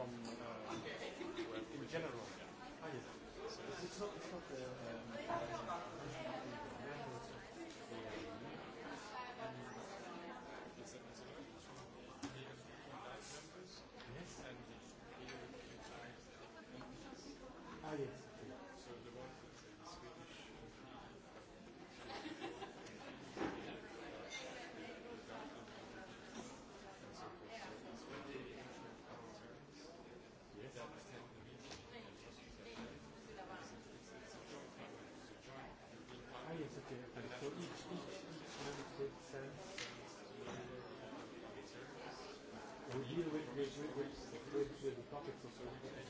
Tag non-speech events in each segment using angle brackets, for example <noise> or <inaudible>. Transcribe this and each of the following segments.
from uh, well, in general. Ah, yes. So it's not, it's not the. Um, Ah, yes. So each, each, each member state sends we deal with, with, with, with, with, with the topics of religion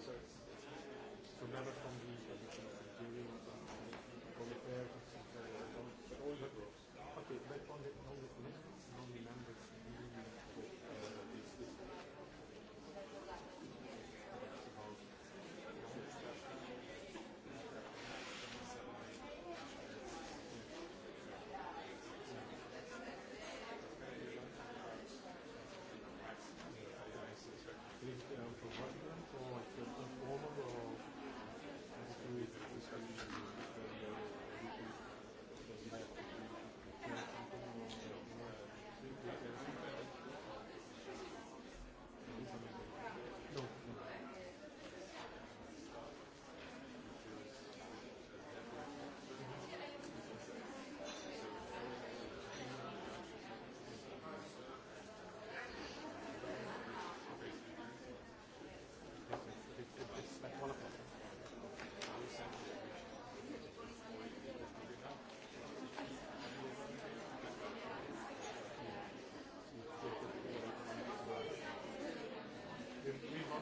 So never from the Algerian, from the Colombian, from the Okay, but on the, on the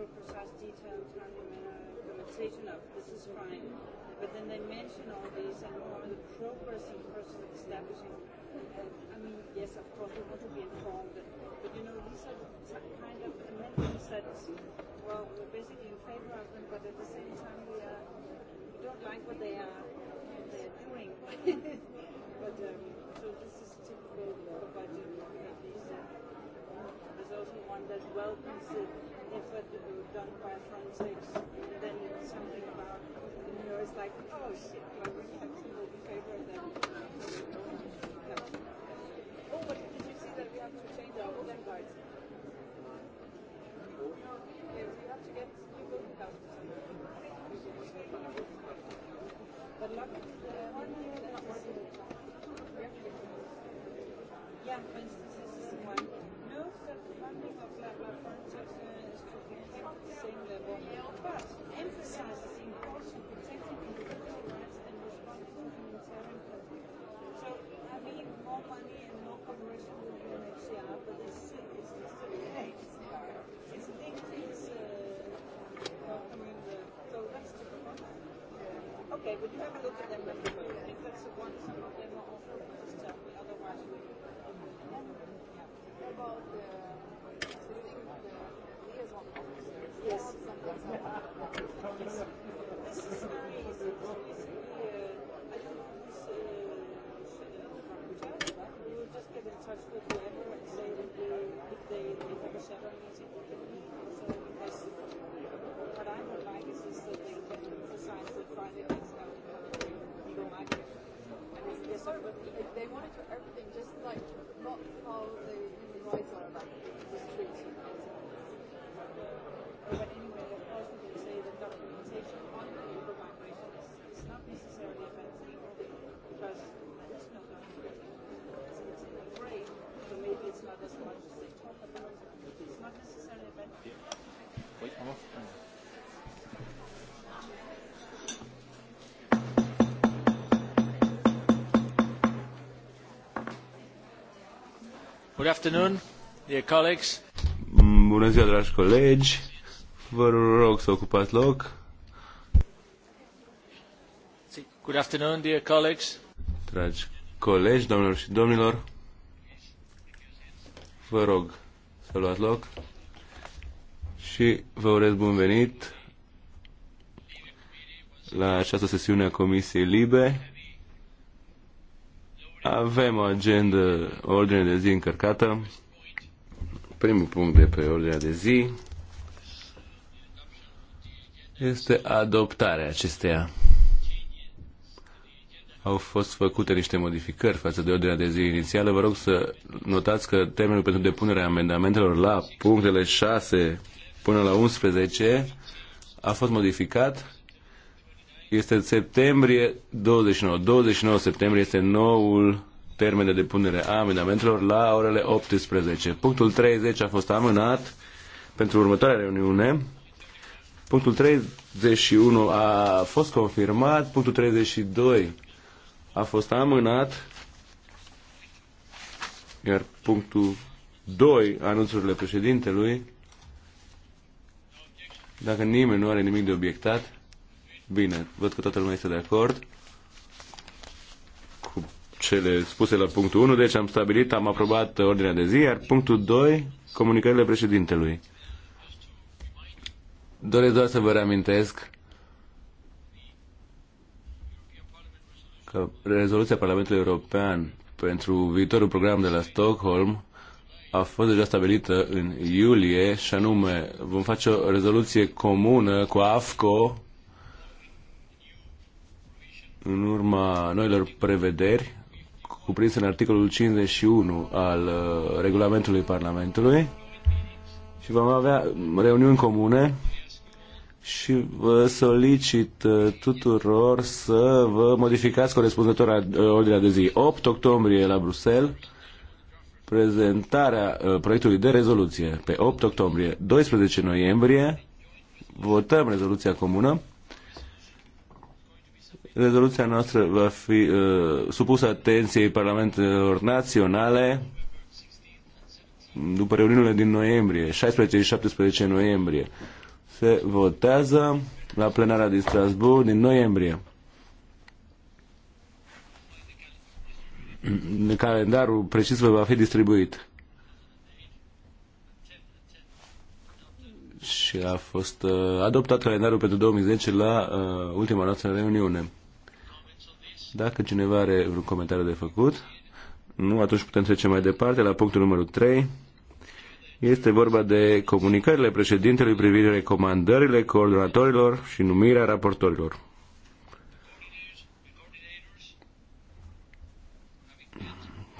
super precise detail in terms of implementation of this is fine. But then they mention all these and more the progress in the process establishing. And, I mean, yes, of course, we want to be informed. But, you know, these are the kind of amendments that, well, we're basically in favor of them, but at the same time, we, are, we don't like what they are, what doing. but, um, so this is typical of budget. There's also one that welcomes it effort uh, done by Frontex, and then something about, you know, it's like, oh shit, do I really have to vote favor of Good afternoon, dear colleagues. Bună ziua, dragi colegi. Vă rog să ocupați loc. Good afternoon, dear colleagues. Dragi colegi, domnilor și domnilor, vă rog să luați loc și vă urez bun venit la această sesiune a Comisiei Libe avem o agenda, o ordine de zi încărcată. Primul punct de pe ordinea de zi este adoptarea acesteia. Au fost făcute niște modificări față de ordinea de zi inițială. Vă rog să notați că termenul pentru depunerea amendamentelor la punctele 6 până la 11 a fost modificat este septembrie 29. 29 septembrie este noul termen de depunere a amendamentelor la orele 18. Punctul 30 a fost amânat pentru următoarea reuniune. Punctul 31 a fost confirmat, punctul 32 a fost amânat, iar punctul 2, anunțurile președintelui, dacă nimeni nu are nimic de obiectat, Bine, văd că toată lumea este de acord cu cele spuse la punctul 1, deci am stabilit, am aprobat ordinea de zi, iar punctul 2, comunicările președintelui. Doresc doar să vă reamintesc că rezoluția Parlamentului European pentru viitorul program de la Stockholm a fost deja stabilită în iulie și anume vom face o rezoluție comună cu AFCO în urma noilor prevederi cuprinse în articolul 51 al uh, regulamentului Parlamentului și vom avea reuniuni comune și vă solicit uh, tuturor să vă modificați corespunzător uh, ordinea de zi. 8 octombrie la Bruxelles, prezentarea proiectului de rezoluție pe 8 octombrie, 12 noiembrie, votăm rezoluția comună Rezoluția noastră va fi uh, supusă atenției parlamentelor naționale după reuniunile din noiembrie, 16 și 17 noiembrie. Se votează la plenara din Strasbourg din noiembrie. Calendarul precis vă va fi distribuit. și a fost uh, adoptat calendarul pentru 2010 la uh, ultima noastră reuniune. Dacă cineva are un comentariu de făcut, nu, atunci putem trece mai departe la punctul numărul 3. Este vorba de comunicările președintelui privind recomandările coordonatorilor și numirea raportorilor.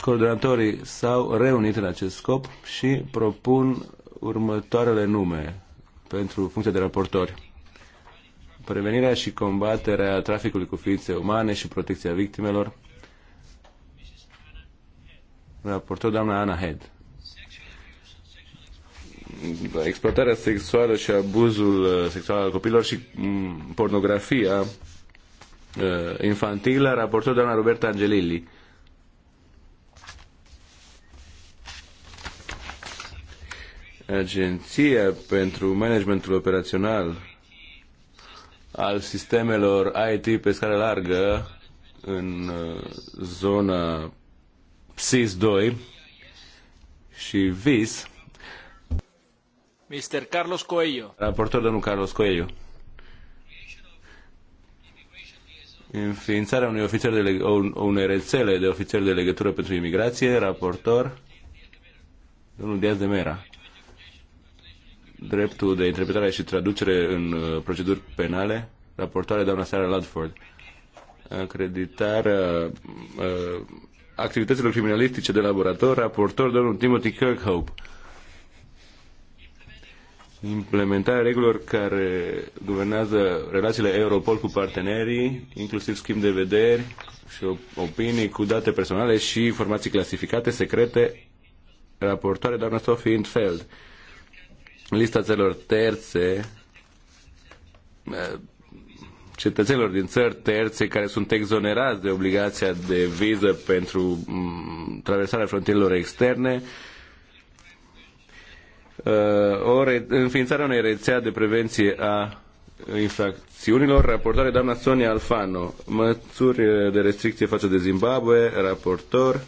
Coordonatorii s-au reunit în acest scop și propun următoarele nume pentru funcția de raportori prevenirea și combaterea traficului cu ființe umane și protecția victimelor. Raportor doamna Ana Head. Exploatarea sexuală și abuzul uh, sexual al copilor și mm, pornografia uh, infantilă, raportor doamna Roberta Angelilli. Agenția pentru Managementul Operațional al sistemelor IT pe scară largă în uh, zona SIS-2 și VIS. Mr. Carlos Coelho. Raportor domnul Carlos Coelho. Înființarea unui ofițer de leg- unei rețele de ofițeri de legătură pentru imigrație, raportor, domnul Diaz de Mera dreptul de interpretare și traducere în uh, proceduri penale, raportoare doamna Sarah Ludford. Acreditarea uh, activităților criminalistice de laborator, raportor domnul Timothy Kirkhope. Implementarea regulilor care guvernează relațiile Europol cu partenerii, inclusiv schimb de vederi și opinii cu date personale și informații clasificate, secrete, raportoare doamna Sophie Infeld. Uh, lista țărilor terțe, eh, cetățenilor din țări terțe care sunt exonerați de obligația de viză pentru mm, traversarea frontierelor externe, eh, o re- înființarea unei rețea de prevenție a infracțiunilor, raportare doamna Sonia Alfano, măsuri de restricție față de Zimbabwe, raportor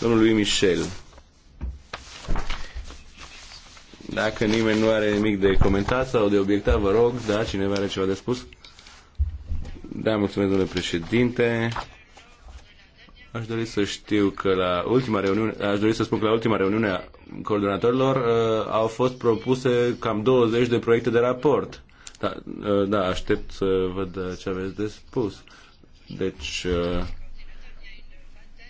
domnului Michel. Dacă nimeni nu are nimic de comentat sau de obiectat, vă rog, da, cineva are ceva de spus? Da, mulțumesc, domnule președinte. Aș dori să știu că la ultima reuniune, aș dori să spun că la ultima reuniune a coordonatorilor uh, au fost propuse cam 20 de proiecte de raport. Da, uh, da aștept să văd ce aveți de spus. Deci, uh,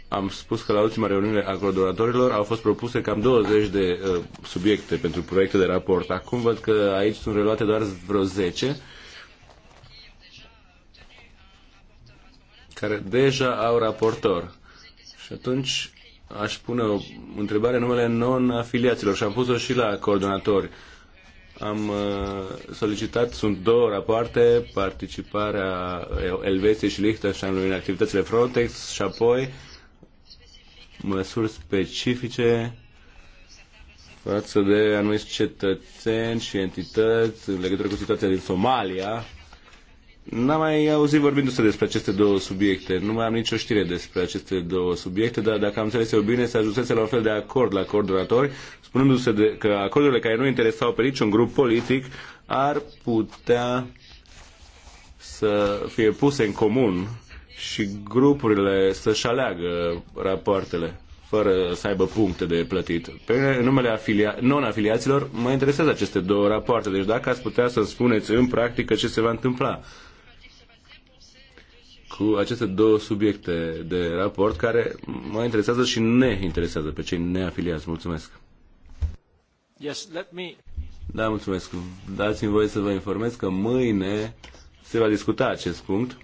am spus că la ultima reuniune a coordonatorilor au fost propuse cam 20 de uh, subiecte pentru proiecte de raport. Acum văd că aici sunt reluate doar vreo 10 care deja au raportor. Și atunci aș pune o întrebare în numele non-afiliaților și am pus-o și la coordonatori. Am uh, solicitat, sunt două rapoarte, participarea Elveției și Liechtensteinului în activitățile Frontex și apoi uh, măsuri specifice față de anumiți cetățeni și entități în legătură cu situația din Somalia. N-am mai auzit vorbindu-se despre aceste două subiecte. Nu mai am nicio știre despre aceste două subiecte, dar dacă am înțeles eu bine, se ajunsese la un fel de acord la coordonatori, spunându-se de, că acordurile care nu interesau pe niciun grup politic ar putea să fie puse în comun și grupurile să-și aleagă rapoartele fără să aibă puncte de plătit. Pe numele afilia- non-afiliaților mă interesează aceste două rapoarte, deci dacă ați putea să spuneți în practică ce se va întâmpla cu aceste două subiecte de raport care mă interesează și ne interesează pe cei neafiliați. Mulțumesc! Yes, let me... Da, mulțumesc. Dați-mi voie să vă informez că mâine se va discuta acest punct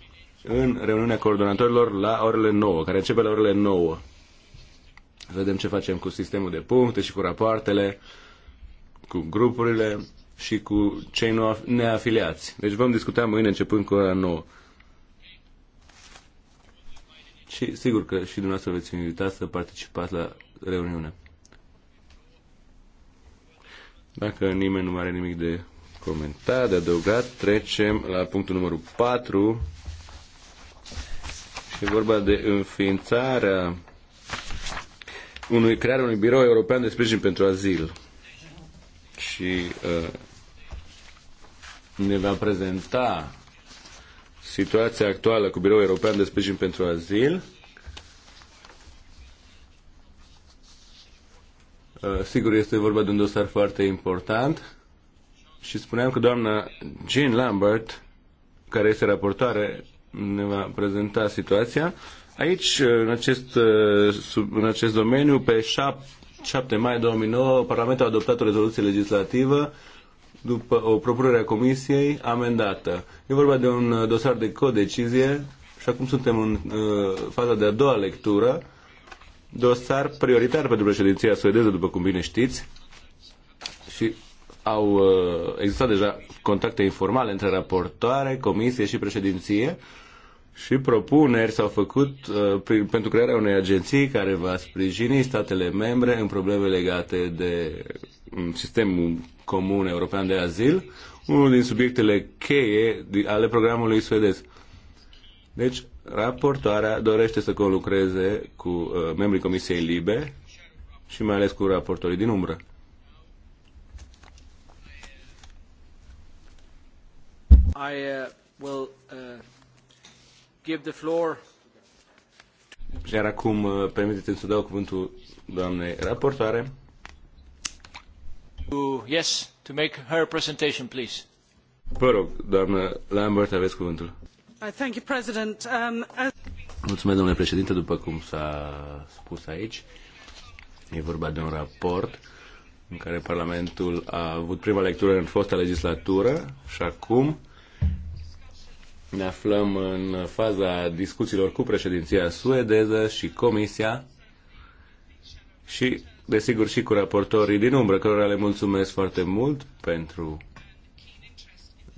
în reuniunea coordonatorilor la orele 9, care începe la orele 9. Vedem ce facem cu sistemul de puncte și cu rapoartele, cu grupurile și cu cei neafiliați. Deci vom discuta mâine începând cu ora 9. Și sigur că și dumneavoastră veți invita să participați la reuniune. Dacă nimeni nu are nimic de comentat, de adăugat, trecem la punctul numărul 4, este vorba de înființarea unui, creare unui birou european de sprijin pentru azil. Și uh, ne va prezenta situația actuală cu Biroul European de Sprijin pentru Azil. Uh, sigur, este vorba de un dosar foarte important și spuneam că doamna Jean Lambert, care este raportoare ne va prezenta situația. Aici, în acest, uh, în acest domeniu, pe 7, 7 mai 2009, Parlamentul a adoptat o rezoluție legislativă după o propunere a Comisiei amendată. E vorba de un uh, dosar de codecizie și acum suntem în uh, faza de a doua lectură. Dosar prioritar pentru președinția suedeză, după cum bine știți. Și au uh, existat deja contacte informale între raportoare, comisie și președinție. Uh, și propuneri s-au făcut uh, prin, pentru crearea unei agenții care va sprijini statele membre în probleme legate de um, sistemul comun european de azil, unul din subiectele cheie ale programului suedez. Deci, raportoarea dorește să conlucreze cu uh, membrii Comisiei Libe și mai ales cu raportorii din umbră. I uh, will uh... Iar acum, uh, permiteți-mi să dau cuvântul doamnei raportoare. yes, to make her presentation, please. Vă rog, doamnă Lambert, aveți cuvântul. thank you, President. Um, as... Mulțumesc, domnule președinte, după cum s-a spus aici. E vorba de un raport în care Parlamentul a avut prima lectură în fosta legislatură și acum ne aflăm în faza discuțiilor cu președinția suedeză și comisia și, desigur, și cu raportorii din umbră, cărora le mulțumesc foarte mult pentru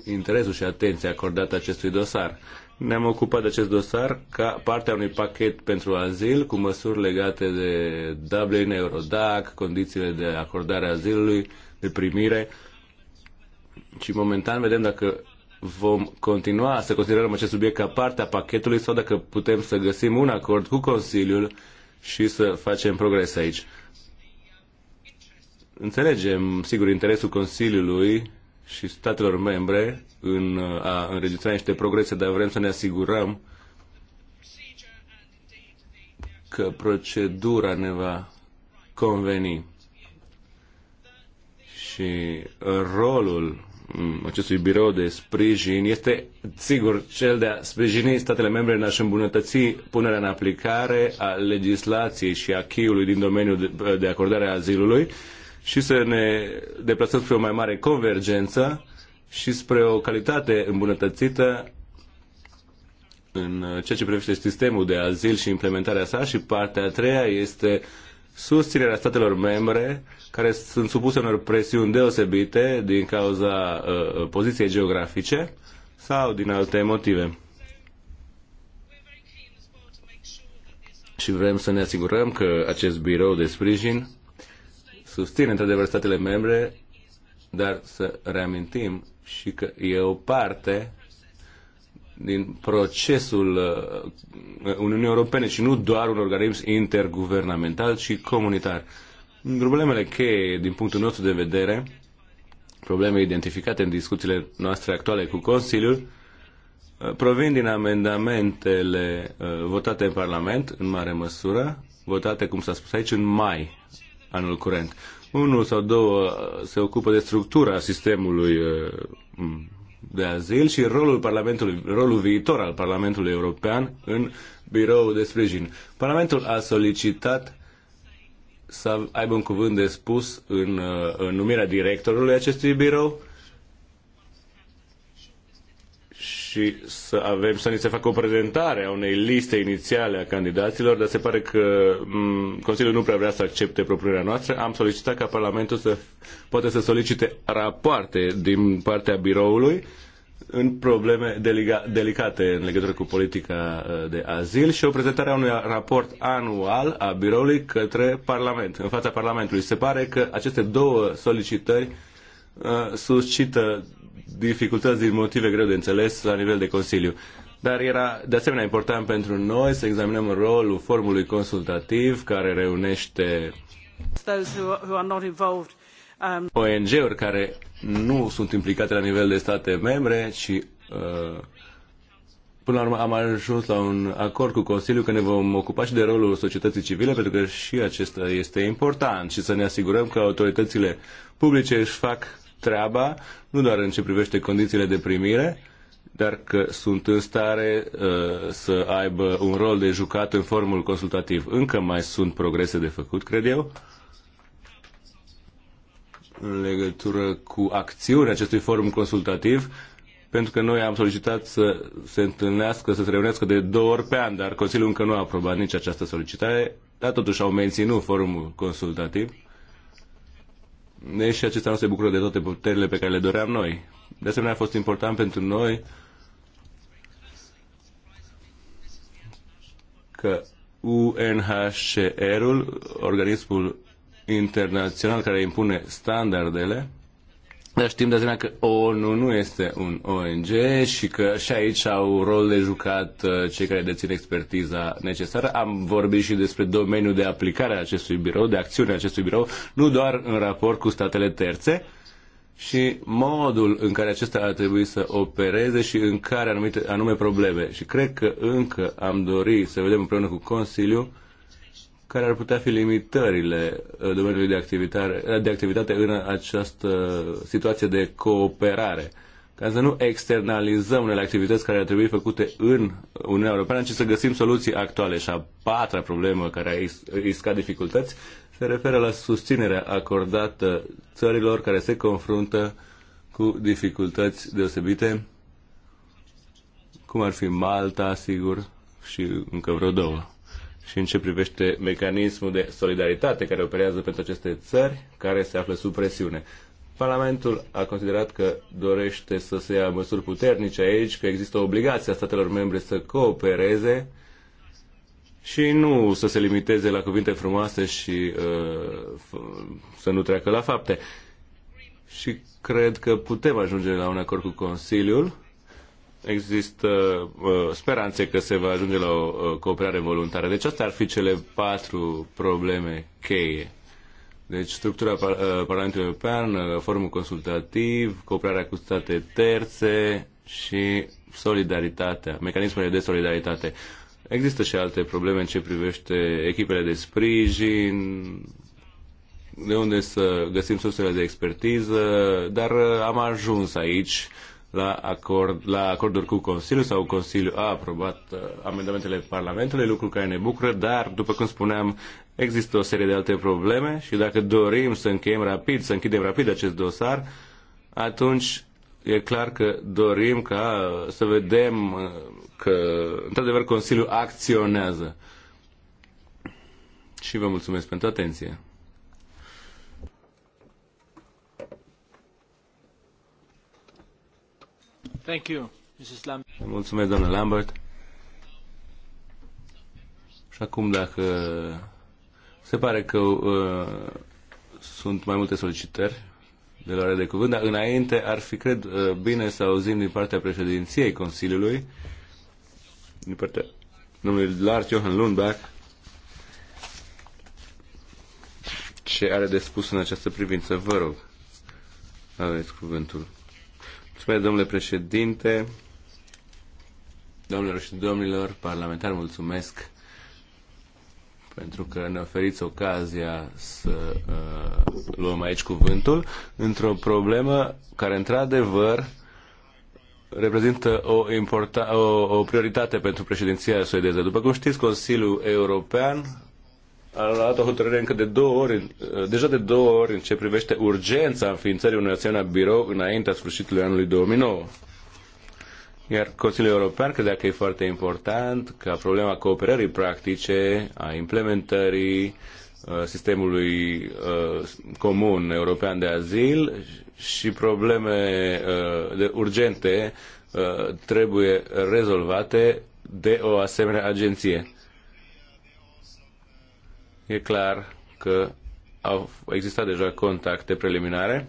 interesul și atenția acordată acestui dosar. Ne-am ocupat de acest dosar ca parte a unui pachet pentru azil cu măsuri legate de Dublin, Eurodac, condițiile de acordare a azilului, de primire și momentan vedem dacă vom continua să considerăm acest subiect ca parte a pachetului sau dacă putem să găsim un acord cu Consiliul și să facem progres aici. Înțelegem, sigur, interesul Consiliului și statelor membre în a înregistra niște progrese, dar vrem să ne asigurăm că procedura ne va conveni și rolul acestui birou de sprijin este, sigur, cel de a sprijini statele membre în a-și îmbunătăți punerea în aplicare a legislației și a chiului din domeniul de, de acordare a azilului și să ne deplasăm spre o mai mare convergență și spre o calitate îmbunătățită în ceea ce privește sistemul de azil și implementarea sa și partea a treia este uh, susținerea statelor membre care sunt supuse unor presiuni deosebite din cauza uh, uh, poziției geografice sau din alte motive. Și vrem să ne asigurăm că acest birou de sprijin susține într-adevăr statele membre, dar să reamintim și că e o parte din procesul uh, Uniunii Europene și nu doar un organism interguvernamental, ci comunitar. Problemele cheie, din punctul nostru de vedere, probleme identificate în discuțiile noastre actuale cu Consiliul, uh, provin din amendamentele uh, votate în Parlament, în mare măsură, votate, cum s-a spus aici, în mai anul curent. Unul sau două se ocupă de structura sistemului de azil și rolul, Parlamentului, rolul viitor al Parlamentului European în biroul de sprijin. Parlamentul a solicitat să aibă un cuvânt de spus în, uh, în numirea directorului acestui birou și să avem să ni se facă o prezentare a unei liste inițiale a candidaților, dar se pare că mm, Consiliul nu prea vrea să accepte propunerea noastră. Am solicitat ca Parlamentul să poate să solicite rapoarte din partea biroului în probleme delicate în legătură cu politica uh, de azil și o prezentare a unui raport anual a biroului către Parlament, în fața Parlamentului. Se pare că aceste două solicitări uh, suscită dificultăți din motive greu de înțeles la nivel de Consiliu. Dar era de asemenea important pentru noi să examinăm rolul formului consultativ care reunește those who are not involved Um, ONG-uri care nu sunt implicate la nivel de state membre, ci uh, Până la urmă am ajuns la un acord cu Consiliul că ne vom ocupa și de rolul societății civile, pentru că și acesta este important și să ne asigurăm că autoritățile publice își fac treaba, nu doar în ce privește condițiile de primire, dar că sunt în stare uh, să aibă un rol de jucat în formul consultativ. Încă mai sunt progrese de făcut, cred eu în legătură cu acțiunea acestui forum consultativ, pentru că noi am solicitat să se întâlnească, să se reunească de două ori pe an, dar Consiliul încă nu a aprobat nici această solicitare, dar totuși au menținut forumul consultativ. și deci, acesta nu se bucură de toate puterile pe care le doream noi. De asemenea, a fost important pentru noi că UNHCR-ul, organismul internațional care impune standardele, dar știm de asemenea că ONU nu este un ONG și că și aici au rol de jucat uh, cei care dețin expertiza necesară. Am vorbit și despre domeniul de aplicare a acestui birou, de acțiune a acestui birou, nu doar în raport cu statele terțe, și modul în care acesta ar trebui să opereze și în care anumite, anume probleme. Și cred că încă am dorit să vedem împreună cu Consiliul care ar putea fi limitările uh, domeniului de activitate, uh, de activitate în această situație de cooperare. Ca să nu externalizăm unele activități care ar trebui făcute în Uniunea Europeană, ci să găsim soluții actuale. Și a patra problemă care a iscat dificultăți se referă la susținerea acordată țărilor care se confruntă cu dificultăți deosebite, cum ar fi Malta, sigur, și încă vreo două și în ce privește mecanismul de solidaritate care operează pentru aceste țări care se află sub presiune. Parlamentul a considerat că dorește să se ia măsuri puternice aici, că există obligația statelor membre să coopereze și nu să se limiteze la cuvinte frumoase și uh, să nu treacă la fapte. Și cred că putem ajunge la un acord cu Consiliul există uh, speranțe că se va ajunge la o uh, cooperare voluntară. Deci astea ar fi cele patru probleme cheie. Deci structura par, uh, Parlamentului European, uh, forumul consultativ, cooperarea cu state terțe și solidaritatea, mecanismele de solidaritate. Există și alte probleme în ce privește echipele de sprijin, de unde să găsim sursele de expertiză, dar uh, am ajuns aici la, acord, la acorduri cu Consiliul sau Consiliul a aprobat uh, amendamentele Parlamentului, lucru care ne bucură, dar, după cum spuneam, există o serie de alte probleme și dacă dorim să încheiem rapid, să închidem rapid acest dosar, atunci e clar că dorim ca să vedem uh, că, într-adevăr, Consiliul acționează. Și vă mulțumesc pentru atenție. Thank you, Mrs. Lambert. Mulțumesc, doamnă Lambert. Și acum, dacă se pare că uh, sunt mai multe solicitări de la de cuvânt, dar înainte ar fi, cred, uh, bine să auzim din partea președinției Consiliului, din partea domnului Lars Johan Lundberg, ce are de spus în această privință. Vă rog, aveți cuvântul. Mulțumesc, domnule președinte, domnilor și domnilor parlamentari, mulțumesc pentru că ne oferiți ocazia să uh, luăm aici cuvântul într-o problemă care, într-adevăr, reprezintă o, importa- o, o prioritate pentru președinția suedeză. După cum știți, Consiliul European a luat o hotărâre încă de două ori, uh, deja de două ori în ce privește urgența înființării unui asemenea birou înaintea sfârșitului anului 2009. Iar Consiliul European credea că e foarte important ca problema cooperării practice, a implementării uh, sistemului uh, comun european de azil și probleme de urgente trebuie rezolvate de o asemenea agenție. E clar că au existat deja contacte preliminare.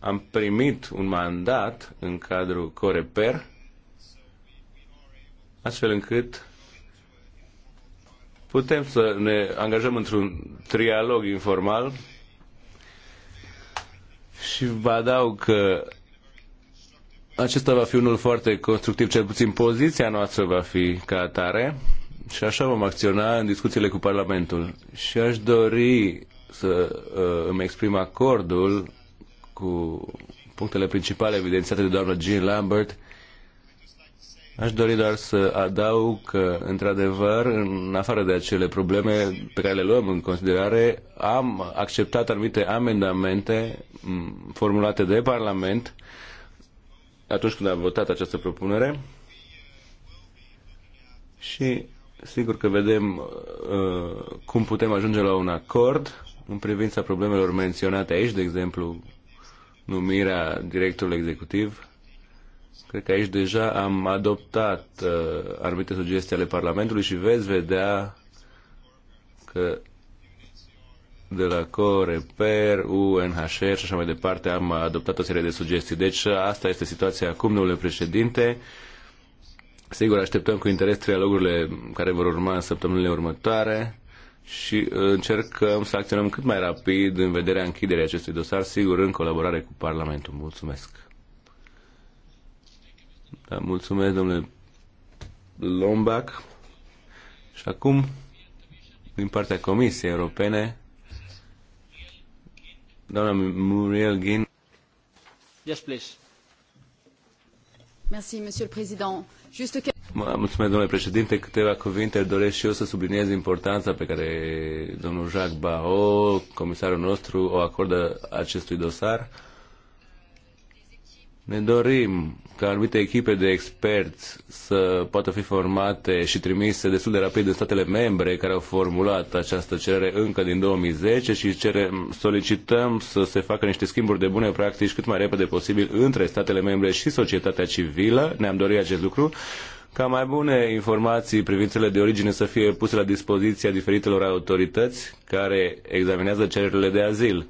Am primit un mandat în cadrul Coreper, astfel încât putem să ne angajăm într-un trialog informal și vă adaug că acesta va fi unul foarte constructiv, cel puțin poziția noastră va fi ca atare și așa vom acționa în discuțiile cu Parlamentul. Și aș dori să uh, îmi exprim acordul cu punctele principale evidențiate de doamna Jean Lambert. Aș dori doar să adaug că, într-adevăr, în afară de acele probleme pe care le luăm în considerare, am acceptat anumite amendamente formulate de Parlament atunci când am votat această propunere și Sigur că vedem uh, cum putem ajunge la un acord în privința problemelor menționate aici, de exemplu, numirea directorului executiv. Cred că aici deja am adoptat uh, anumite sugestii ale Parlamentului și veți vedea că de la COREPER, UNHR și așa mai departe am adoptat o serie de sugestii. Deci asta este situația acum, domnule președinte. Sigur, așteptăm cu interes trialogurile care vor urma în săptămânile următoare și uh, încercăm să acționăm cât mai rapid în vederea închiderii acestui dosar, sigur, în colaborare cu Parlamentul. Mulțumesc! Da, mulțumesc, domnule Lombac. Și acum, din partea Comisiei Europene, doamna Muriel Ghin. Yes, please. Mulțumesc, domnule președinte. Câteva cuvinte. Doresc și eu să subliniez importanța pe care domnul Jacques Bao, comisarul nostru, o acordă acestui dosar ne dorim ca anumite echipe de experți să poată fi formate și trimise destul de rapid în statele membre care au formulat această cerere încă din 2010 și cerem solicităm să se facă niște schimburi de bune practici cât mai repede posibil între statele membre și societatea civilă. Ne-am dorit acest lucru ca mai bune informații privind cele de origine să fie puse la dispoziția diferitelor autorități care examinează cererile de azil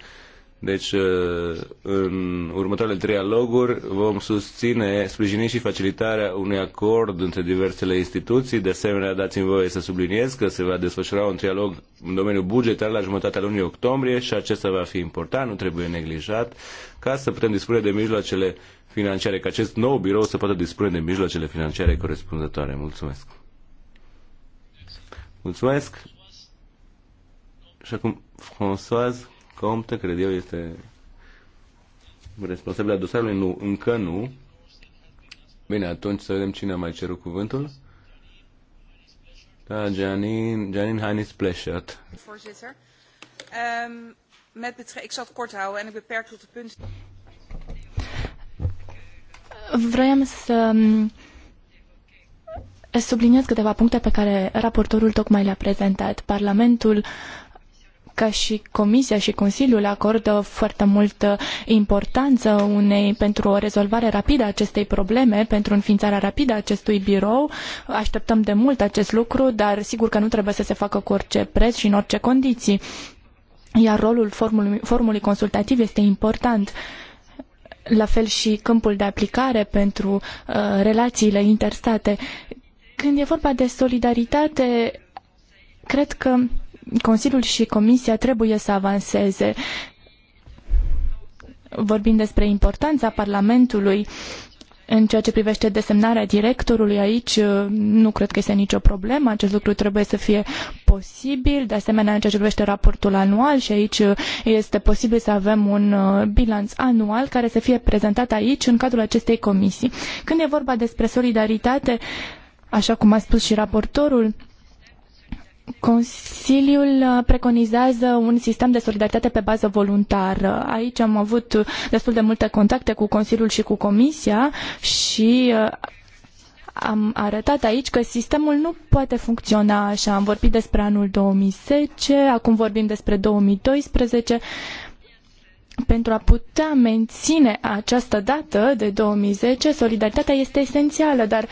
deci, uh, în următoarele trialoguri vom susține, sprijini și facilitarea unui acord între diversele instituții. De asemenea, dați-mi voie să subliniez că se va desfășura un trialog în domeniul bugetar la jumătatea lunii octombrie și acesta va fi important, nu trebuie neglijat, ca să putem dispune de mijloacele financiare, ca acest nou birou să poată dispune de mijloacele financiare corespunzătoare. Mulțumesc! Mulțumesc! Și acum, Françoise. Comte, cred eu, este responsabil al dosarului? Nu, încă nu. Bine, atunci să vedem cine a mai cerut cuvântul. Da, Janin, Janin Heinis Pleșert. Voorzitter. Ehm, Vreau să subliniez câteva puncte pe care raportorul tocmai le-a prezentat. Parlamentul uh, că și Comisia și Consiliul acordă foarte multă importanță unei pentru o rezolvare rapidă a acestei probleme, pentru înființarea rapidă a acestui birou. Așteptăm de mult acest lucru, dar sigur că nu trebuie să se facă cu orice preț și în orice condiții. Iar rolul formului, formului consultativ este important la fel și câmpul de aplicare pentru uh, relațiile interstate. Când e vorba de solidaritate, cred că Consiliul și Comisia trebuie să avanseze. Vorbim despre importanța Parlamentului în ceea ce privește desemnarea directorului aici, nu cred că este nicio problemă. Acest lucru trebuie să fie posibil. De asemenea, în ceea ce privește raportul anual și aici este posibil să avem un uh, bilanț anual care să fie prezentat aici în cadrul acestei comisii. Când e vorba despre solidaritate, așa cum a spus și raportorul, Consiliul uh, preconizează un sistem de solidaritate pe bază voluntară. Aici am avut destul de multe contacte cu Consiliul și cu Comisia și uh, am arătat aici că sistemul nu poate funcționa așa. Am vorbit despre anul 2010, acum vorbim despre 2012. Pentru a putea menține această dată de 2010, solidaritatea este esențială, dar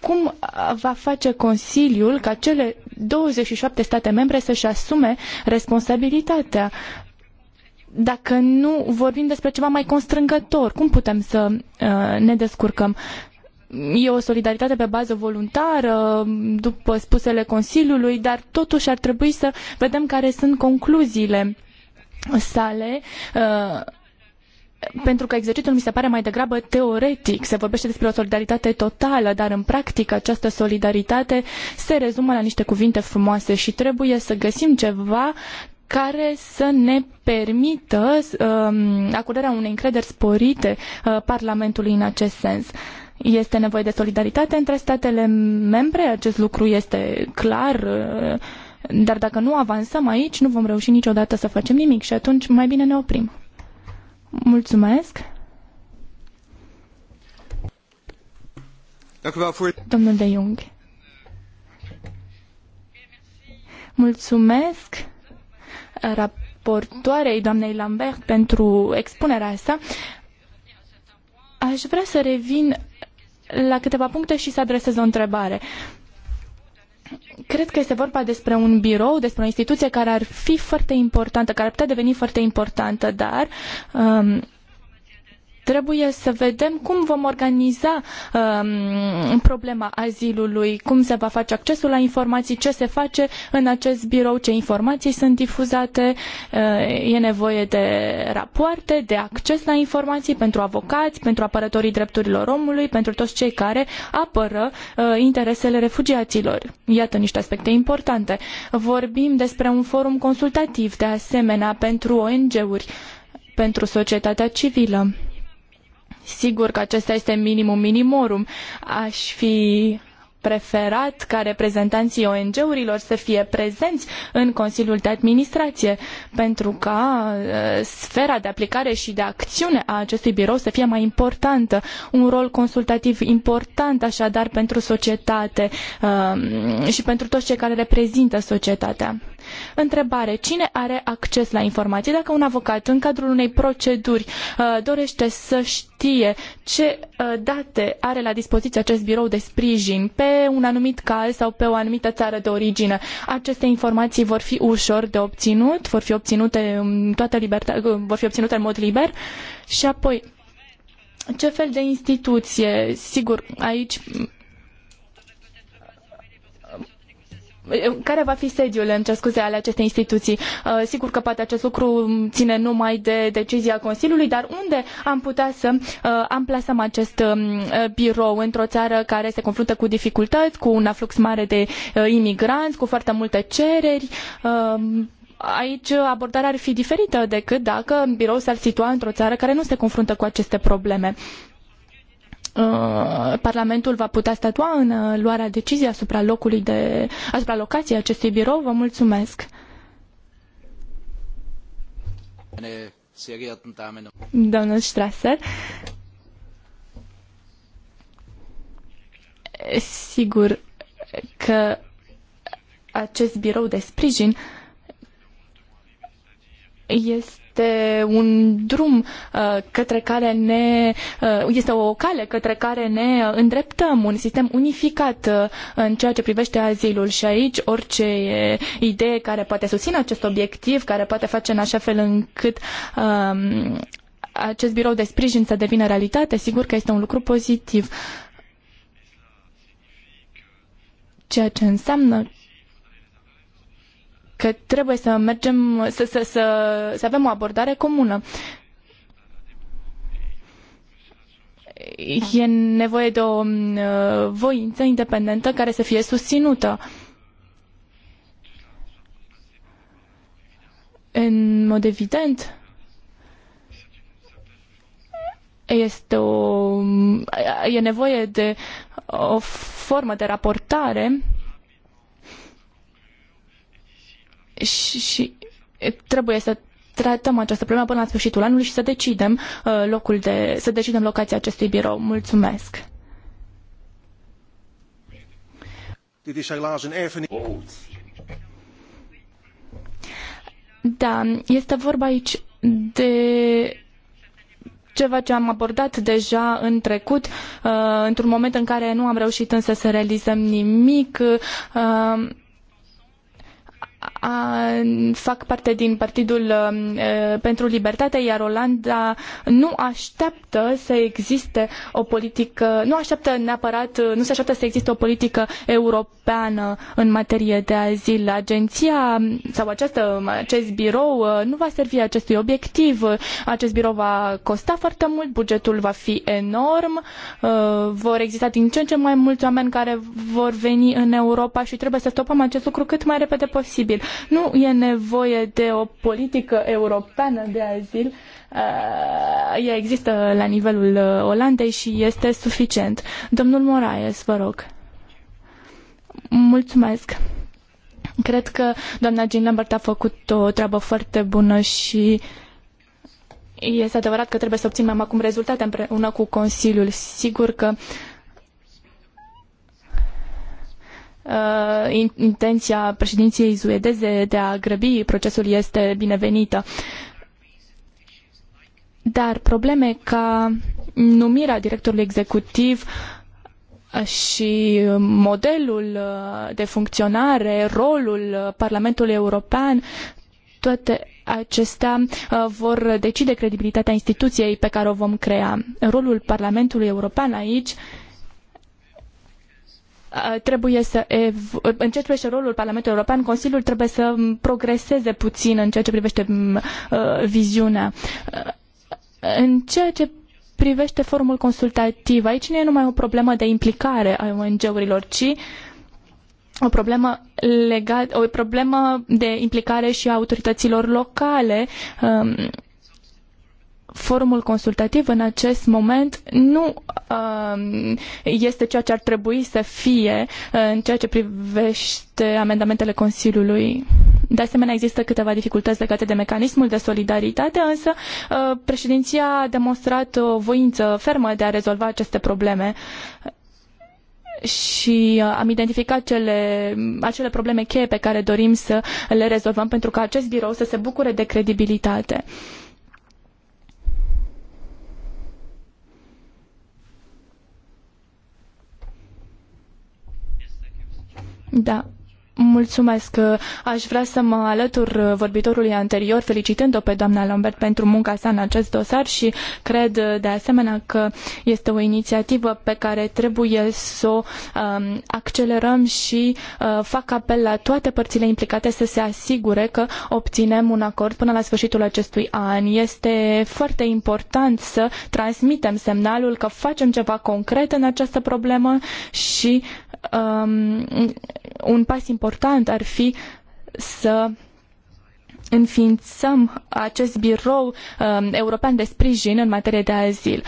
cum va face Consiliul ca cele 27 state membre să-și asume responsabilitatea. Dacă nu vorbim despre ceva mai constrângător, cum putem să uh, ne descurcăm? e o solidaritate pe bază voluntară, după spusele Consiliului, dar totuși ar trebui să vedem care sunt concluziile sale. Uh, pentru că exercițiul mi se pare mai degrabă teoretic. Se vorbește despre o solidaritate totală, dar în practică această solidaritate se rezumă la niște cuvinte frumoase și trebuie să găsim ceva care să ne permită um, acordarea unei încrederi sporite uh, Parlamentului în acest sens. Este nevoie de solidaritate între statele membre, acest lucru este clar. Uh, dar dacă nu avansăm aici, nu vom reuși niciodată să facem nimic și atunci mai bine ne oprim. Mulțumesc. Domnul de Jung. Mulțumesc uh, raportoarei doamnei Lambert pentru expunerea sa. Aș vrea să revin la câteva puncte și să adresez o întrebare. Cred că este vorba despre un birou, despre o instituție care ar fi foarte importantă, care ar putea deveni foarte importantă, dar um, Trebuie să vedem cum vom organiza um, problema azilului, cum se va face accesul la informații, ce se face în acest birou, ce informații sunt difuzate. Uh, e nevoie de rapoarte, de acces la informații pentru avocați, pentru apărătorii drepturilor omului, pentru toți cei care apără uh, interesele refugiaților. Iată niște aspecte importante. Vorbim despre un forum consultativ, de asemenea, pentru ONG-uri, pentru societatea civilă Sigur că acesta este minimum minimorum. Aș fi preferat ca reprezentanții ONG-urilor să fie prezenți în Consiliul de Administrație, pentru ca uh, sfera de aplicare și de acțiune a acestui birou să fie mai importantă, un rol consultativ important așadar pentru societate uh, și pentru toți cei care reprezintă societatea. Întrebare. Cine are acces la informații? Dacă un avocat, în cadrul unei proceduri, uh, dorește să știe ce uh, date are la dispoziție acest birou de sprijin pe un anumit caz sau pe o anumită țară de origine, aceste informații vor fi ușor de obținut, vor fi obținute în, toată libertate, uh, vor fi obținute în mod liber și apoi ce fel de instituție? Sigur, aici care va fi sediul, în cer scuze, ale acestei instituții? Uh, sigur că poate acest lucru ține numai de decizia Consiliului, dar unde am putea să uh, amplasăm acest um, uh, birou într-o țară care se confruntă cu dificultăți, cu un aflux mare de imigranți, cu foarte multe cereri? Um, aici abordarea ar fi diferită decât dacă biroul s-ar situa într-o țară care nu se confruntă cu aceste probleme. Uh, Parlamentul va putea statua în uh, luarea deciziei asupra locului de, asupra locației acestui birou. Vă mulțumesc. Domnul Strasser. Sigur că acest birou de sprijin este este un drum uh, către care ne uh, este o cale către care ne îndreptăm, un sistem unificat uh, în ceea ce privește azilul și aici orice idee care poate susține acest obiectiv, care poate face în așa fel încât um, acest birou de sprijin să devină realitate, sigur că este un lucru pozitiv. Ceea ce înseamnă că trebuie să mergem, să, să, să, să avem o abordare comună. E nevoie de o uh, voință independentă care să fie susținută. În mod evident, este o, e nevoie de o formă de raportare și, și trebuie să tratăm această problemă până la sfârșitul anului și să decidem uh, locul de, să decidem locația acestui birou. Mulțumesc. Da, este vorba aici de ceva ce am abordat deja în trecut, uh, într-un moment în care nu am reușit însă să realizăm nimic. Uh, fac parte din Partidul um, pentru Libertate, iar Olanda nu așteaptă să existe o politică, nu așteaptă neapărat, nu se așteaptă să existe o politică europeană în materie de azil. Agenția sau această, acest birou uh, nu va servi acestui obiectiv. Acest birou va costa foarte mult, bugetul va fi enorm, uh, vor exista din ce în ce mai mulți oameni care vor veni în Europa și trebuie să stopăm acest lucru cât mai repede posibil posibil. Nu e nevoie de o politică europeană de azil. Uh, ea există la nivelul uh, Olandei și este suficient. Domnul Moraes, vă rog. Mulțumesc. Cred că doamna Jean Lambert a făcut o treabă foarte bună și este adevărat că trebuie să obținem acum rezultate împreună cu Consiliul. Sigur că uh, uh, intenția președinției suedeze de a grăbi procesul este binevenită. Dar probleme ca numirea directorului executiv și modelul uh, de funcționare, rolul uh, Parlamentului European, toate acestea uh, vor decide credibilitatea instituției pe care o vom crea. Rolul Parlamentului European aici uh, Uh, trebuie să în ce privește rolul Parlamentului European, Consiliul trebuie să progreseze puțin în ceea ce privește mm, uh, viziunea. Uh, în ceea ce privește formul consultativ, aici nu e numai o problemă de implicare a ONG-urilor, ci o problemă legat, o problemă de implicare și a autorităților locale. Um, forumul consultativ în acest moment nu um, este ceea ce ar trebui să fie uh, în ceea ce privește amendamentele Consiliului. De asemenea, există câteva dificultăți legate de mecanismul de solidaritate, însă uh, președinția a demonstrat o voință fermă de a rezolva aceste probleme și uh, am identificat cele, acele probleme cheie pe care dorim să le rezolvăm pentru ca acest birou să se bucure de credibilitate. Uh, Da, Mulțumesc. Aș vrea să mă alătur vorbitorului anterior, felicitând-o pe doamna Lambert pentru munca sa în acest dosar și cred de asemenea că este o inițiativă pe care trebuie să o um, accelerăm și uh, fac apel la toate părțile implicate să se asigure că obținem un acord până la sfârșitul acestui an. Este foarte important să transmitem semnalul că facem ceva concret în această problemă și um, un pas important important ar fi să înființăm acest birou um, european de sprijin în materie de azil.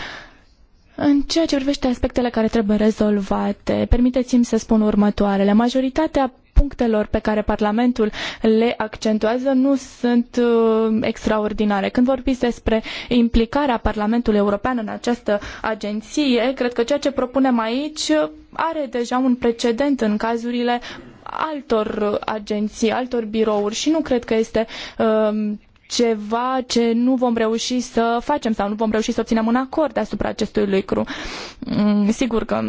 În ceea ce privește aspectele care trebuie rezolvate, permiteți-mi să spun următoarele. Majoritatea punctelor pe care Parlamentul le accentuează nu sunt uh, extraordinare. Când vorbiți despre implicarea Parlamentului European în această agenție, cred că ceea ce propunem aici are deja un precedent în cazurile altor agenții, altor birouri și nu cred că este um, ceva ce nu vom reuși să facem sau nu vom reuși să obținem un acord asupra acestui lucru. Mm, sigur că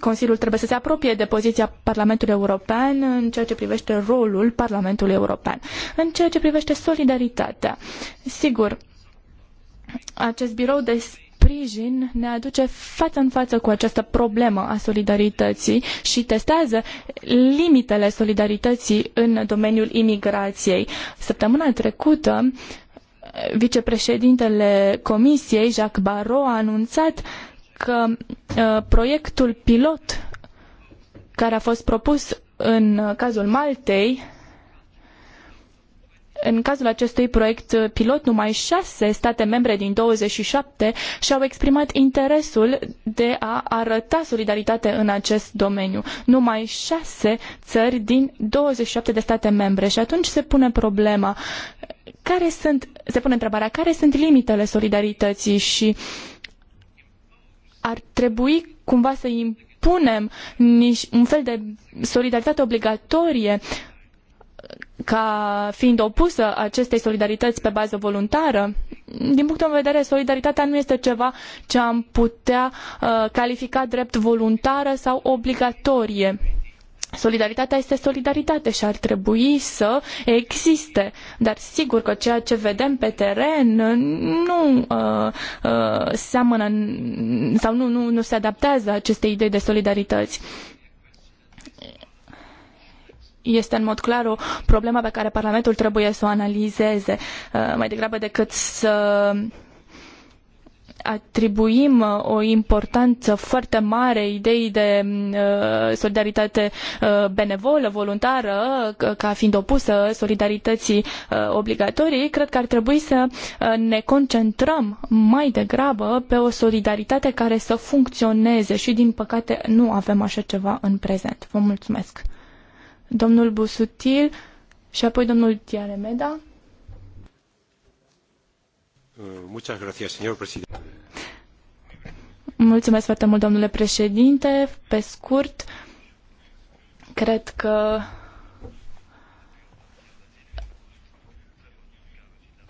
Consiliul trebuie să se apropie de poziția Parlamentului European în ceea ce privește rolul Parlamentului European, în ceea ce privește solidaritatea. Sigur, acest birou de sprijin ne aduce față în față cu această problemă a solidarității și testează limitele solidarității în domeniul imigrației. Săptămâna trecută, vicepreședintele Comisiei, Jacques Barrot, a anunțat că uh, proiectul pilot care a fost propus în uh, cazul Maltei în cazul acestui proiect uh, pilot, numai șase state membre din 27 și-au exprimat interesul de a arăta solidaritate în acest domeniu. Numai șase țări din 27 de state membre. Și atunci se pune problema, care sunt, se pune întrebarea, care sunt limitele solidarității și ar trebui cumva să impunem un fel de solidaritate obligatorie uh, ca fiind opusă acestei solidarități pe bază voluntară, din punctul meu de vedere, solidaritatea nu este ceva ce am putea uh, califica drept voluntară sau obligatorie. Solidaritatea este solidaritate și ar trebui să existe. Dar sigur că ceea ce vedem pe teren nu uh, uh, seamănă sau nu, nu, nu se adaptează acestei idei de solidarități este în mod clar o problemă pe care Parlamentul trebuie să o analizeze uh, mai degrabă decât să atribuim uh, o importanță foarte mare ideii de uh, solidaritate benevolă, voluntară, ca fiind opusă solidarității obligatorii, cred că ar trebui să ne concentrăm mai degrabă pe o solidaritate care să funcționeze și, din păcate, nu avem așa ceva în prezent. Vă mulțumesc! domnul Busutil și apoi domnul Tiaremeda. Muchas Mulțumesc foarte mult, domnule președinte. Pe scurt, cred că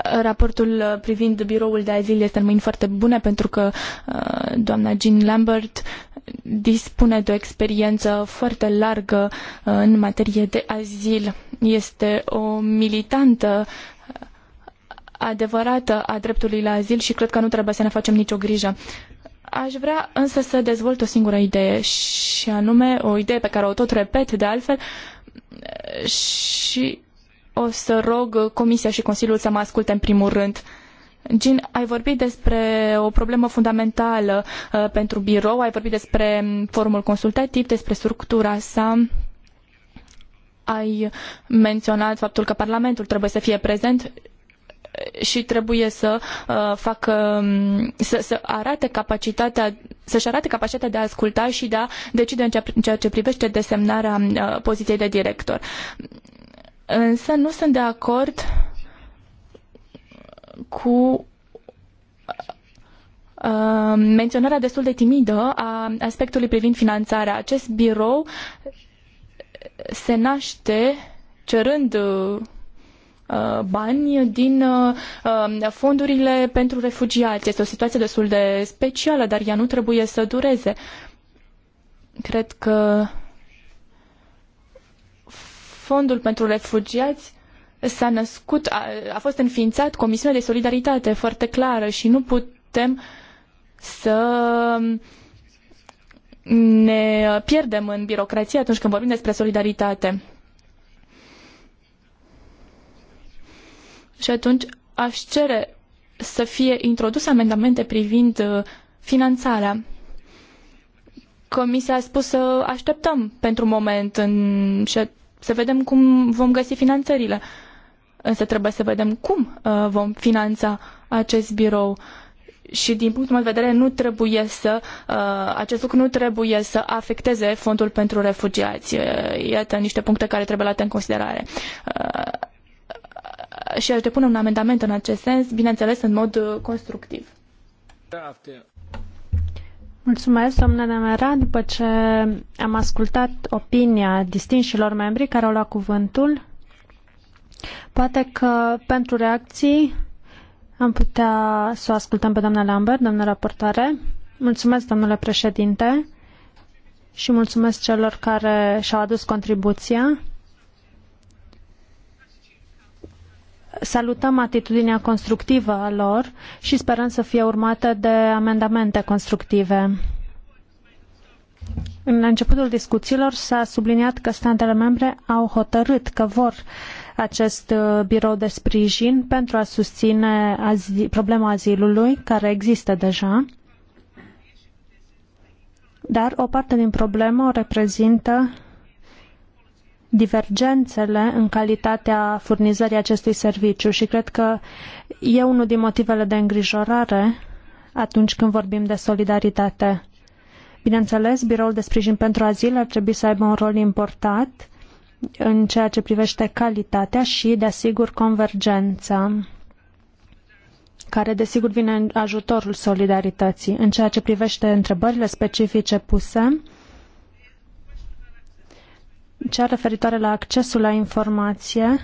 Raportul uh, privind biroul de azil este în mâini foarte bune pentru că uh, doamna Jean Lambert dispune de o experiență foarte largă uh, în materie de azil. Este o militantă adevărată a dreptului la azil și cred că nu trebuie să ne facem nicio grijă. Aș vrea însă să dezvolt o singură idee și anume o idee pe care o tot repet de altfel și o să rog Comisia și Consiliul să mă asculte în primul rând. Jean, ai vorbit despre o problemă fundamentală uh, pentru birou, ai vorbit despre um, formul consultativ, despre structura sa. Ai menționat faptul că Parlamentul trebuie să fie prezent uh, și trebuie să uh, facă, um, să, să arate capacitatea să-și arate capacitatea de a asculta și de a decide în ceea ce privește desemnarea uh, poziției de director. Însă nu sunt de acord cu uh, menționarea destul de timidă a aspectului privind finanțarea. Acest birou se naște cerând uh, bani din uh, uh, fondurile pentru refugiați. Este o situație destul de specială, dar ea nu trebuie să dureze. Cred că Fondul pentru refugiați s-a născut, a, a fost înființat cu o misiune de solidaritate foarte clară și nu putem să ne pierdem în birocrație atunci când vorbim despre solidaritate. Și atunci aș cere să fie introduse amendamente privind uh, finanțarea. Comisia a spus să așteptăm pentru moment în, și să vedem cum vom găsi finanțările. Însă trebuie să vedem cum uh, vom finanța acest birou și din punctul meu de vedere nu trebuie să, uh, acest lucru nu trebuie să afecteze fondul pentru refugiați. Uh, iată niște puncte care trebuie luate în considerare. Și aș depune un amendament în acest sens, bineînțeles, în mod constructiv. Mulțumesc, domnule Mera. După ce am ascultat opinia distinșilor membri care au luat cuvântul, poate că pentru reacții am putea să o ascultăm pe doamna Lambert, doamna raportare. Mulțumesc, domnule președinte, și mulțumesc celor care și-au adus contribuția. Salutăm atitudinea constructivă a lor și sperăm să fie urmată de amendamente constructive. În începutul discuțiilor s-a subliniat că statele membre au hotărât că vor acest uh, birou de sprijin pentru a susține azil, problema azilului, care există deja. Dar o parte din problemă o reprezintă divergențele în calitatea furnizării acestui serviciu și cred că e unul din motivele de îngrijorare atunci când vorbim de solidaritate. Bineînțeles, Biroul de Sprijin pentru Azil ar trebui să aibă un rol important în ceea ce privește calitatea și, de asigur convergența, care, desigur, vine în ajutorul solidarității. În ceea ce privește întrebările specifice puse, cea referitoare la accesul la informație.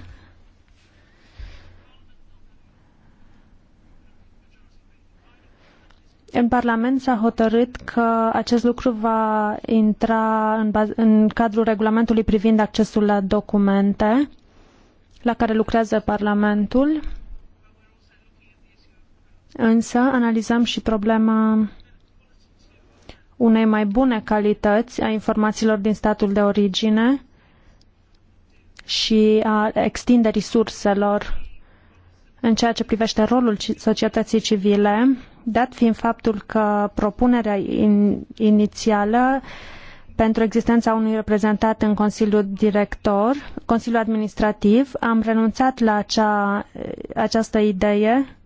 În Parlament s-a hotărât că acest lucru va intra în, în cadrul regulamentului privind accesul la documente la care lucrează Parlamentul. Însă analizăm și problema unei mai bune calități a informațiilor din statul de origine și a extinde resurselor în ceea ce privește rolul societății civile, dat fiind faptul că propunerea in, inițială pentru existența unui reprezentat în Consiliul Director, Consiliul Administrativ, am renunțat la acea, această idee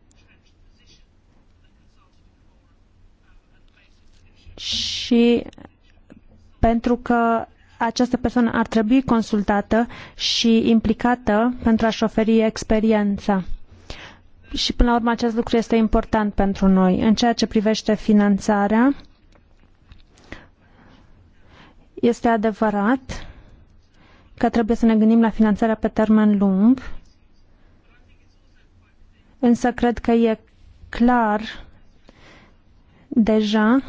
și pentru că această persoană ar trebui consultată și implicată pentru a-și oferi experiența. Și până la urmă acest lucru este important pentru noi. În ceea ce privește finanțarea, este adevărat că trebuie să ne gândim la finanțarea pe termen lung, însă cred că e clar deja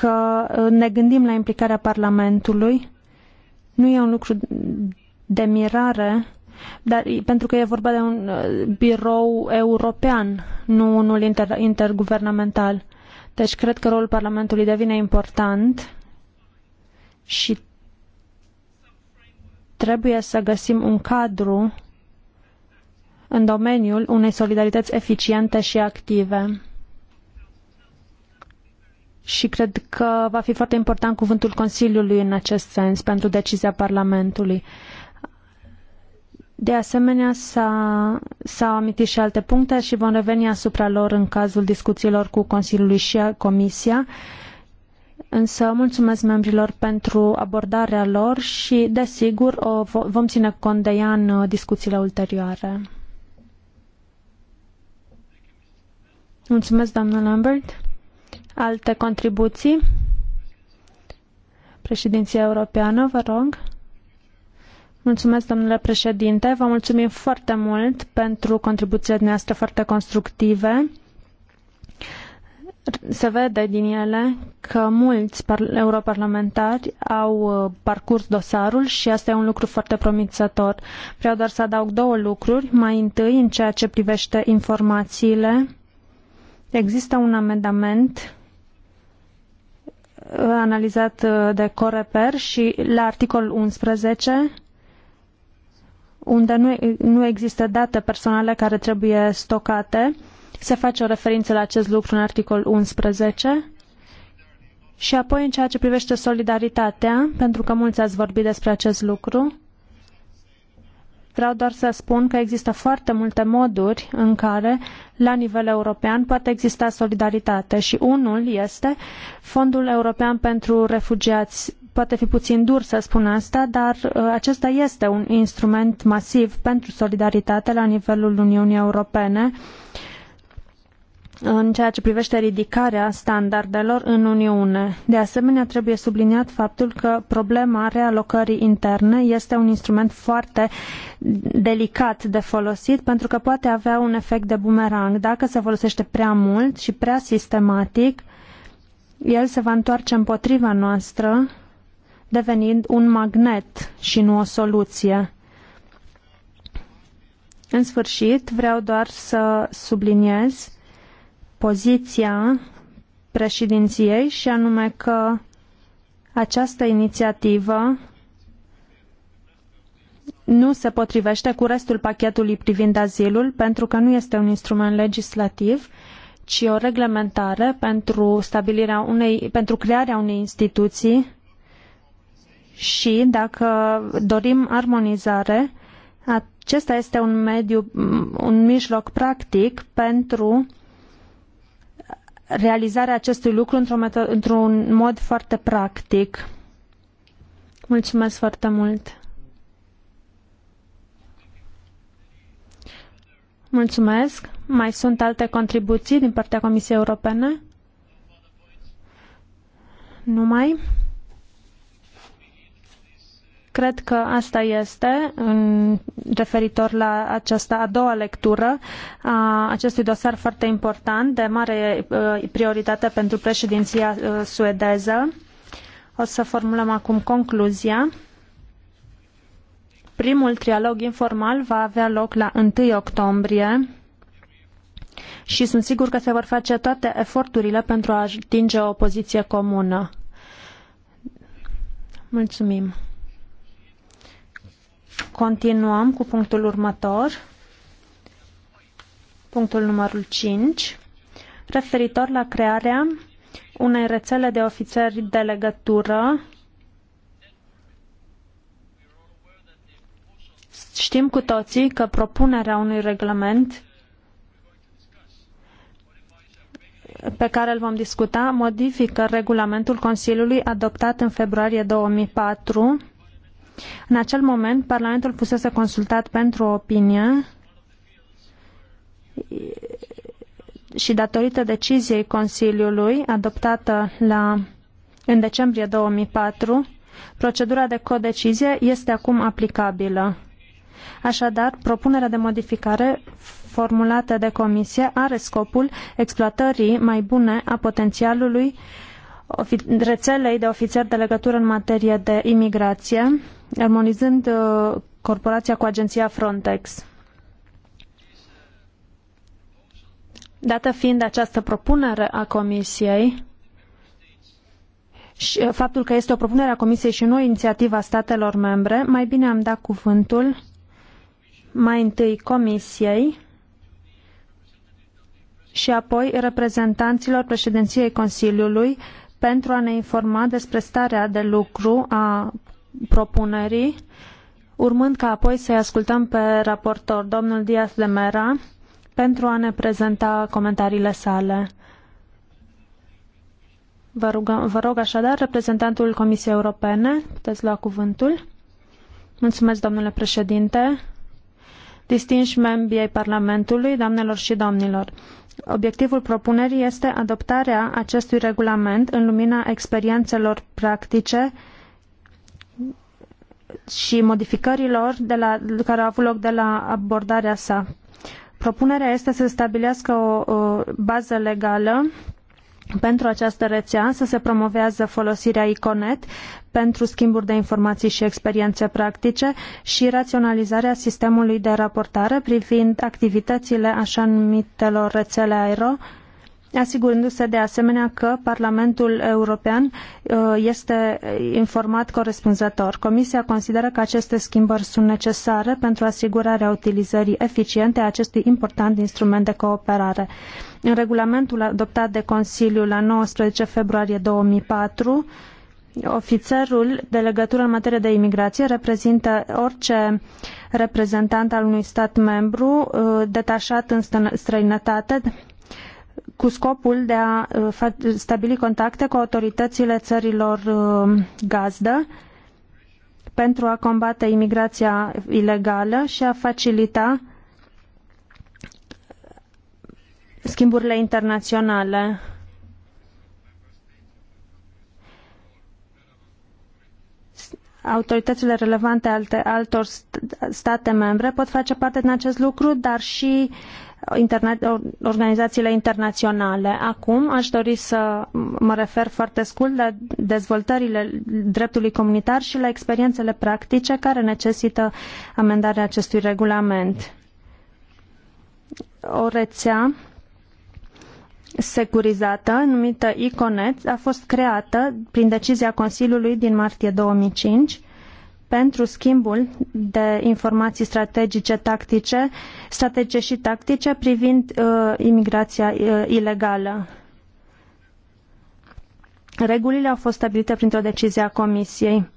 că uh, ne gândim la implicarea Parlamentului. Nu e un lucru de mirare, dar pentru că e vorba de un uh, birou european, nu unul inter, interguvernamental. Deci cred că rolul Parlamentului devine important și trebuie să găsim un cadru în domeniul unei solidarități eficiente și active și cred că va fi foarte important cuvântul Consiliului în acest sens pentru decizia Parlamentului. De asemenea, s-au amintit și alte puncte și vom reveni asupra lor în cazul discuțiilor cu Consiliul și Comisia. Însă mulțumesc membrilor pentru abordarea lor și, desigur, o vom ține cont de ea în uh, discuțiile ulterioare. Mulțumesc, doamnă Lambert. Alte contribuții? Președinția Europeană, vă rog. Mulțumesc, domnule președinte. Vă mulțumim foarte mult pentru contribuțiile noastre foarte constructive. Se vede din ele că mulți europarlamentari au uh, parcurs dosarul și asta e un lucru foarte promițător. Vreau doar să adaug două lucruri. Mai întâi, în ceea ce privește informațiile, există un amendament analizat uh, de Coreper și la articolul 11 unde nu, nu există date personale care trebuie stocate, se face o referință la acest lucru în articolul 11 și apoi în ceea ce privește solidaritatea, pentru că mulți ați vorbit despre acest lucru, Vreau doar să spun că există foarte multe moduri în care, la nivel european, poate exista solidaritate și unul este Fondul European pentru Refugiați. Poate fi puțin dur să spun asta, dar uh, acesta este un instrument masiv pentru solidaritate la nivelul Uniunii Europene. Uh, în ceea ce privește ridicarea standardelor în Uniune. De asemenea, trebuie subliniat faptul că problema realocării interne este un instrument foarte delicat de folosit pentru că poate avea un efect de bumerang. Dacă se folosește prea mult și prea sistematic, el se va întoarce împotriva noastră, devenind un magnet și nu o soluție. În sfârșit, vreau doar să subliniez poziția președinției și anume că această inițiativă nu se potrivește cu restul pachetului privind azilul pentru că nu este un instrument legislativ, ci o reglementare pentru, stabilirea unei, pentru crearea unei instituții și dacă dorim armonizare, acesta este un mediu, un mijloc practic pentru realizarea acestui lucru într-un, într mod foarte practic. Mulțumesc foarte mult! Mulțumesc! Mai sunt alte contribuții din partea Comisiei Europene? Nu mai? Cred că asta este, în referitor la această a doua lectură a acestui dosar foarte important, de mare uh, prioritate pentru președinția uh, suedeză. O să formulăm acum concluzia. Primul trialog informal va avea loc la 1 octombrie și sunt sigur că se vor face toate eforturile pentru a atinge o poziție comună. Mulțumim. Continuăm cu punctul următor, punctul numărul 5, referitor la crearea unei rețele de ofițeri de legătură Știm cu toții că propunerea unui regulament pe care îl vom discuta modifică regulamentul Consiliului adoptat în februarie 2004 în acel moment, Parlamentul fusese consultat pentru o opinie și datorită deciziei Consiliului adoptată la, în decembrie 2004, procedura de codecizie este acum aplicabilă. Așadar, propunerea de modificare formulată de Comisie are scopul exploatării mai bune a potențialului uh, rețelei de ofițeri de legătură în materie de imigrație, armonizând uh, corporația cu agenția Frontex. Dată fiind această propunere a Comisiei, și uh, faptul că este o propunere a Comisiei și nu o inițiativă a statelor membre, mai bine am dat cuvântul mai întâi Comisiei și apoi reprezentanților președinției Consiliului pentru a ne informa despre starea de lucru a propunerii, urmând ca apoi să-i ascultăm pe raportor, domnul Diaz de Mera, pentru a ne prezenta comentariile sale. Vă, rugăm, vă rog așadar, reprezentantul Comisiei Europene, puteți lua cuvântul. Mulțumesc, domnule președinte, distinși membri ai Parlamentului, doamnelor și domnilor. Obiectivul propunerii este adoptarea acestui regulament în lumina experiențelor practice și modificărilor de la, care au avut loc de la abordarea sa. Propunerea este să stabilească o, o bază legală pentru această rețea să se promovează folosirea ICONET pentru schimburi de informații și experiențe practice și raționalizarea sistemului de raportare privind activitățile așa numitelor rețele aero, asigurându-se de asemenea că Parlamentul European uh, este informat corespunzător. Comisia consideră că aceste schimbări sunt necesare pentru asigurarea utilizării eficiente a acestui important instrument de cooperare. În regulamentul adoptat de Consiliu la 19 februarie 2004, ofițerul de legătură în materie de imigrație reprezintă orice reprezentant al unui stat membru uh, detașat în străinătate cu scopul de a uh, stabili contacte cu autoritățile țărilor uh, gazdă pentru a combate imigrația ilegală și a facilita schimburile internaționale. autoritățile relevante ale altor state membre pot face parte din acest lucru, dar și interna- organizațiile internaționale. Acum aș dori să mă refer foarte scurt la dezvoltările dreptului comunitar și la experiențele practice care necesită amendarea acestui regulament. O rețea securizată, numită Iconet, a fost creată prin decizia Consiliului din martie 2005 pentru schimbul de informații strategice, tactice, strategice și tactice privind uh, imigrația uh, ilegală. Regulile au fost stabilite printr-o decizie a Comisiei.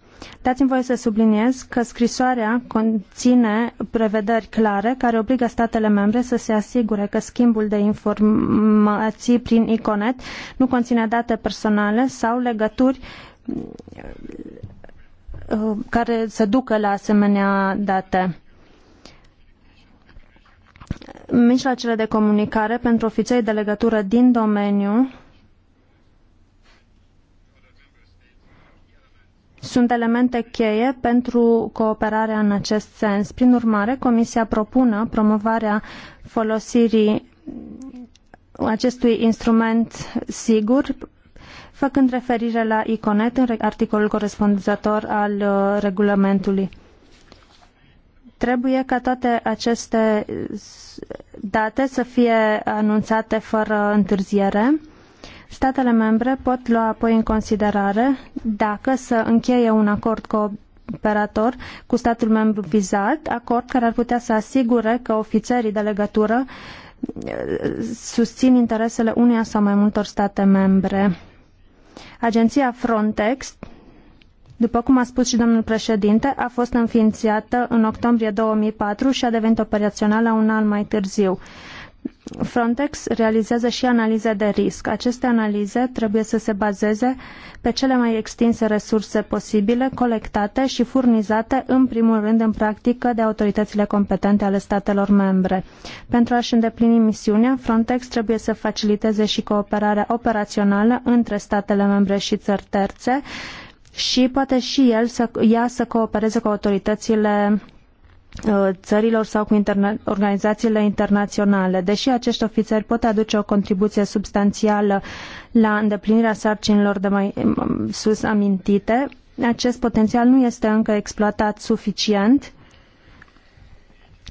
Dați-mi voie să subliniez că scrisoarea conține prevederi clare care obligă statele membre să se asigure că schimbul de informații prin ICONET nu conține date personale sau legături Uh, care să ducă la asemenea date. Mijloacele de comunicare pentru ofițerii de legătură din domeniu sunt elemente cheie pentru cooperarea în acest sens. Prin urmare, Comisia propună promovarea folosirii acestui instrument sigur făcând referire la ICONET în articolul corespunzător al uh, regulamentului. Trebuie ca toate aceste uh, date să fie anunțate fără întârziere. Statele membre pot lua apoi în considerare dacă să încheie un acord cu operator cu statul membru vizat, acord care ar putea să asigure că ofițerii de legătură uh, susțin interesele uneia sau mai multor state membre. Agenția Frontex, după cum a spus și domnul președinte, a fost înființată în octombrie 2004 și a devenit operațională un an mai târziu. Frontex realizează și analize de risc. Aceste analize trebuie să se bazeze pe cele mai extinse resurse posibile colectate și furnizate în primul rând în practică de autoritățile competente ale statelor membre. Pentru a-și îndeplini misiunea, Frontex trebuie să faciliteze și cooperarea operațională între statele membre și țări terțe și poate și el să ia să coopereze cu autoritățile Uh, țărilor sau cu interna- organizațiile internaționale. Deși acești ofițeri pot aduce o contribuție substanțială la îndeplinirea sarcinilor de mai sus amintite, acest potențial nu este încă exploatat suficient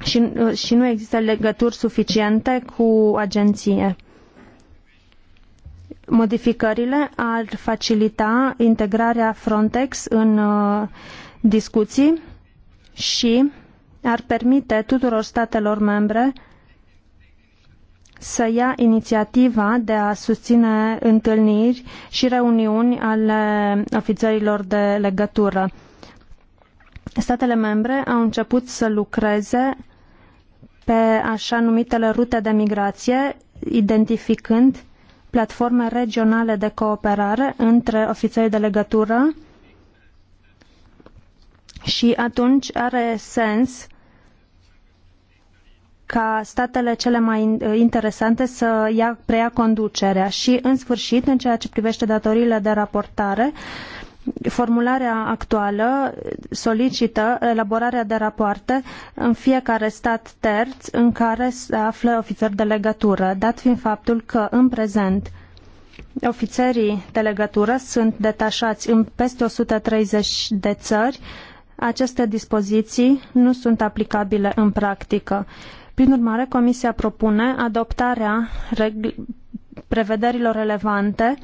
și, uh, și nu există legături suficiente cu agenție. Modificările ar facilita integrarea Frontex în uh, discuții și ar permite tuturor statelor membre să ia inițiativa de a susține întâlniri și reuniuni ale ofițerilor de legătură. Statele membre au început să lucreze pe așa numitele rute de migrație, identificând platforme regionale de cooperare între ofițerii de legătură și atunci are sens ca statele cele mai interesante să ia, preia conducerea. Și, în sfârșit, în ceea ce privește datoriile de raportare, formularea actuală solicită elaborarea de rapoarte în fiecare stat terț în care se află ofițer de legătură, dat fiind faptul că, în prezent, ofițerii de legătură sunt detașați în peste 130 de țări, aceste dispoziții nu sunt aplicabile în practică. Prin urmare, Comisia propune adoptarea regl- prevederilor relevante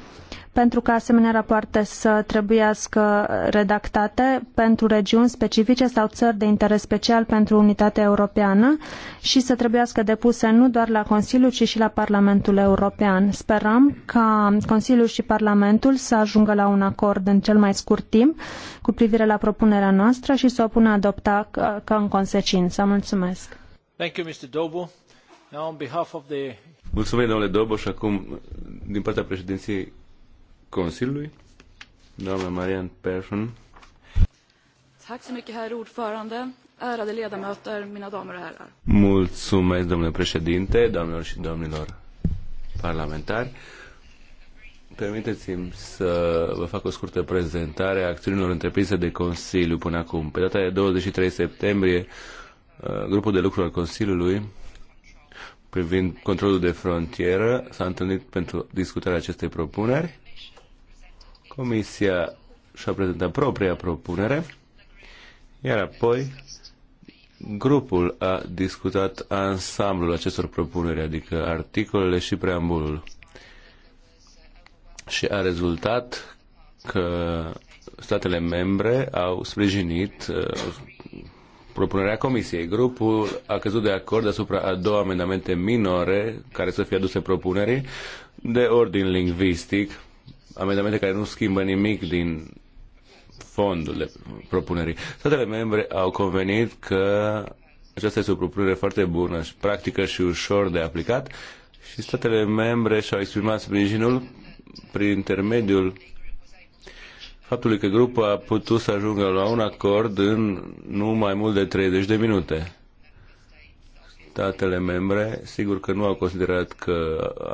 pentru ca asemenea rapoarte să trebuiască redactate pentru regiuni specifice sau țări de interes special pentru unitatea europeană și să trebuiască depuse nu doar la Consiliu, ci și la Parlamentul European. Sperăm ca Consiliul și Parlamentul să ajungă la un acord în cel mai scurt timp cu privire la propunerea noastră și să o pună adopta ca în consecință. Mulțumesc! Thank you, Mr. Dobu. Now, on behalf of the Mulțumesc, domnule Dobos, Acum, din partea președinției Consiliului, doamna Marian Persson. Tack så mycket, herr ordförande. Ärade ledamöter, mina damer och herrar. Mulțumesc, domnule președinte, doamnelor și domnilor parlamentari. Permiteți-mi să vă fac o scurtă prezentare a acțiunilor întreprinse de Consiliu până acum. Pe data de 23 septembrie, uh, grupul de lucru al Consiliului privind controlul de frontieră s-a întâlnit pentru discutarea acestei propuneri. Comisia și-a prezentat propria propunere, iar apoi grupul a discutat ansamblul acestor propuneri, adică articolele și preambulul. Și a rezultat că statele membre au sprijinit uh, propunerea comisiei. Grupul a căzut de acord asupra a două amendamente minore care să fie aduse propunerii de ordin lingvistic, amendamente care nu schimbă nimic din fondul de propunerii. Statele membre au convenit că aceasta este o propunere foarte bună și practică și ușor de aplicat și statele membre și-au exprimat sprijinul prin intermediul faptului că grupul a putut să ajungă la un acord în nu mai mult de 30 de minute. Statele membre, sigur că nu au considerat că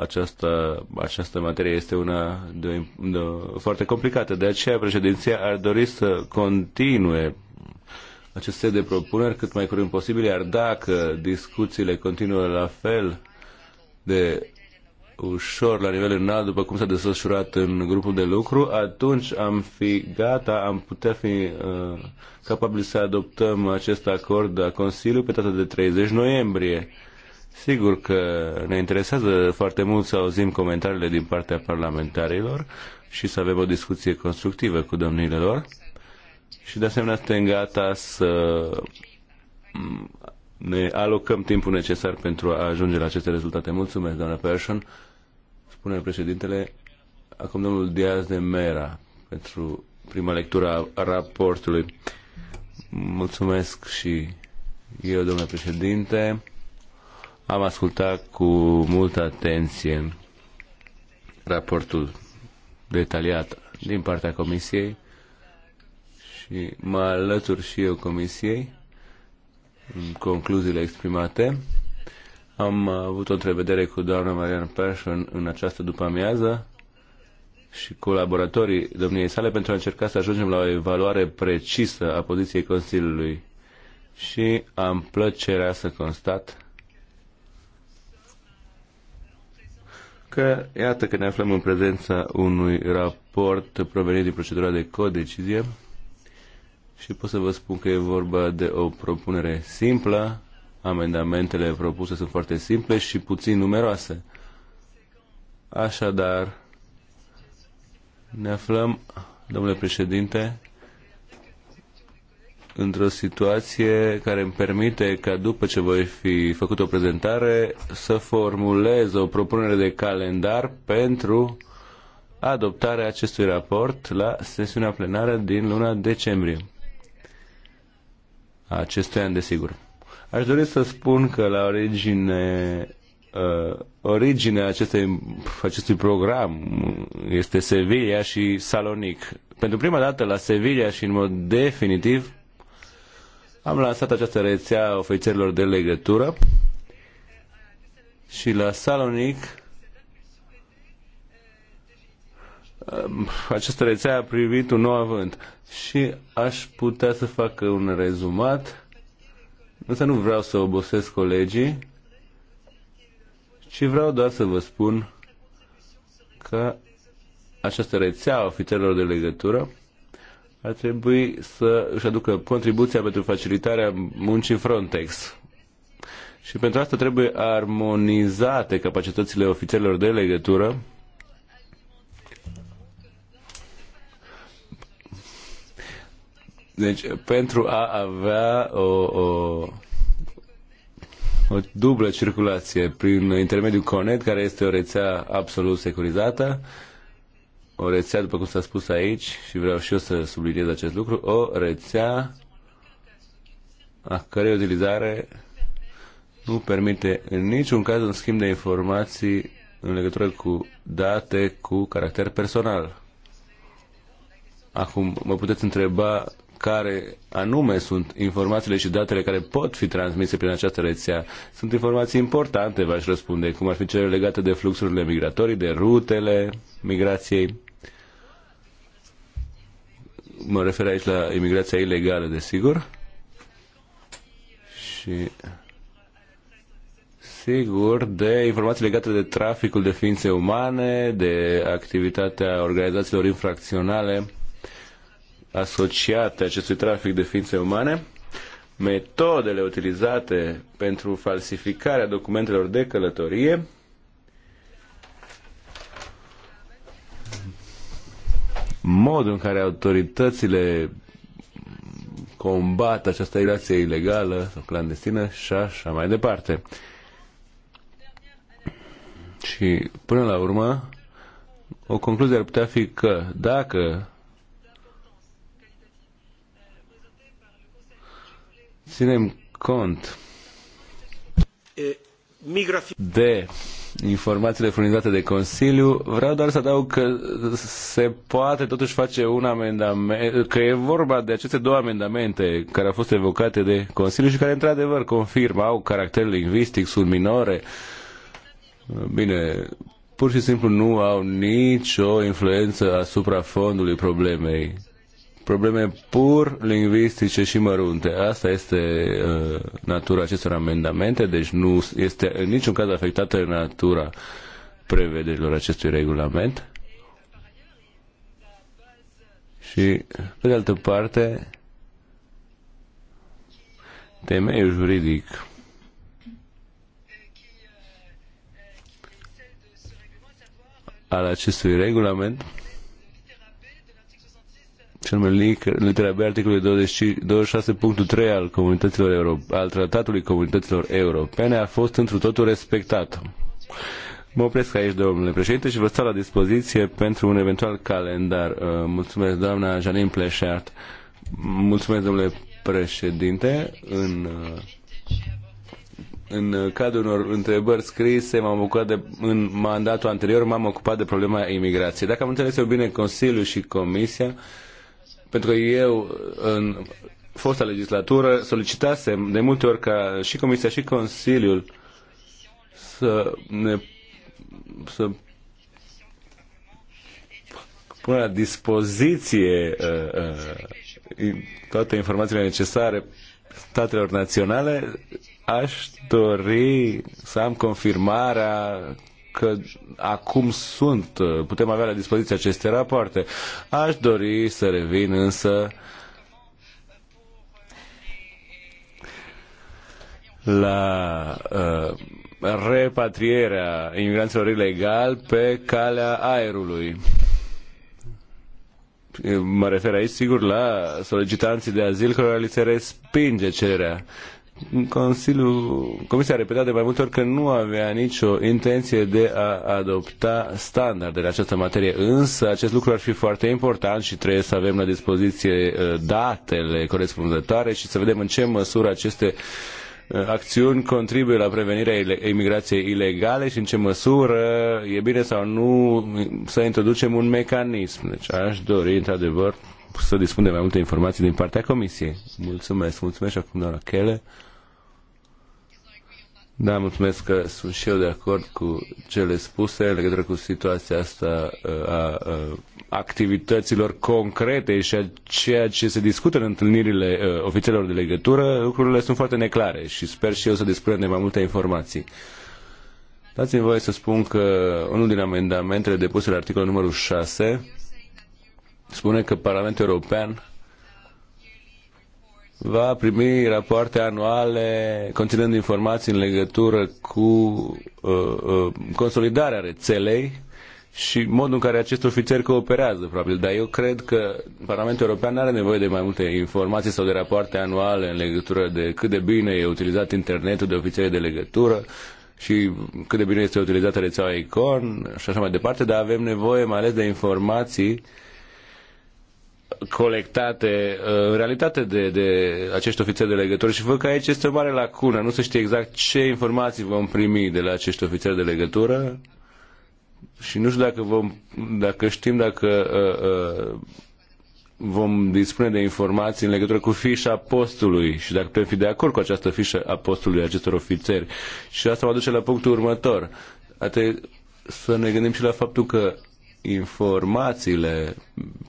această, această materie este una de, de, foarte complicată. De aceea, președinția ar dori să continue acest set de propuneri cât mai curând posibil, iar dacă discuțiile continuă la fel de ușor la nivel înalt, după cum s-a desfășurat în grupul de lucru, atunci am fi gata, am putea fi uh, capabili să adoptăm acest acord a Consiliului pe data de 30 noiembrie. Sigur că ne interesează foarte mult să auzim comentariile din partea parlamentarilor și să avem o discuție constructivă cu domnilor. Și de asemenea suntem gata să ne alocăm timpul necesar pentru a ajunge la aceste rezultate. Mulțumesc, doamna Persson. Spune președintele, acum domnul Diaz de Mera pentru prima lectură a raportului. Mulțumesc și eu, domnule președinte. Am ascultat cu multă atenție raportul detaliat din partea comisiei și mă alătur și eu comisiei concluziile exprimate. Am avut o întrevedere cu doamna Marian Persson în această după-amiază și colaboratorii domniei sale pentru a încerca să ajungem la o evaluare precisă a poziției Consiliului. Și am plăcerea să constat că iată că ne aflăm în prezența unui raport provenit din procedura de codecizie și pot să vă spun că e vorba de o propunere simplă, amendamentele propuse sunt foarte simple și puțin numeroase. Așadar, ne aflăm, domnule președinte, într-o situație care îmi permite ca după ce voi fi făcut o prezentare să formulez o propunere de calendar pentru adoptarea acestui raport la sesiunea plenară din luna decembrie a acestui an, desigur. Aș dori să spun că la origine uh, originea acestei, acestui program este Sevilla și Salonic. Pentru prima dată la Sevilla și în mod definitiv am lansat această rețea ofițerilor de legătură și la Salonic această rețea a privit un nou avânt. Și aș putea să fac un rezumat, însă nu vreau să obosesc colegii, ci vreau doar să vă spun că această rețea a ofițerilor de legătură ar trebui să își aducă contribuția pentru facilitarea muncii Frontex. Și pentru asta trebuie armonizate capacitățile ofițerilor de legătură Deci, pentru a avea o, o, o dublă circulație prin intermediul Conet, care este o rețea absolut securizată, o rețea, după cum s-a spus aici, și vreau și eu să subliniez acest lucru, o rețea a cărei utilizare nu permite în niciun caz un schimb de informații în legătură cu date cu caracter personal. Acum, mă puteți întreba care anume sunt informațiile și datele care pot fi transmise prin această rețea. Sunt informații importante, v-aș răspunde, cum ar fi cele legate de fluxurile migratorii, de rutele migrației. Mă refer aici la imigrația ilegală, desigur. Și sigur, de informații legate de traficul de ființe umane, de activitatea organizațiilor infracționale asociate acestui trafic de ființe umane, metodele utilizate pentru falsificarea documentelor de călătorie, modul în care autoritățile combat această relație ilegală sau clandestină și așa mai departe. Și până la urmă, o concluzie ar putea fi că dacă ținem cont de informațiile furnizate de Consiliu. Vreau doar să adaug că se poate totuși face un amendament, că e vorba de aceste două amendamente care au fost evocate de Consiliu și care într-adevăr confirmă, au caracter lingvistic, sunt minore. Bine, pur și simplu nu au nicio influență asupra fondului problemei probleme pur lingvistice și mărunte. Asta este uh, natura acestor amendamente, deci nu este în niciun caz afectată natura prevederilor acestui regulament. Și, pe de altă parte, temeiul juridic al acestui regulament și anume litera B articolul 26.3 al, comunităților Euro, al Tratatului Comunităților Europene a fost întru totul respectată. Mă opresc aici, domnule președinte, și vă stau la dispoziție pentru un eventual calendar. Uh, mulțumesc, doamna Janine Pleșart. Mulțumesc, domnule președinte. În, uh, în cadrul unor întrebări scrise, m-am ocupat de, în mandatul anterior, m-am ocupat de problema imigrației. Dacă am înțeles eu bine, Consiliul și Comisia uh, pentru că eu, în fosta legislatură, solicitasem de multe ori ca și Comisia și Consiliul să ne să pună la dispoziție uh, uh, toate informațiile necesare statelor naționale, aș dori să am confirmarea că acum sunt, uh, putem avea la dispoziție aceste rapoarte. Aș dori să revin însă la uh, repatrierea imigranților ilegali pe calea aerului. Mă refer aici, sigur, la solicitanții de azil care li se respinge cererea. Consiliul, Comisia a repetat de mai multe ori că nu avea nicio intenție de a adopta standarde în această materie, însă acest lucru ar fi foarte important și trebuie să avem la dispoziție uh, datele corespunzătoare și să vedem în ce măsură aceste uh, acțiuni contribuie la prevenirea imigrației ilegale și în ce măsură e bine sau nu să introducem un mecanism. Deci aș dori, într-adevăr, să dispunem de mai multe informații din partea Comisiei. Mulțumesc, mulțumesc și acum doamna Chele. Da, mulțumesc că sunt și eu de acord cu cele spuse în legătură cu situația asta uh, a uh, activităților concrete și a ceea ce se discută în întâlnirile uh, ofițerilor de legătură, lucrurile sunt foarte neclare și sper și eu să dispunem de mai multe informații. Dați-mi voie să spun că unul din amendamentele depuse la articolul numărul 6 spune că Parlamentul European va primi rapoarte anuale conținând informații în legătură cu uh, uh, consolidarea rețelei și modul în care acest ofițer cooperează, probabil. Dar eu cred că Parlamentul European are nevoie de mai multe informații sau de rapoarte anuale în legătură de cât de bine e utilizat internetul de ofițeri de legătură și cât de bine este utilizată rețeaua ICON și așa mai departe, dar avem nevoie mai ales de informații uh, colectate uh, în realitate de, de acești ofițeri de legătură și văd că aici este o mare lacună. Nu se știe exact ce informații vom primi de la acești ofițeri de legătură și nu știu dacă, vom, dacă știm dacă uh, uh, vom dispune de informații în legătură cu fișa postului și dacă putem fi de acord cu această fișă a postului acestor ofițeri. Și asta mă duce la punctul următor. Ate să ne gândim și la faptul că informațiile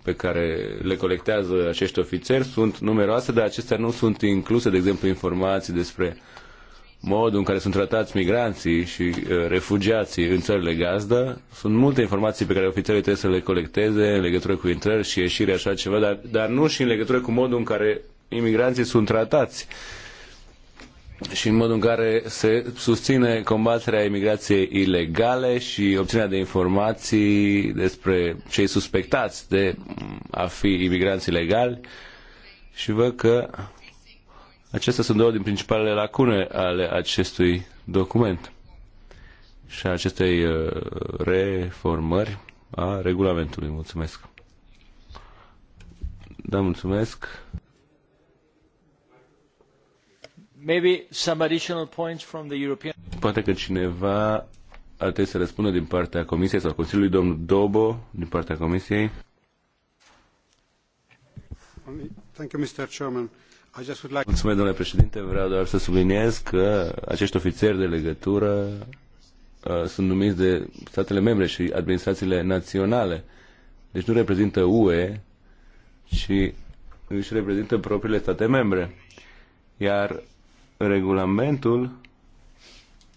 pe care le colectează acești ofițeri sunt numeroase, dar acestea nu sunt incluse, de exemplu, informații despre modul în care sunt tratați migranții și uh, refugiații în țările gazdă. Sunt multe informații pe care ofițerii trebuie să le colecteze în legătură cu intrări și ieșiri, așa ceva, dar, dar nu și în legătură cu modul în care imigranții sunt tratați. Uh, și în modul în care se susține combaterea imigrației ilegale și obținerea de informații despre cei suspectați de a fi imigranți ilegali și văd că acestea sunt două din principalele lacune ale acestui document și a acestei uh, reformări a regulamentului. Mulțumesc. Da, mulțumesc. Maybe some additional points from the European... Poate că cineva ar trebui să răspundă din partea Comisiei sau Consiliului, domnul Dobo, din partea Comisiei. Thank you, Mr. Chairman. I just would like... Mulțumesc, domnule președinte. Vreau doar să subliniez că acești ofițeri de legătură uh, sunt numiți de statele membre și administrațiile naționale. Deci nu reprezintă UE, ci își reprezintă propriile state membre. Iar regulamentul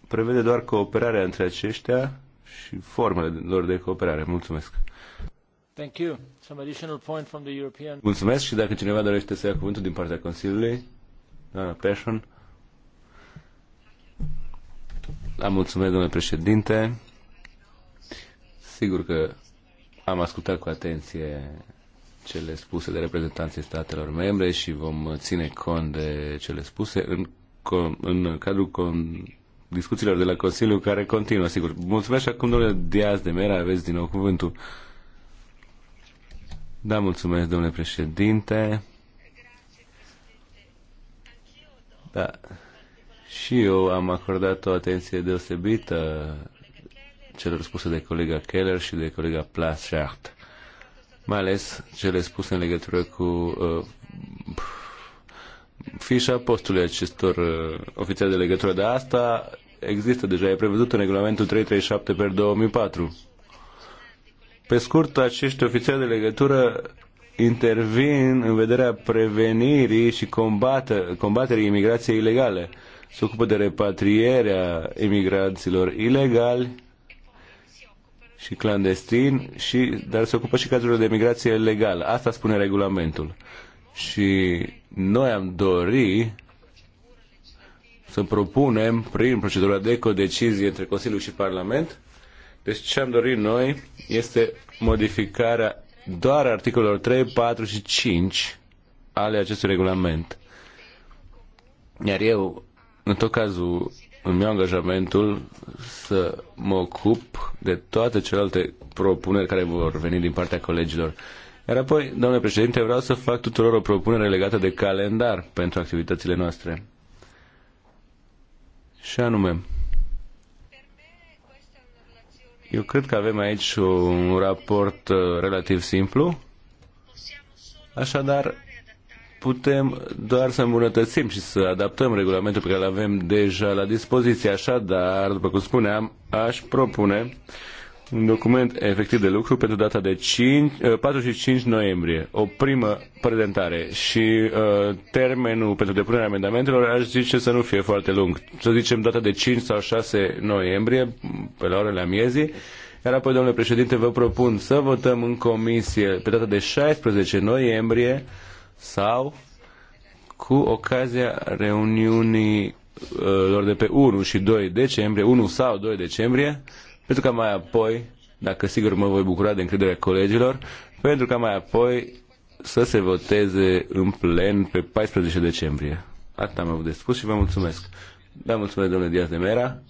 prevede doar cooperarea între aceștia și formele lor de cooperare. Mulțumesc. Thank you. Some additional point from the European... Mulțumesc și dacă cineva dorește să ia cuvântul din partea Consiliului, doamna Passion. Da, mulțumesc, domnule președinte. Sigur că am ascultat cu atenție cele spuse de reprezentanții statelor membre și vom ține cont de cele spuse în în cadrul discuțiilor de la Consiliu care continuă, sigur. Mulțumesc și acum, domnule Diaz de Mera, aveți din nou cuvântul. Da, mulțumesc, domnule președinte. Da. Și eu am acordat o atenție deosebită celor spuse de colega Keller și de colega Plaschart, mai ales cele spuse în legătură cu uh, fișa postului acestor uh, ofițeri de legătură. Dar asta există deja, e prevăzut în regulamentul 337 per 2004. Pe scurt, acești ofițeri de legătură intervin în vederea prevenirii și combată, combaterii imigrației ilegale. Se ocupă de repatrierea imigranților ilegali și clandestini, și, dar se ocupă și cazurile de imigrație legală. Asta spune regulamentul și noi am dori să propunem prin procedura de codecizie între Consiliu și Parlament. Deci ce am dorit noi este modificarea doar articolelor 3, 4 și 5 ale acestui regulament. Iar eu, în tot cazul, îmi iau angajamentul să mă ocup de toate celelalte propuneri care vor veni din partea colegilor. Iar apoi, domnule președinte, vreau să fac tuturor o propunere legată de calendar pentru activitățile noastre. Și anume, eu cred că avem aici un raport uh, relativ simplu, așadar putem doar să îmbunătățim și să adaptăm regulamentul pe care îl avem deja la dispoziție. Așadar, după cum spuneam, aș propune un document efectiv de lucru pentru data de 5, 4 uh, și 5 noiembrie, o primă prezentare și uh, termenul pentru depunerea amendamentelor aș zice să nu fie foarte lung, să zicem data de 5 sau 6 noiembrie, pe la orele amiezii, iar apoi, domnule președinte, vă propun să votăm în comisie pe data de 16 noiembrie sau cu ocazia reuniunii uh, lor de pe 1 și 2 decembrie, 1 sau 2 decembrie, pentru că mai apoi, dacă sigur mă voi bucura de încrederea colegilor, pentru că mai apoi să se voteze în plen pe 14 decembrie. Atât am avut de spus și vă mulțumesc. Vă da, mulțumesc, domnule Diaz de Mera.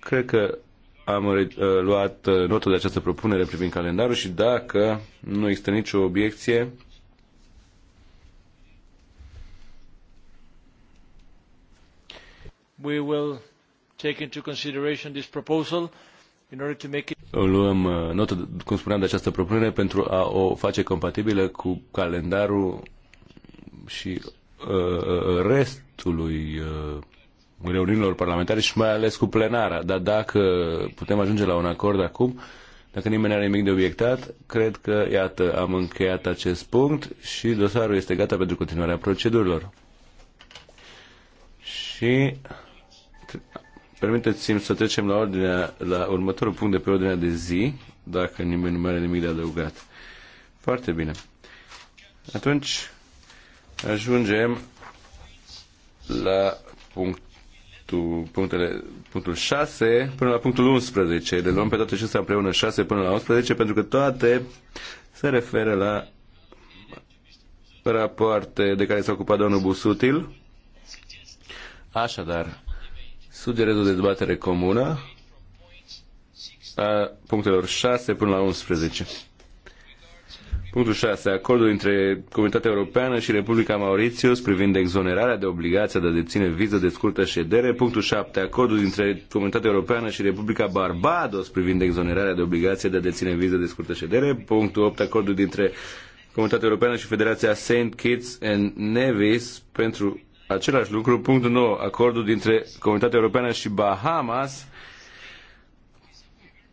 Cred că am uh, luat uh, notă de această propunere privind calendarul și dacă nu există nicio obiecție, we will take into consideration this proposal in order to make it Luăm uh, notă, cum spuneam, de această propunere pentru a o face compatibilă cu calendarul și uh, uh, restului uh, reuniunilor parlamentare și mai ales cu plenara. Dar dacă putem ajunge la un acord acum, dacă nimeni are nimic de obiectat, cred că, iată, am încheiat acest punct și dosarul este gata pentru continuarea procedurilor. Și Permiteți-mi să trecem la, ordinea, la următorul punct de pe ordinea de zi, dacă nimeni nu mai are nimic de adăugat. Foarte bine. Atunci ajungem la punctul, punctele, punctul 6 până la punctul 11. Le luăm pe toate acestea împreună 6 până la 11 pentru că toate se referă la rapoarte de care s-a ocupat domnul Busutil. Așadar, Sugere o dezbatere comună a punctelor 6 până la 11. Punctul 6. Acordul între Comunitatea Europeană și Republica Mauritius privind exonerarea de obligația de a deține viză de scurtă ședere. Punctul 7. Acordul între Comunitatea Europeană și Republica Barbados privind exonerarea de obligație de a deține viză de scurtă ședere. Punctul 8. Acordul dintre Comunitatea Europeană și Federația St. Kitts and Nevis pentru Același lucru, punctul nou acordul dintre Comunitatea Europeană și Bahamas,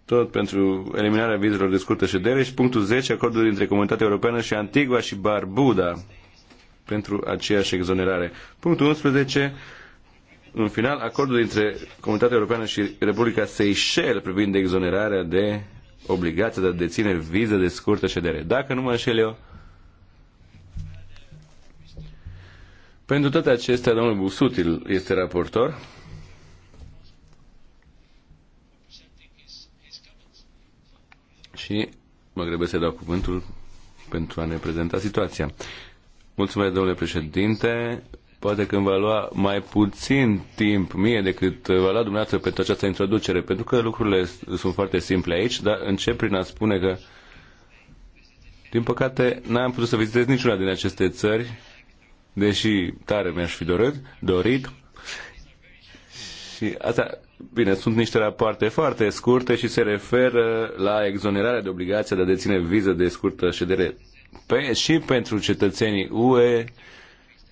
tot pentru eliminarea vizelor de scurtă ședere și punctul 10, acordul dintre Comunitatea Europeană și Antigua și Barbuda pentru aceeași exonerare. Punctul 11, în final, acordul dintre Comunitatea Europeană și Republica Seychelles privind exonerarea de obligația de a deține viză de scurtă ședere. Dacă nu mă înșel eu, Pentru toate acestea, domnul Busutil este raportor. Și mă grebesc să dau cuvântul pentru a ne prezenta situația. Mulțumesc, domnule președinte. Poate îmi va lua mai puțin timp mie decât va lua dumneavoastră pentru această introducere, pentru că lucrurile sunt foarte simple aici, dar încep prin a spune că, din păcate, n-am putut să vizitez niciuna din aceste țări deși tare mi-aș fi dorit, dorit. Și asta, bine, sunt niște rapoarte foarte scurte și se referă la exonerarea de obligația de a deține viză de scurtă ședere pe, și pentru cetățenii UE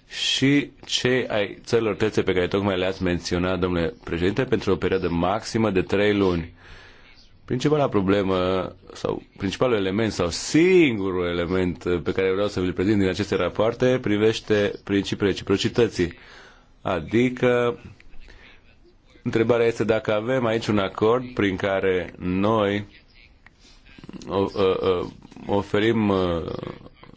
și cei ai țărilor terțe pe care tocmai le-ați menționat, domnule președinte, pentru o perioadă maximă de trei luni. Principala problemă sau principalul element sau singurul element pe care vreau să vi-l prezint din aceste rapoarte privește principiul reciprocității. Adică întrebarea este dacă avem aici un acord prin care noi oferim uh,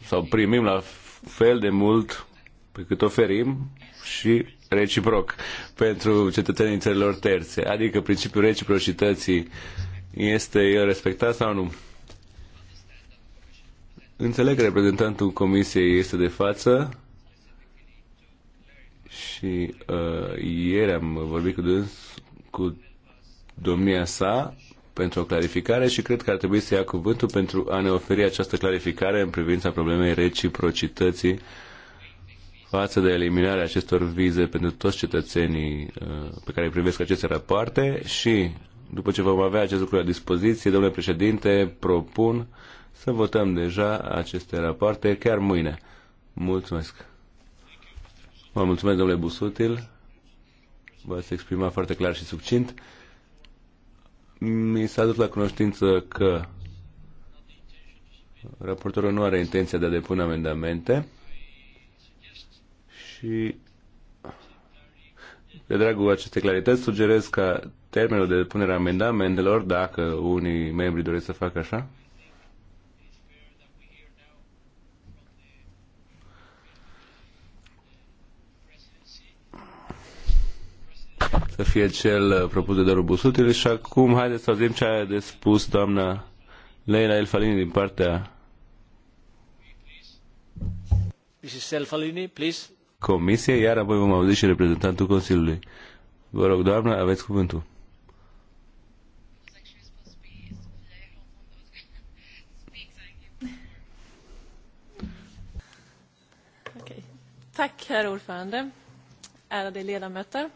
sau primim la fel de mult pe cât oferim și reciproc pentru cetățenii țărilor terțe. Adică principiul reciprocității este el respectat sau nu? Înțeleg că reprezentantul Comisiei este de față și uh, ieri am vorbit cu, dâns, cu domnia sa pentru o clarificare și cred că ar trebui să ia cuvântul pentru a ne oferi această clarificare în privința problemei reciprocității față de eliminarea acestor vize pentru toți cetățenii uh, pe care îi privesc aceste rapoarte și după ce vom avea acest lucru la dispoziție, domnule președinte, propun să votăm deja aceste rapoarte chiar mâine. Mulțumesc. Vă mulțumesc, domnule Busutil. V-ați exprimat foarte clar și succint. Mi s-a dus la cunoștință că raportorul nu are intenția de a depune amendamente și de dragul acestei clarități sugerez ca termenul de punere a amendamentelor, dacă unii membri doresc să facă așa? Să fie cel uh, propus de Doru Busutil și acum haideți să auzim ce a de spus doamna Leila Elfalini din partea Mrs. Elfalini, please. Comisie, iar apoi vom auzi și reprezentantul Consiliului. Vă rog, doamnă, aveți cuvântul. Tack, herr ordförande. Ärade ledamöter.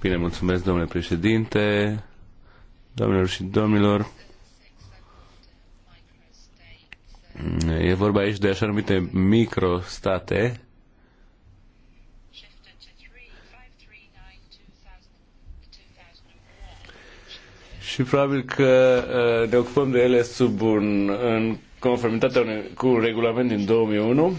Bine, mulțumesc, domnule președinte, doamnelor și domnilor. E vorba aici de așa numite microstate. Și probabil că uh, ne ocupăm de ele sub un, în conformitate cu un regulament din 2001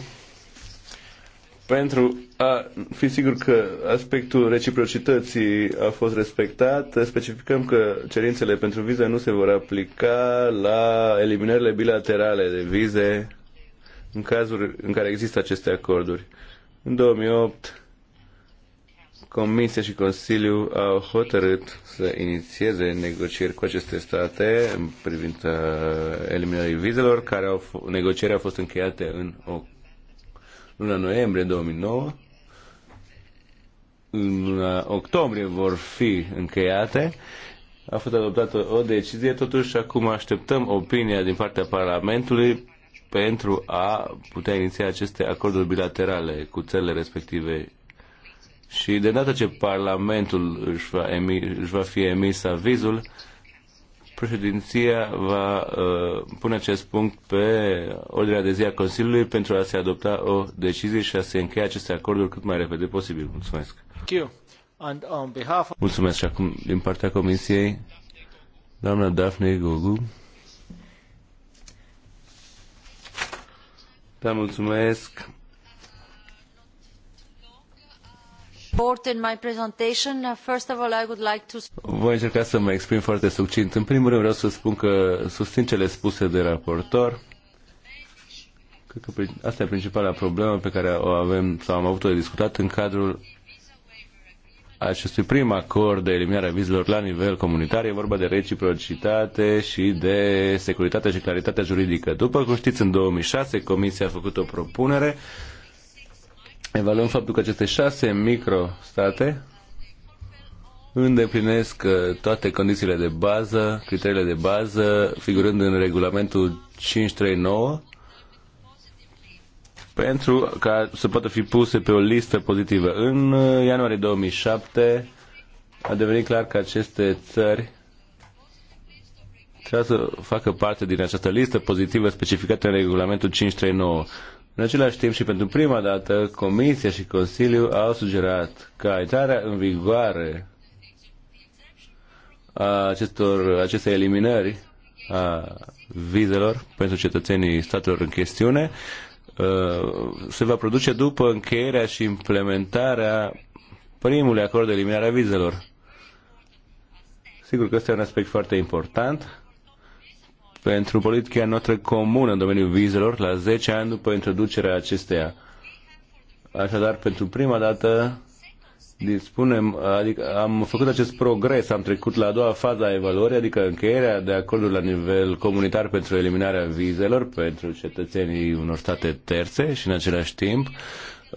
pentru a fi sigur că aspectul reciprocității a fost respectat, specificăm că cerințele pentru vize nu se vor aplica la eliminările bilaterale de vize în cazuri în care există aceste acorduri. În 2008, Comisia și Consiliul au hotărât să inițieze negocieri cu aceste state în privința eliminării vizelor, care au negocierea a fost încheiate în luna noiembrie 2009, în luna octombrie vor fi încheiate. A fost adoptată o decizie, totuși acum așteptăm opinia din partea Parlamentului pentru a putea iniția aceste acorduri bilaterale cu țările respective. Și de data ce Parlamentul își va, emi, își va fi emis avizul, Președinția va uh, pune acest punct pe ordinea de zi a Consiliului pentru a se adopta o decizie și a se încheia aceste acorduri cât mai repede posibil. Mulțumesc. Mulțumesc și acum din partea Comisiei, doamna Daphne Gogu. Da, mulțumesc. Voi încerca să mă exprim foarte succint. În primul rând vreau să spun că susțin cele spuse de raportor. Cred că asta e principala problemă pe care o avem sau am avut-o de discutat în cadrul acestui prim acord de eliminare a vizelor la nivel comunitar. E vorba de reciprocitate și de securitate și claritate juridică. După cum știți, în 2006 Comisia a făcut o propunere evaluăm faptul că aceste șase microstate îndeplinesc uh, toate condițiile de bază, criteriile de bază, figurând în regulamentul 539, pentru ca să poată fi puse pe o listă pozitivă. În uh, ianuarie 2007 a devenit clar că aceste țări trebuie să facă parte din această listă pozitivă specificată în regulamentul 539. În același timp și pentru prima dată, Comisia și Consiliul au sugerat ca intrarea în vigoare a acestor, acestei eliminări a vizelor pentru cetățenii statelor în chestiune uh, se va produce după încheierea și implementarea primului acord de eliminare a vizelor. Sigur că este un aspect foarte important pentru politica noastră comună în domeniul vizelor la 10 ani după introducerea acesteia. Așadar, pentru prima dată dispunem, adică am făcut acest progres, am trecut la a doua fază a evaluării, adică încheierea de acorduri la nivel comunitar pentru eliminarea vizelor pentru cetățenii unor state terțe și în același timp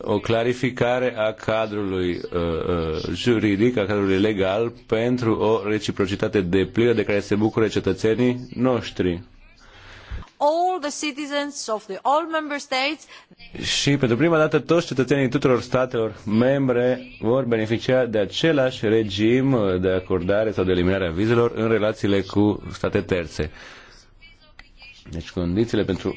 o clarificare a cadrului uh, uh, juridic, a cadrului legal pentru o reciprocitate deplină de care se bucură cetățenii noștri. All the citizens of the all member states. Și pentru prima dată toți cetățenii tuturor statelor membre vor beneficia de același regim de acordare sau de eliminare a vizelor în relațiile cu state terțe. Deci condițiile pentru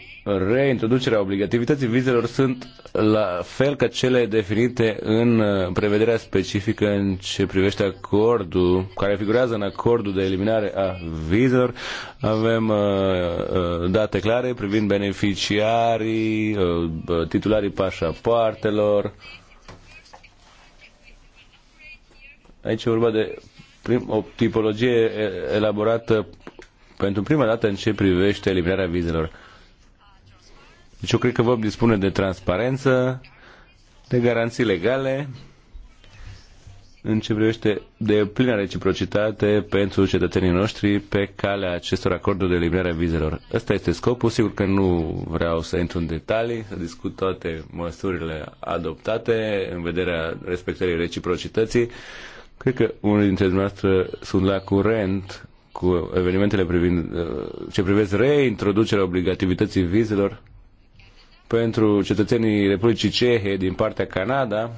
reintroducerea obligativității vizelor sunt la fel ca cele definite în uh, prevederea specifică în ce privește acordul, care figurează în acordul de eliminare a vizelor. Avem uh, uh date clare privind beneficiarii, uh, uh, titularii pașapoartelor. Aici e vorba de prim, o tipologie elaborată pentru prima dată în ce privește eliberarea vizelor. Deci eu cred că vom dispune de transparență, de garanții legale, în ce privește de plină reciprocitate pentru cetățenii noștri pe calea acestor acorduri de eliberare a vizelor. Ăsta este scopul, sigur că nu vreau să intru în detalii, să discut toate măsurile adoptate în vederea respectării reciprocității. Cred că unii dintre dumneavoastră sunt la curent cu evenimentele privind, uh, ce privesc reintroducerea obligativității vizelor pentru cetățenii Republicii Cehe din partea Canada,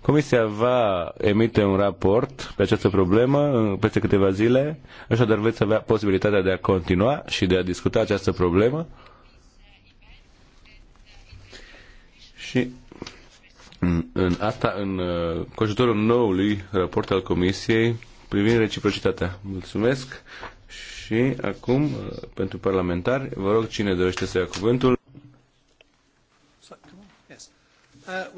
Comisia va emite un raport pe această problemă uh, peste câteva zile, așadar veți avea posibilitatea de a continua și de a discuta această problemă. Și în, în asta, în, uh, cu ajutorul noului raport al Comisiei, privind reciprocitatea. Mulțumesc și acum, uh, pentru parlamentari, vă rog cine dorește să ia cuvântul. Uh,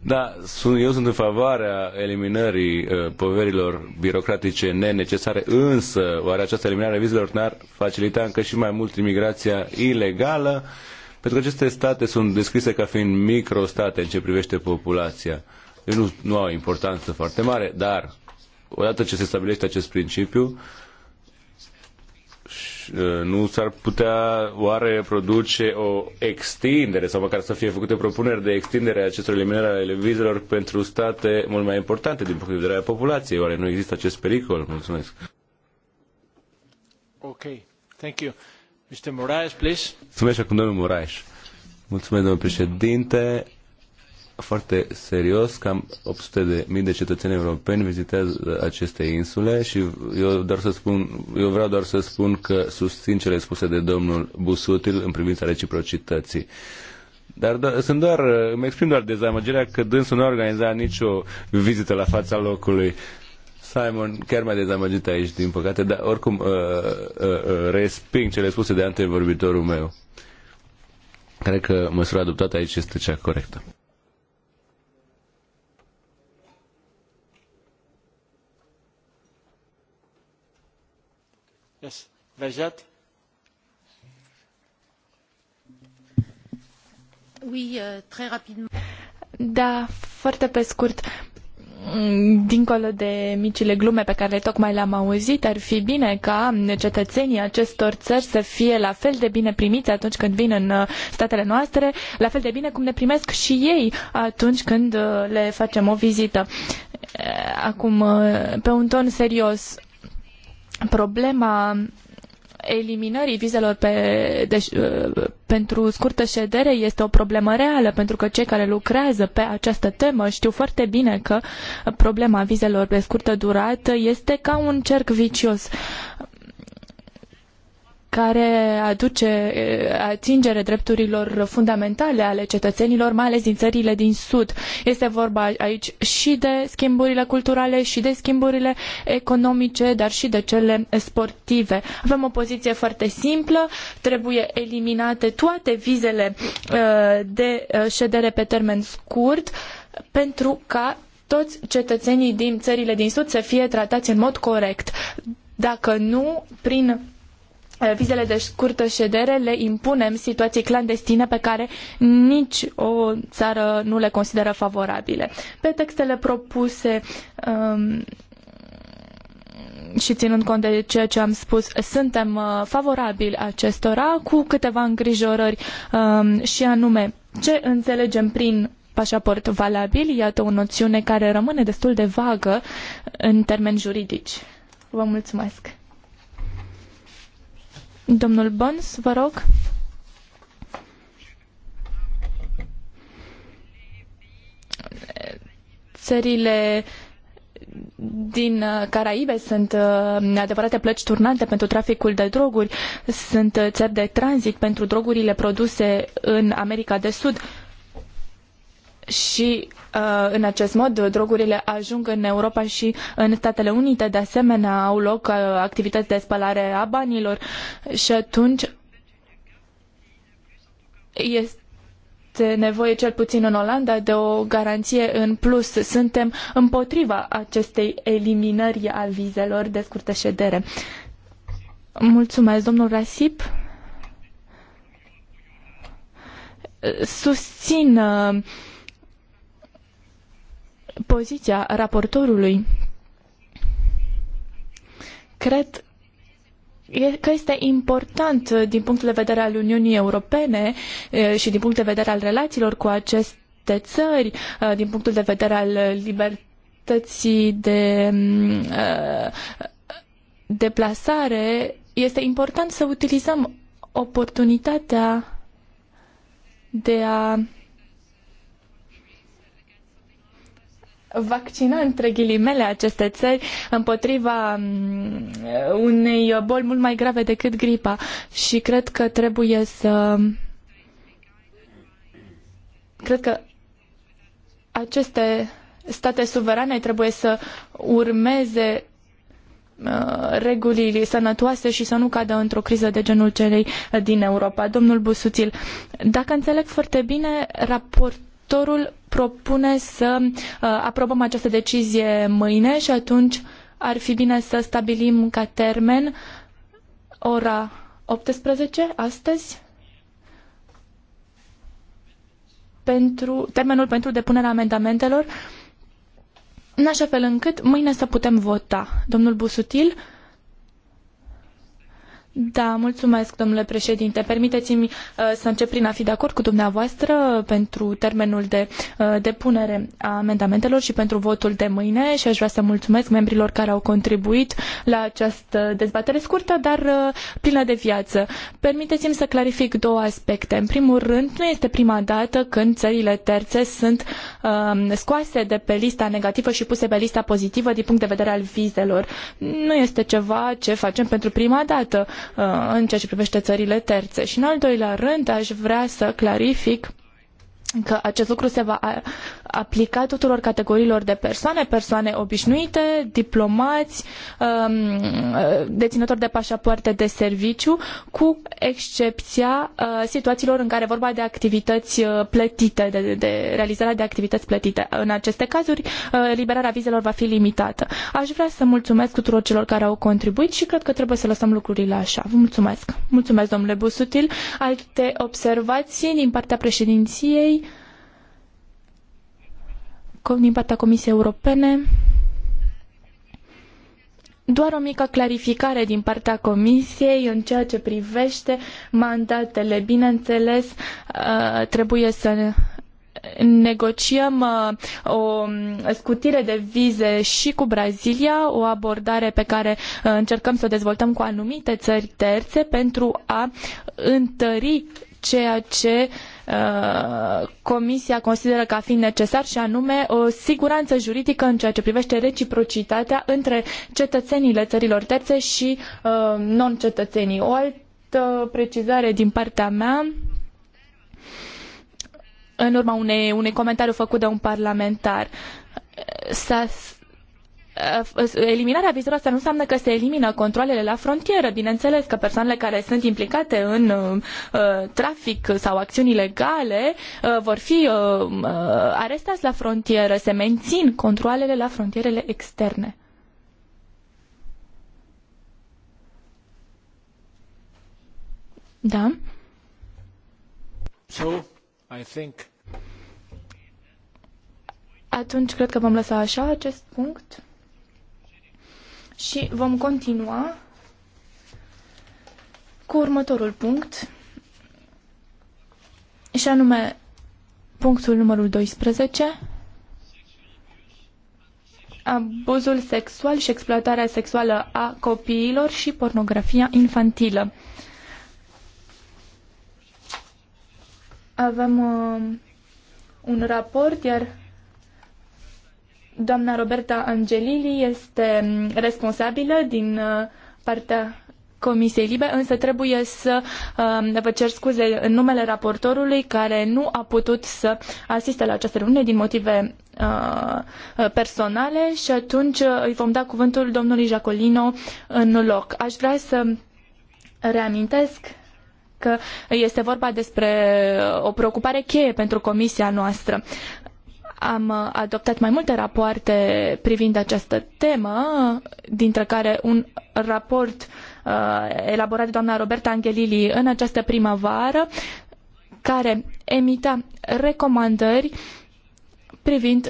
da, sunt, eu sunt în favoarea eliminării uh, poverilor birocratice nenecesare, însă oare această eliminare a vizelor n-ar facilita încă și mai mult imigrația ilegală? Pentru că aceste state sunt descrise ca fiind microstate în ce privește populația. Uh, deci nu, nu au importanță foarte mare, dar odată ce se stabilește acest principiu, nu s-ar putea oare produce o extindere sau măcar să fie făcute propuneri de extindere a acestor eliminări ale vizelor pentru state mult mai importante din punct de vedere al populației? Oare nu există acest pericol? Mulțumesc. Ok, thank you. Mr. Moraes, please. Mulțumesc acum domnul Moraes. Mulțumesc, domnul președinte foarte serios, cam 800 de mii de cetățeni europeni vizitează aceste insule și eu doar să spun, eu vreau doar să spun că susțin cele spuse de domnul Busutil în privința reciprocității. Dar do- sunt doar, îmi exprim doar dezamăgirea că dânsul nu a organizat nicio vizită la fața locului. Simon, chiar mai dezamăgit aici, din păcate, dar oricum uh, uh, uh, resping cele spuse de antevorbitorul meu. Cred că măsura adoptată aici este cea corectă. Euh, da, foarte pe scurt dincolo de micile glume pe care tocmai le-am auzit, ar fi bine ca cetăenii acestor ări să fie la fel de bine primii atunci când vin în uh, statele noastre, la fel de bine cum ne primesc și ei atunci când uh, le facem o vizită. Uh, acum, pe un ton serios, problema eliminării vizelor pe, uh, pentru scurtă ședere este o problemă reală, pentru că cei care lucrează pe această temă știu foarte bine că problema vizelor pe scurtă durată este ca un cerc vicios care aduce eh, atingere drepturilor fundamentale ale cetățenilor, mai ales din țările din Sud. Este vorba aici și de schimburile culturale, și de schimburile economice, dar și de cele sportive. Avem o poziție foarte simplă, trebuie eliminate toate vizele eh, de eh, ședere pe termen scurt pentru ca toți cetățenii din țările din Sud să fie tratați în mod corect. Dacă nu, prin Eh, vizele de scurtă ședere le impunem situații clandestine pe care nici o țară nu le consideră favorabile. Pe textele propuse um, și ținând cont de ceea ce am spus, suntem eh, favorabili acestora cu câteva îngrijorări um, și anume ce înțelegem prin pașaport valabil, iată o noțiune care rămâne destul de vagă în termeni juridici. Vă mulțumesc! Domnul Bons, vă rog. Țările din uh, Caraibe sunt uh, adevărate plăci turnante pentru traficul de droguri, sunt uh, țări de tranzit pentru drogurile produse în America de Sud și uh, în acest mod drogurile ajung în Europa și în Statele Unite. De asemenea, au loc uh, activități de spălare a banilor și atunci este este nevoie cel puțin în Olanda de o garanție în plus. Suntem împotriva acestei eliminări a vizelor de scurtă ședere. Mulțumesc, domnul Rasip. Susțin uh, poziția raportorului. Cred că este important uh, din punctul de vedere al Uniunii Europene uh, și din punct de vedere al relațiilor cu aceste țări, uh, din punctul de vedere al libertății de mm, deplasare, este important să utilizăm oportunitatea de a vaccina între ghilimele aceste țări împotriva mm, unei boli mult mai grave decât gripa și cred că trebuie să cred că aceste state suverane trebuie să urmeze uh, regulile sănătoase și să nu cadă într-o criză de genul celei din Europa. Domnul Busuțil, dacă înțeleg foarte bine, raportorul propune să uh, aprobăm această decizie mâine și atunci ar fi bine să stabilim ca termen ora 18 astăzi pentru termenul pentru depunerea amendamentelor în așa fel încât mâine să putem vota. Domnul Busutil da, mulțumesc, domnule președinte. Permiteți-mi uh, să încep prin a fi de acord cu dumneavoastră pentru termenul de uh, depunere a amendamentelor și pentru votul de mâine și aș vrea să mulțumesc membrilor care au contribuit la această dezbatere scurtă, dar uh, plină de viață. Permiteți-mi să clarific două aspecte. În primul rând, nu este prima dată când țările terțe sunt um, scoase de pe lista negativă și puse pe lista pozitivă din punct de vedere al vizelor. Nu este ceva ce facem pentru prima dată Uh, în ceea ce privește țările terțe. Și în al doilea rând aș vrea să clarific că acest lucru se va aplicat tuturor categoriilor de persoane, persoane obișnuite, diplomați, um, deținători de pașapoarte de serviciu, cu excepția uh, situațiilor în care vorba de activități uh, plătite, de, de realizarea de activități plătite. În aceste cazuri, uh, eliberarea vizelor va fi limitată. Aș vrea să mulțumesc tuturor celor care au contribuit și cred că trebuie să lăsăm lucrurile așa. Vă mulțumesc. Mulțumesc, domnule Busutil. Alte observații din partea președinției? din partea Comisiei Europene. Doar o mică clarificare din partea Comisiei în ceea ce privește mandatele. Bineînțeles, uh, trebuie să negociem uh, o scutire de vize și cu Brazilia, o abordare pe care uh, încercăm să o dezvoltăm cu anumite țări terțe pentru a întări ceea ce uh, Comisia consideră ca fiind necesar și anume o siguranță juridică în ceea ce privește reciprocitatea între cetățenile țărilor terțe și uh, non-cetățenii. O altă precizare din partea mea în urma unei, unui comentariu făcut de un parlamentar. S-a Uh, eliminarea vizelor asta nu înseamnă că se elimină controlele la frontieră. Bineînțeles că persoanele care sunt implicate în uh, trafic sau acțiuni ilegale uh, vor fi uh, uh arestați la frontieră. Se mențin controlele la frontierele externe. Da? So, I think... Atunci cred că vom lăsa așa acest punct și vom continua cu următorul punct, și anume punctul numărul 12, abuzul sexual și exploatarea sexuală a copiilor și pornografia infantilă. Avem uh, un raport, iar Doamna Roberta Angelili este mm, responsabilă din uh, partea Comisiei Libe, însă trebuie să um, vă cer scuze în numele raportorului care nu a putut să asiste la această reuniune din motive uh, personale și atunci uh, îi vom da cuvântul domnului Jacolino în loc. Aș vrea să reamintesc că este vorba despre o preocupare cheie pentru comisia noastră. Am adoptat mai multe rapoarte privind această temă, dintre care un raport uh, elaborat de doamna Roberta Angelili în această primăvară, care emita recomandări privind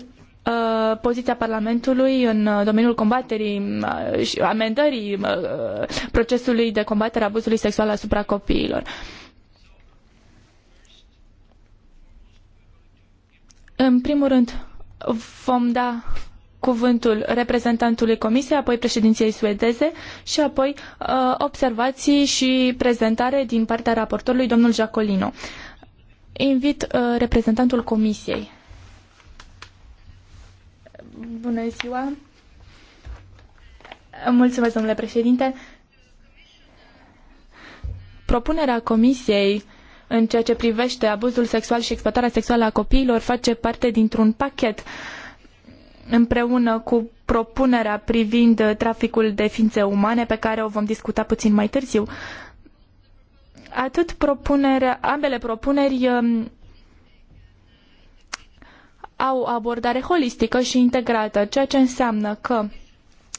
uh, poziția Parlamentului în uh, domeniul combaterii uh, și amendării uh, procesului de combatere a abuzului sexual asupra copiilor. Uh, În primul rând, vom da cuvântul reprezentantului Comisiei, apoi președinției suedeze și apoi uh, observații și prezentare din partea raportorului, domnul Jacolino. Invit uh, reprezentantul Comisiei. Bună ziua! Mulțumesc, domnule președinte! Propunerea Comisiei în ceea ce privește abuzul sexual și exploatarea sexuală a copiilor face parte dintr-un pachet împreună cu propunerea privind traficul de ființe umane pe care o vom discuta puțin mai târziu. Atât propunerea, ambele propuneri um, au abordare holistică și integrată, ceea ce înseamnă că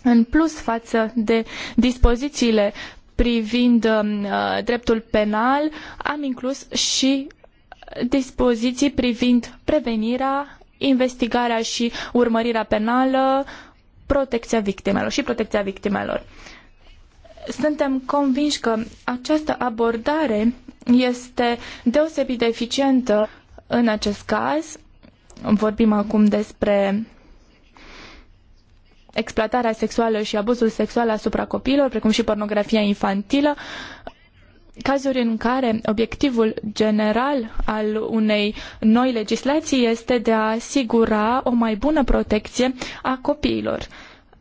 în plus față de dispozițiile privind um, uh, dreptul penal, am inclus și dispoziții privind prevenirea, investigarea și urmărirea penală, protecția victimelor și protecția victimelor. Suntem convinși că această abordare este deosebit de eficientă în acest caz. Vorbim acum despre exploatarea sexuală și abuzul sexual asupra copiilor, precum și pornografia infantilă, cazuri în care obiectivul general al unei noi legislații este de a asigura o mai bună protecție a copiilor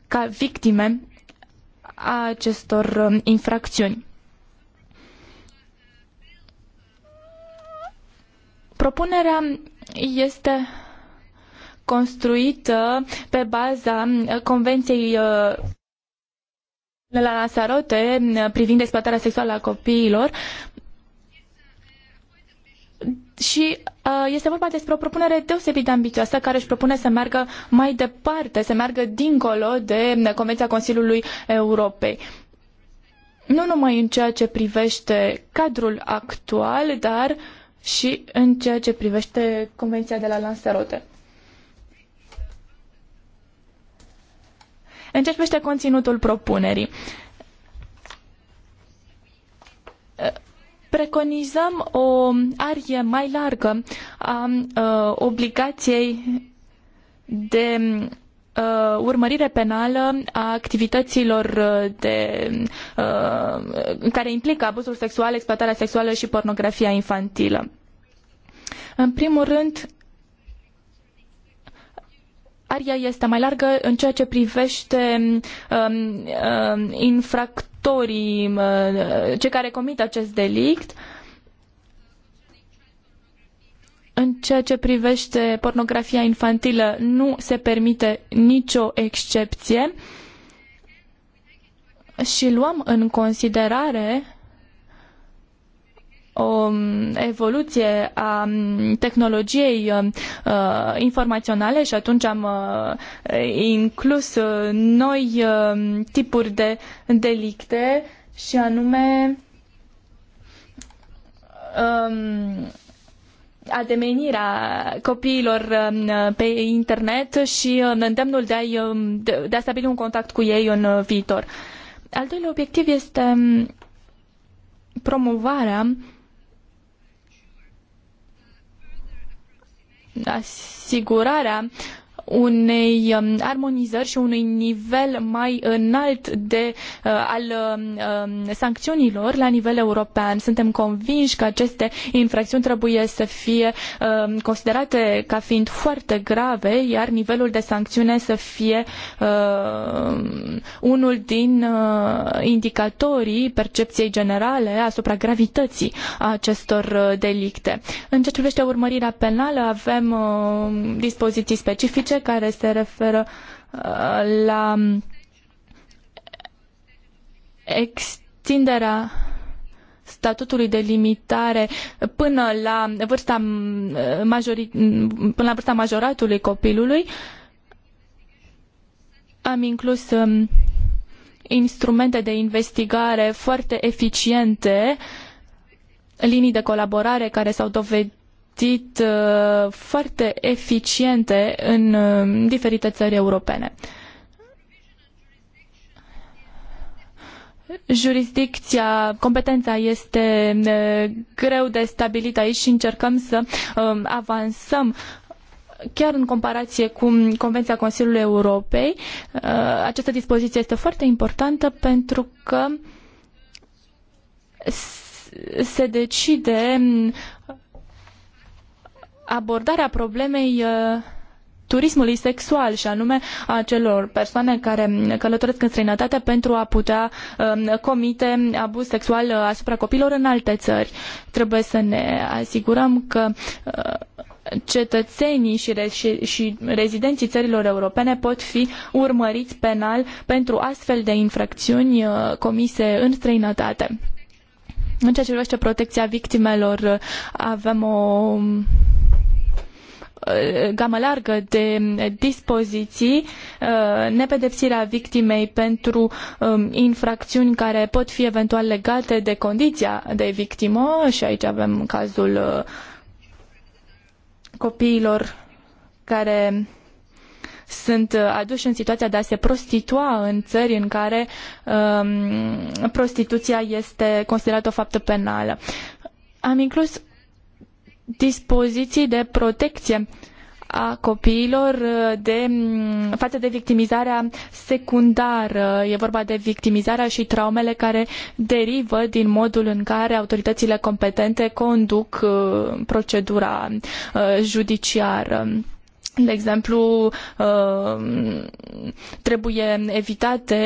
ca victime a acestor um, infracțiuni. Propunerea este construită pe baza uh, Convenției de uh, la Lanzarote uh, privind exploatarea sexuală a copiilor. Și este vorba despre o propunere deosebit de ambițioasă care își propune să meargă mai departe, să meargă dincolo de Convenția Consiliului Europei nu numai în ceea ce privește cadrul actual, dar și în ceea ce privește Convenția de la Lanzarote. În ce privește conținutul propunerii, preconizăm o arie mai largă a, a obligației de urmărire penală a activităților de, uh, care implică abuzul sexual, exploatarea sexuală și pornografia infantilă. În primul rând, aria este mai largă în ceea ce privește um, um, infractorii, um, uh, cei care comit acest delict. În ceea ce privește pornografia infantilă, nu se permite nicio excepție și luăm în considerare o um, evoluție a um, tehnologiei um, uh, informaționale și atunci am uh, inclus uh, noi tipuri de delicte și anume um, ademenirea copiilor pe internet și uh, îndemnul de, a de a stabili un contact cu ei în viitor. Al doilea obiectiv este promovarea asigurarea unei um, armonizări și unui nivel mai înalt de, uh, al um, sancțiunilor la nivel european. Suntem convinși că aceste infracțiuni trebuie să fie um, considerate ca fiind foarte grave, iar nivelul de sancțiune să fie uh, unul din uh, indicatorii percepției generale asupra gravității acestor delicte. În ceea ce privește urmărirea penală, avem dispoziții specifice 10 care se referă uh, la mm, extinderea statutului de limitare până la vârsta, mm, majori, mm, până la vârsta majoratului copilului. Am inclus instrumente de investigare foarte eficiente, linii de colaborare care s-au dovedit investit uh, foarte eficiente în uh, diferite țări europene. jurisdicția, competența este uh, greu de stabilit aici și încercăm să avansăm chiar în comparație cu Convenția Consiliului Europei. Această dispoziție este foarte importantă pentru că se decide um, abordarea problemei uh, turismului sexual și anume a celor persoane care călătoresc în străinătate pentru a putea um, comite abuz sexual uh, asupra copiilor în alte țări. Trebuie să ne asigurăm că uh, cetățenii și, re- și, și rezidenții țărilor europene pot fi urmăriți penal pentru astfel de infracțiuni comise în străinătate. În ceea ce privește protecția victimelor, avem o Uh, gamă largă de dispoziții, uh, nepedepsirea victimei pentru um, infracțiuni care pot fi eventual legate de condiția de victimă și aici avem cazul uh, copiilor care sunt aduși în situația de a se prostitua în țări în care um, prostituția este considerată o faptă penală. Am inclus dispoziții de protecție a copiilor uh, de, mm, față de victimizarea secundară. E vorba de victimizarea și traumele care derivă din modul în care autoritățile competente conduc uh, procedura uh, judiciară. De exemplu, uh, trebuie evitate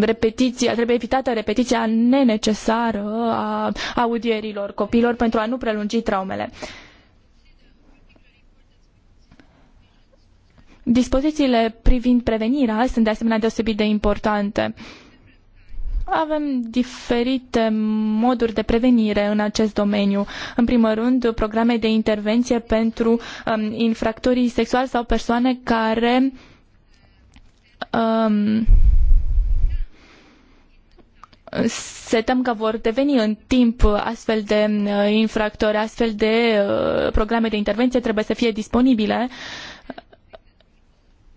repetiția, trebuie evitată repetiția nenecesară a audierilor copiilor pentru a nu prelungi traumele. Dispozițiile privind prevenirea sunt de asemenea deosebit de importante. Avem diferite moduri de prevenire în acest domeniu. În primul rând, programe de intervenție pentru um, infractorii sexuali sau persoane care um, se tem că vor deveni în timp astfel de uh, infractori, astfel de uh, programe de intervenție trebuie să fie disponibile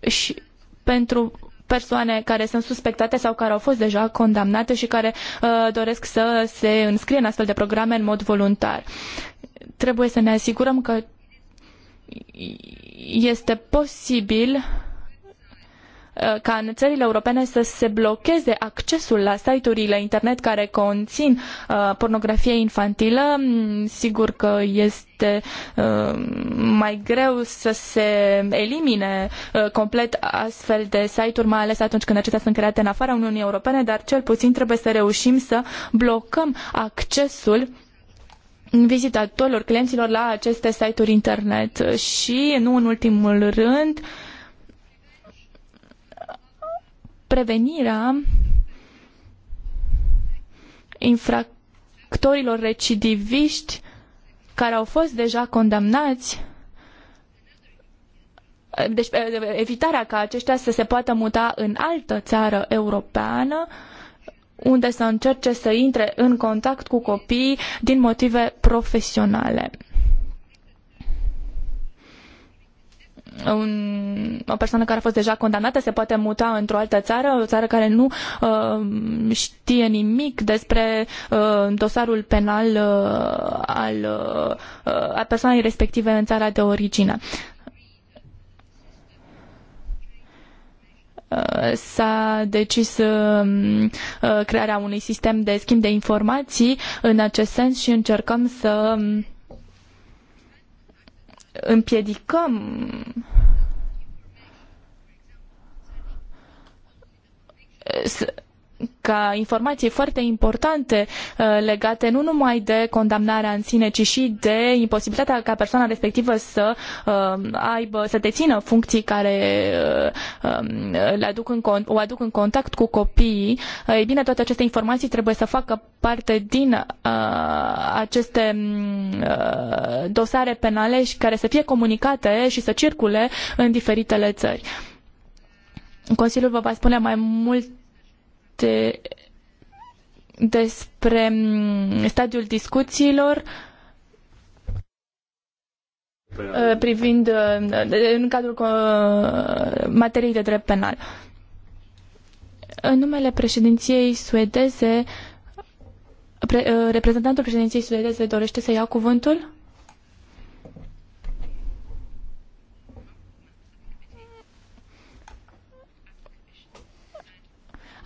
și pentru persoane care sunt suspectate sau care au fost deja condamnate și care uh, doresc să se înscrie în astfel de programe în mod voluntar. Trebuie să ne asigurăm că este posibil uh, Uh, ca în țările europene să se blocheze accesul la site-urile internet care conțin uh, pornografie infantilă. Mm, sigur că este uh, mai greu să se elimine complet astfel de site-uri, mai ales atunci când acestea sunt create în afara Uniunii Europene, dar cel puțin trebuie să reușim să blocăm accesul vizitatorilor, clienților la aceste site-uri internet și, nu în ultimul rând, uh, prevenirea infractorilor recidiviști care au fost deja condamnați deci eh, evitarea ca aceștia să se poată muta în altă țară europeană unde să încerce să intre în contact cu copii din motive profesionale. un, o persoană care a fost deja condamnată se poate muta într-o altă țară, o țară care nu uh, știe nimic despre uh, dosarul penal uh, al uh, a persoanei respective în țara de origine. Uh, s-a decis uh, uh, crearea unui sistem de schimb de informații în acest sens și încercăm să um, împiedicăm să, ca informații foarte importante uh, legate nu numai de condamnarea în sine, ci și de imposibilitatea ca persoana respectivă să uh, aibă, să dețină funcții care uh, um, le aduc în, o aduc în contact cu copiii. Ei bine, toate aceste informații trebuie să facă parte din aceste mm, dosare penale și care să fie comunicate și să circule în diferitele țări. Consiliul vă va spune mai mult este despre mm, stadiul discuțiilor uh, privind uh, în cadrul uh, materiei de drept penal. În numele președinției suedeze, reprezentantul președinției suedeze dorește să ia cuvântul?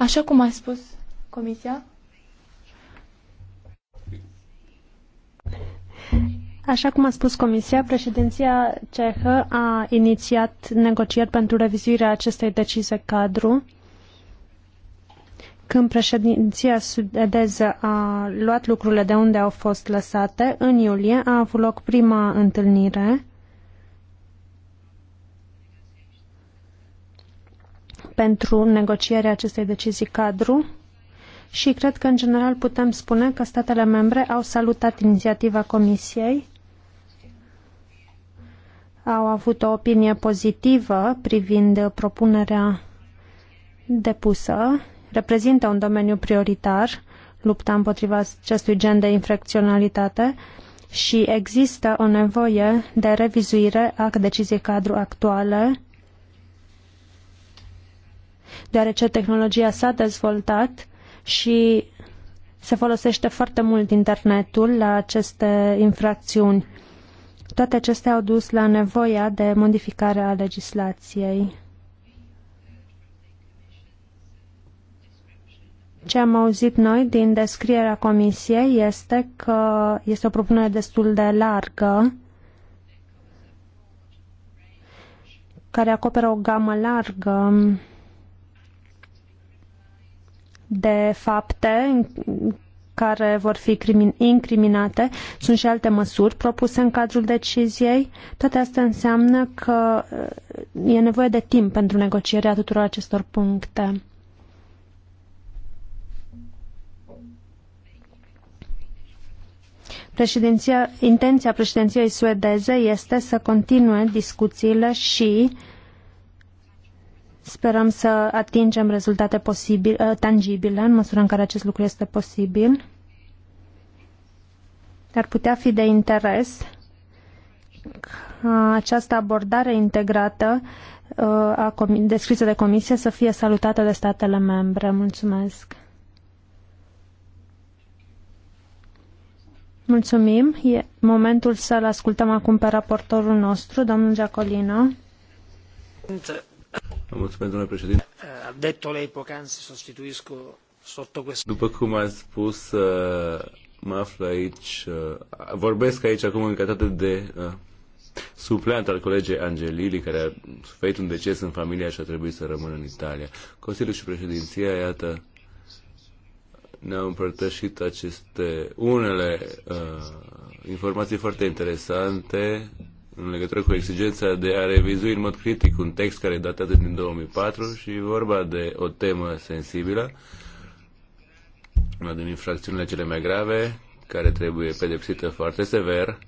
Așa cum a spus Comisia, Așa cum a spus Comisia, președinția cehă a inițiat negocieri pentru revizuirea acestei decizii cadru. Când președinția suedeză a luat lucrurile de unde au fost lăsate, în iulie a avut loc prima întâlnire pentru negocierea acestei decizii cadru și cred că, în general, putem spune că statele membre au salutat inițiativa Comisiei, au avut o opinie pozitivă privind propunerea depusă, reprezintă un domeniu prioritar, lupta împotriva acestui gen de infracționalitate și există o nevoie de revizuire a deciziei cadru actuale deoarece tehnologia s-a dezvoltat și se folosește foarte mult internetul la aceste infracțiuni. Toate acestea au dus la nevoia de modificare a legislației. Ce am auzit noi din descrierea comisiei este că este o propunere destul de largă care acoperă o gamă largă de fapte care vor fi incriminate. Sunt și alte măsuri propuse în cadrul deciziei. Toate astea înseamnă că uh, e nevoie de timp pentru negocierea tuturor acestor puncte. Președinția, intenția președinției suedeze este să continue discuțiile și uh, Sperăm să atingem rezultate posibil, uh, tangibile în măsura în care acest lucru este posibil. Ar putea fi de interes ca această abordare integrată uh, a descrisă de comisie să fie salutată de statele membre. Mulțumesc! Mulțumim. E momentul să-l ascultăm acum pe raportorul nostru, domnul Giacolino. Mulțumesc, eh, poc'anzi, sostituisco sotto questo... După cum a spus, eh, mă aflu aici, eh, vorbesc aici acum în calitate de supleant al colegei Angelili, care a suferit un deces în familia și a trebuit să rămână în Italia. Consiliul și președinția, iată, ne-au împărtășit aceste unele uh, informații foarte interesante în legătură cu exigența de a revizui în mod critic un text care datează din 2004 și vorba de o temă sensibilă, una din infracțiunile cele mai grave, care trebuie pedepsită foarte sever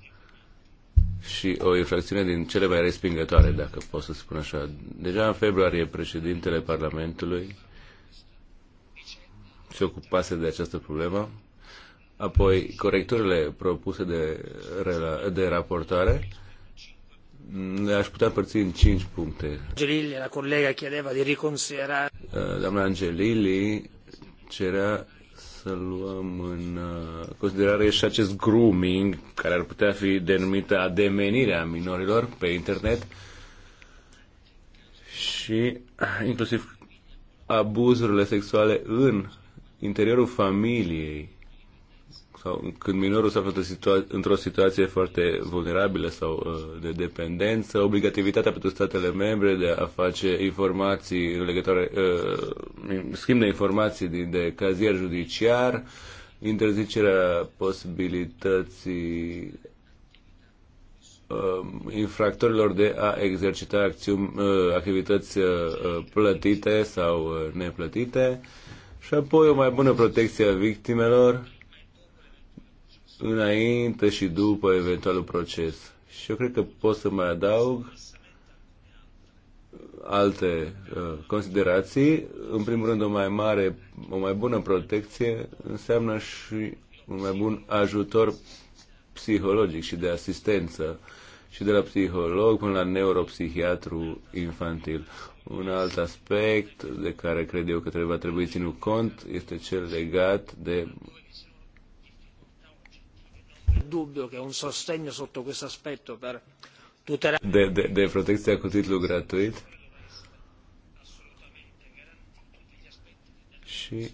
și o infracțiune din cele mai respingătoare, dacă pot să spun așa. Deja în februarie președintele Parlamentului se ocupase de această problemă, apoi corecturile propuse de, de raportare, le-aș mm, putea părți în cinci puncte. Angelilli, la colega chiedeva de riconsiderare. Uh, doamna Angelilli cerea să luăm în uh, considerare și acest grooming, care ar putea fi denumită ademenirea minorilor pe internet și inclusiv abuzurile sexuale în interiorul familiei sau când minorul se află într-o, situa- într situație foarte vulnerabilă sau uh, de dependență, obligativitatea pentru statele membre de a face informații în legătoare, uh, schimb de informații din, de cazier judiciar, interzicerea posibilității uh, infractorilor de a exercita acțiuni, activități plătite sau neplătite și apoi o mai bună protecție a victimelor înainte și după eventualul proces. Și eu cred că pot să mai adaug alte uh, considerații. În primul rând, o mai mare, o mai bună protecție înseamnă și un mai bun ajutor psihologic și de asistență și de la psiholog până la neuropsihiatru infantil. Un alt aspect de care cred eu că trebuie, va ținut cont este cel legat de dubbio che un sostegno sotto questo aspetto per tutelare... De, de, de protezione cu titlu gratuit? Și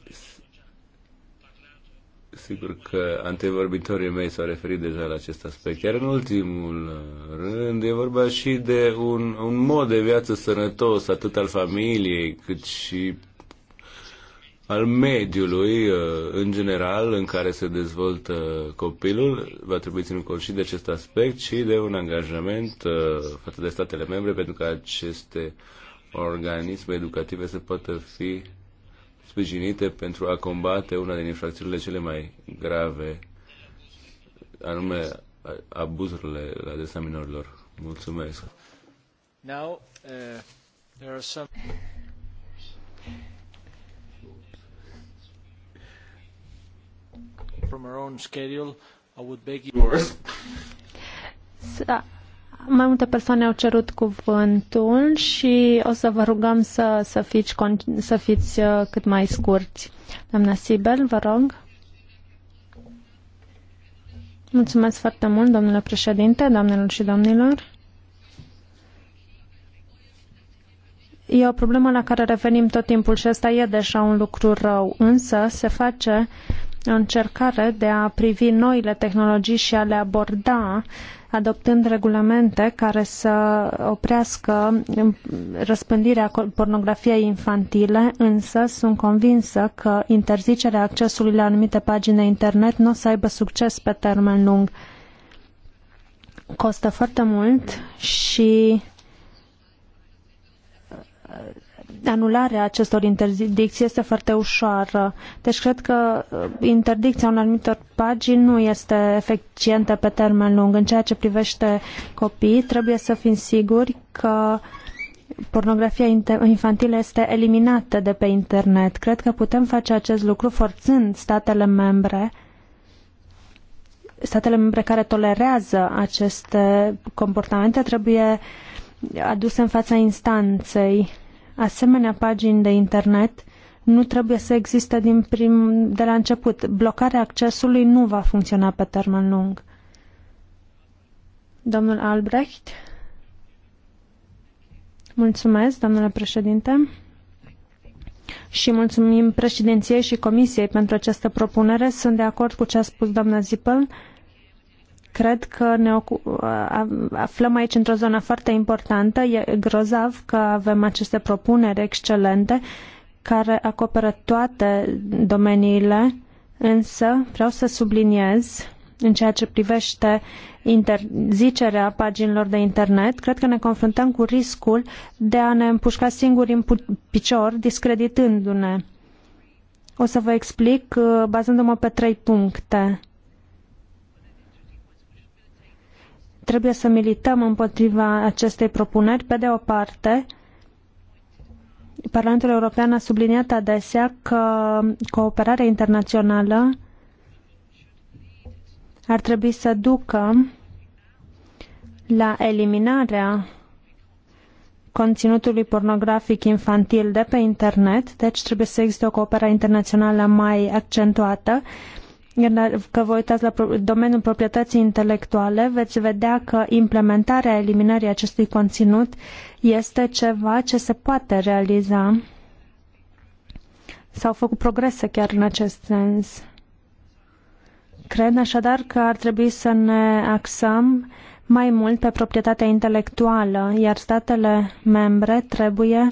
sigur că antevorbitorii mei s-au referit deja la acest aspect. Iar în ultimul rând e vorba și de un, un mod de viață sănătos, atât al familiei, cât și al mediului uh, în general în care se dezvoltă copilul. Va trebui ținut cont și de acest aspect și de un angajament uh, față de statele membre pentru că aceste organisme educative să poată fi sprijinite pentru a combate una din infracțiunile cele mai grave, anume abuzurile la adresa minorilor. Mulțumesc! Now, uh, there are some... from our own schedule, I would beg you... Da. Mai multe persoane au cerut cuvântul și o să vă rugăm să, să, fiți, să fiți uh, cât mai scurți. Doamna Sibel, vă rog. Mulțumesc foarte mult, domnule președinte, doamnelor și domnilor. E o problemă la care revenim tot timpul și asta e deja un lucru rău, însă se face uh, încercare de a privi noile tehnologii și a le aborda adoptând regulamente care să oprească răspândirea pornografiei infantile, însă sunt convinsă că interzicerea accesului la anumite pagini internet nu o să aibă succes pe termen lung. Costă foarte mult și anularea acestor interdicții este foarte ușoară. Deci cred că uh, interdicția unor anumitor pagini nu este eficientă pe termen lung. În ceea ce privește copiii, trebuie să fim siguri că pornografia infantilă este eliminată de pe internet. Cred că putem face acest lucru forțând statele membre statele membre care tolerează aceste comportamente trebuie aduse în fața instanței asemenea pagini de internet nu trebuie să existe din prim, de la început. Blocarea accesului nu va funcționa pe termen lung. Domnul Albrecht. Mulțumesc, domnule președinte. Și mulțumim președinției și comisiei pentru această propunere. Sunt de acord cu ce a spus doamna Zipel. Cred că ne aflăm aici într-o zonă foarte importantă. E grozav că avem aceste propuneri excelente care acoperă toate domeniile, însă vreau să subliniez în ceea ce privește interzicerea paginilor de internet, cred că ne confruntăm cu riscul de a ne împușca singuri în picior, discreditându-ne. O să vă explic uh, bazându-mă pe trei puncte. trebuie să milităm împotriva acestei propuneri. Pe de o parte, Parlamentul European a subliniat adesea că cooperarea internațională ar trebui să ducă la eliminarea conținutului pornografic infantil de pe internet, deci trebuie să existe o cooperare internațională mai accentuată că vă uitați la domeniul proprietății intelectuale, veți vedea că implementarea eliminării acestui conținut este ceva ce se poate realiza. S-au făcut progrese chiar în acest sens. Cred așadar că ar trebui să ne axăm mai mult pe proprietatea intelectuală, iar statele membre trebuie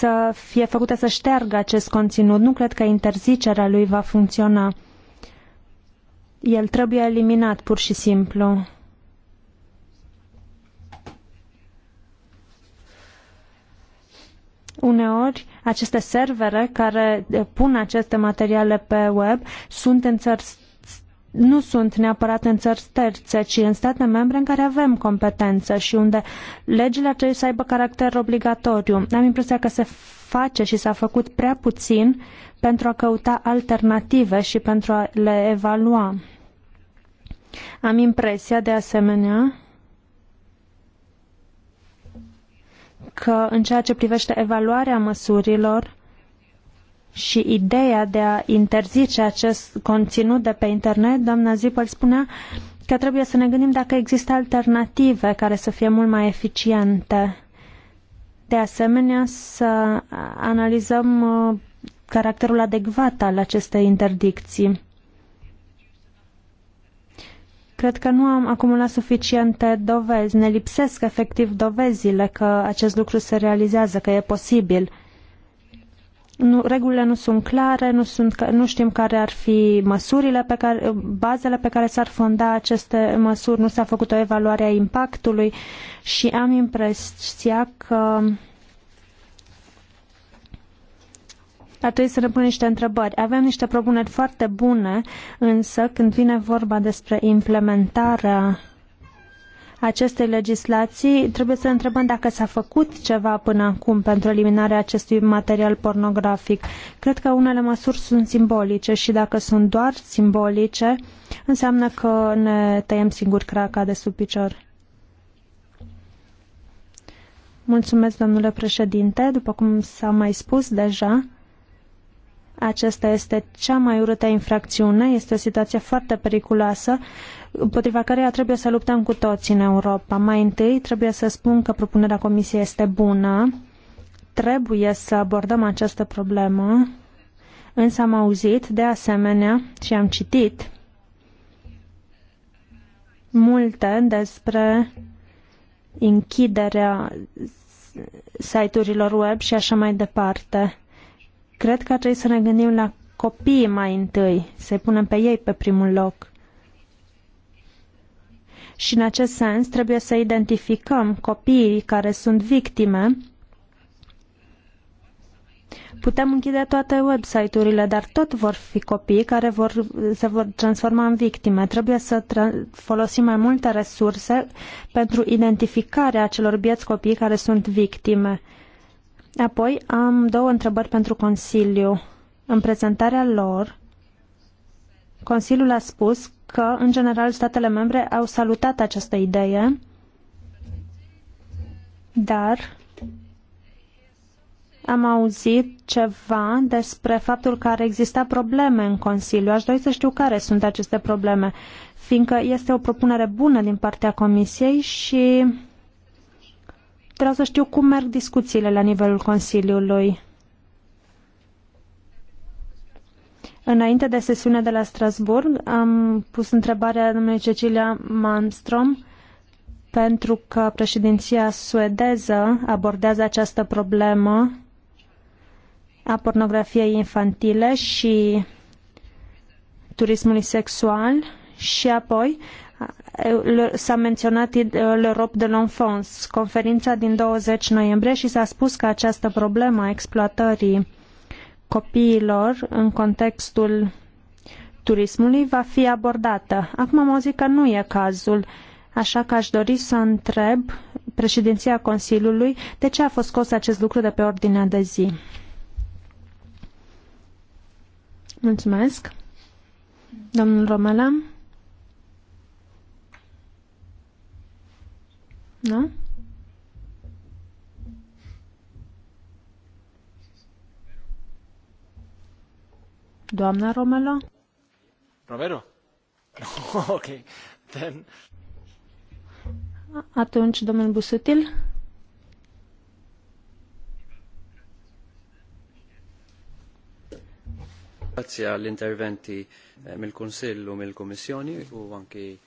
să fie făcute să șteargă acest conținut. Nu cred că interzicerea lui va funcționa. El trebuie eliminat pur și simplu. Uneori, aceste servere care pun aceste materiale pe web sunt în țări nu sunt neapărat în țări terțe, ci în state membre în care avem competență și unde legile ar trebui să aibă caracter obligatoriu. Am impresia că se face și s-a făcut prea puțin pentru a căuta alternative și pentru a le evalua. Am impresia, de asemenea, că în ceea ce privește evaluarea măsurilor, și ideea de a interzice acest conținut de pe internet, doamna Zipăl spunea că trebuie să ne gândim dacă există alternative care să fie mult mai eficiente. De asemenea, să analizăm uh, caracterul adecvat al acestei interdicții. Cred că nu am acumulat suficiente dovezi. Ne lipsesc efectiv dovezile că acest lucru se realizează, că e posibil nu, regulile nu sunt clare, nu, sunt, nu știm care ar fi măsurile pe care, bazele pe care s-ar fonda aceste măsuri, nu s-a făcut o evaluare a impactului și am impresia că ar trebui să ne pun niște întrebări. Avem niște propuneri foarte bune, însă când vine vorba despre implementarea acestei legislații, trebuie să întrebăm dacă s-a făcut ceva până acum pentru eliminarea acestui material pornografic. Cred că unele măsuri sunt simbolice și dacă sunt doar simbolice, înseamnă că ne tăiem singur craca de sub picior. Mulțumesc, domnule președinte. După cum s-a mai spus deja, acesta este cea mai urâtă infracțiune, este o situație foarte periculoasă împotriva căreia trebuie să luptăm cu toți în Europa. Mai întâi trebuie să spun că propunerea Comisiei este bună, trebuie să abordăm această problemă, însă am auzit de asemenea și am citit multe despre închiderea site-urilor web și așa mai departe. Cred că trebuie să ne gândim la copiii mai întâi, să-i punem pe ei pe primul loc și în acest sens trebuie să identificăm copiii care sunt victime. Putem închide toate website-urile, dar tot vor fi copii care vor, se vor transforma în victime. Trebuie să folosim mai multe resurse pentru identificarea celor bieți copii care sunt victime. Apoi am două întrebări pentru Consiliu. În prezentarea lor, Consiliul a spus că, în general, statele membre au salutat această idee, dar am auzit ceva despre faptul că ar exista probleme în Consiliu. Aș dori să știu care sunt aceste probleme, fiindcă este o propunere bună din partea Comisiei și trebuie să știu cum merg discuțiile la nivelul Consiliului. Înainte de sesiunea de la Strasburg am pus întrebarea domnului Cecilia Malmström pentru că președinția suedeză abordează această problemă a pornografiei infantile și turismului sexual și apoi s-a menționat l'Europe de l'enfance, conferința din 20 noiembrie și s-a spus că această problemă a exploatării copiilor în contextul turismului va fi abordată. Acum am auzit că nu e cazul, așa că aș dori să întreb președinția Consiliului de ce a fost scos acest lucru de pe ordinea de zi. Mulțumesc. Domnul Romela? Nu? Doamna Romelo? Romero? <laughs> ok. Then... Atunci, domnul Busutil? Grazie agli interventi del eh, Consiglio, del Commissione o anche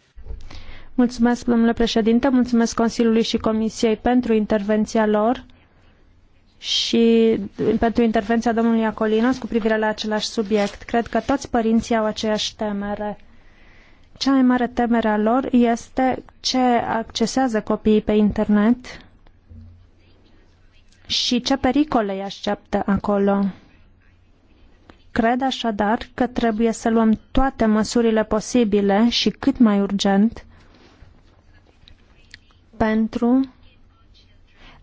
Mulțumesc, domnule președinte, mulțumesc Consiliului și Comisiei pentru intervenția lor și pentru intervenția domnului Acolinos cu privire la același subiect. Cred că toți părinții au aceeași temere. Cea mai mare temere a lor este ce accesează copiii pe internet și ce pericole îi așteaptă acolo. Cred așadar că trebuie să luăm toate măsurile posibile și cât mai urgent pentru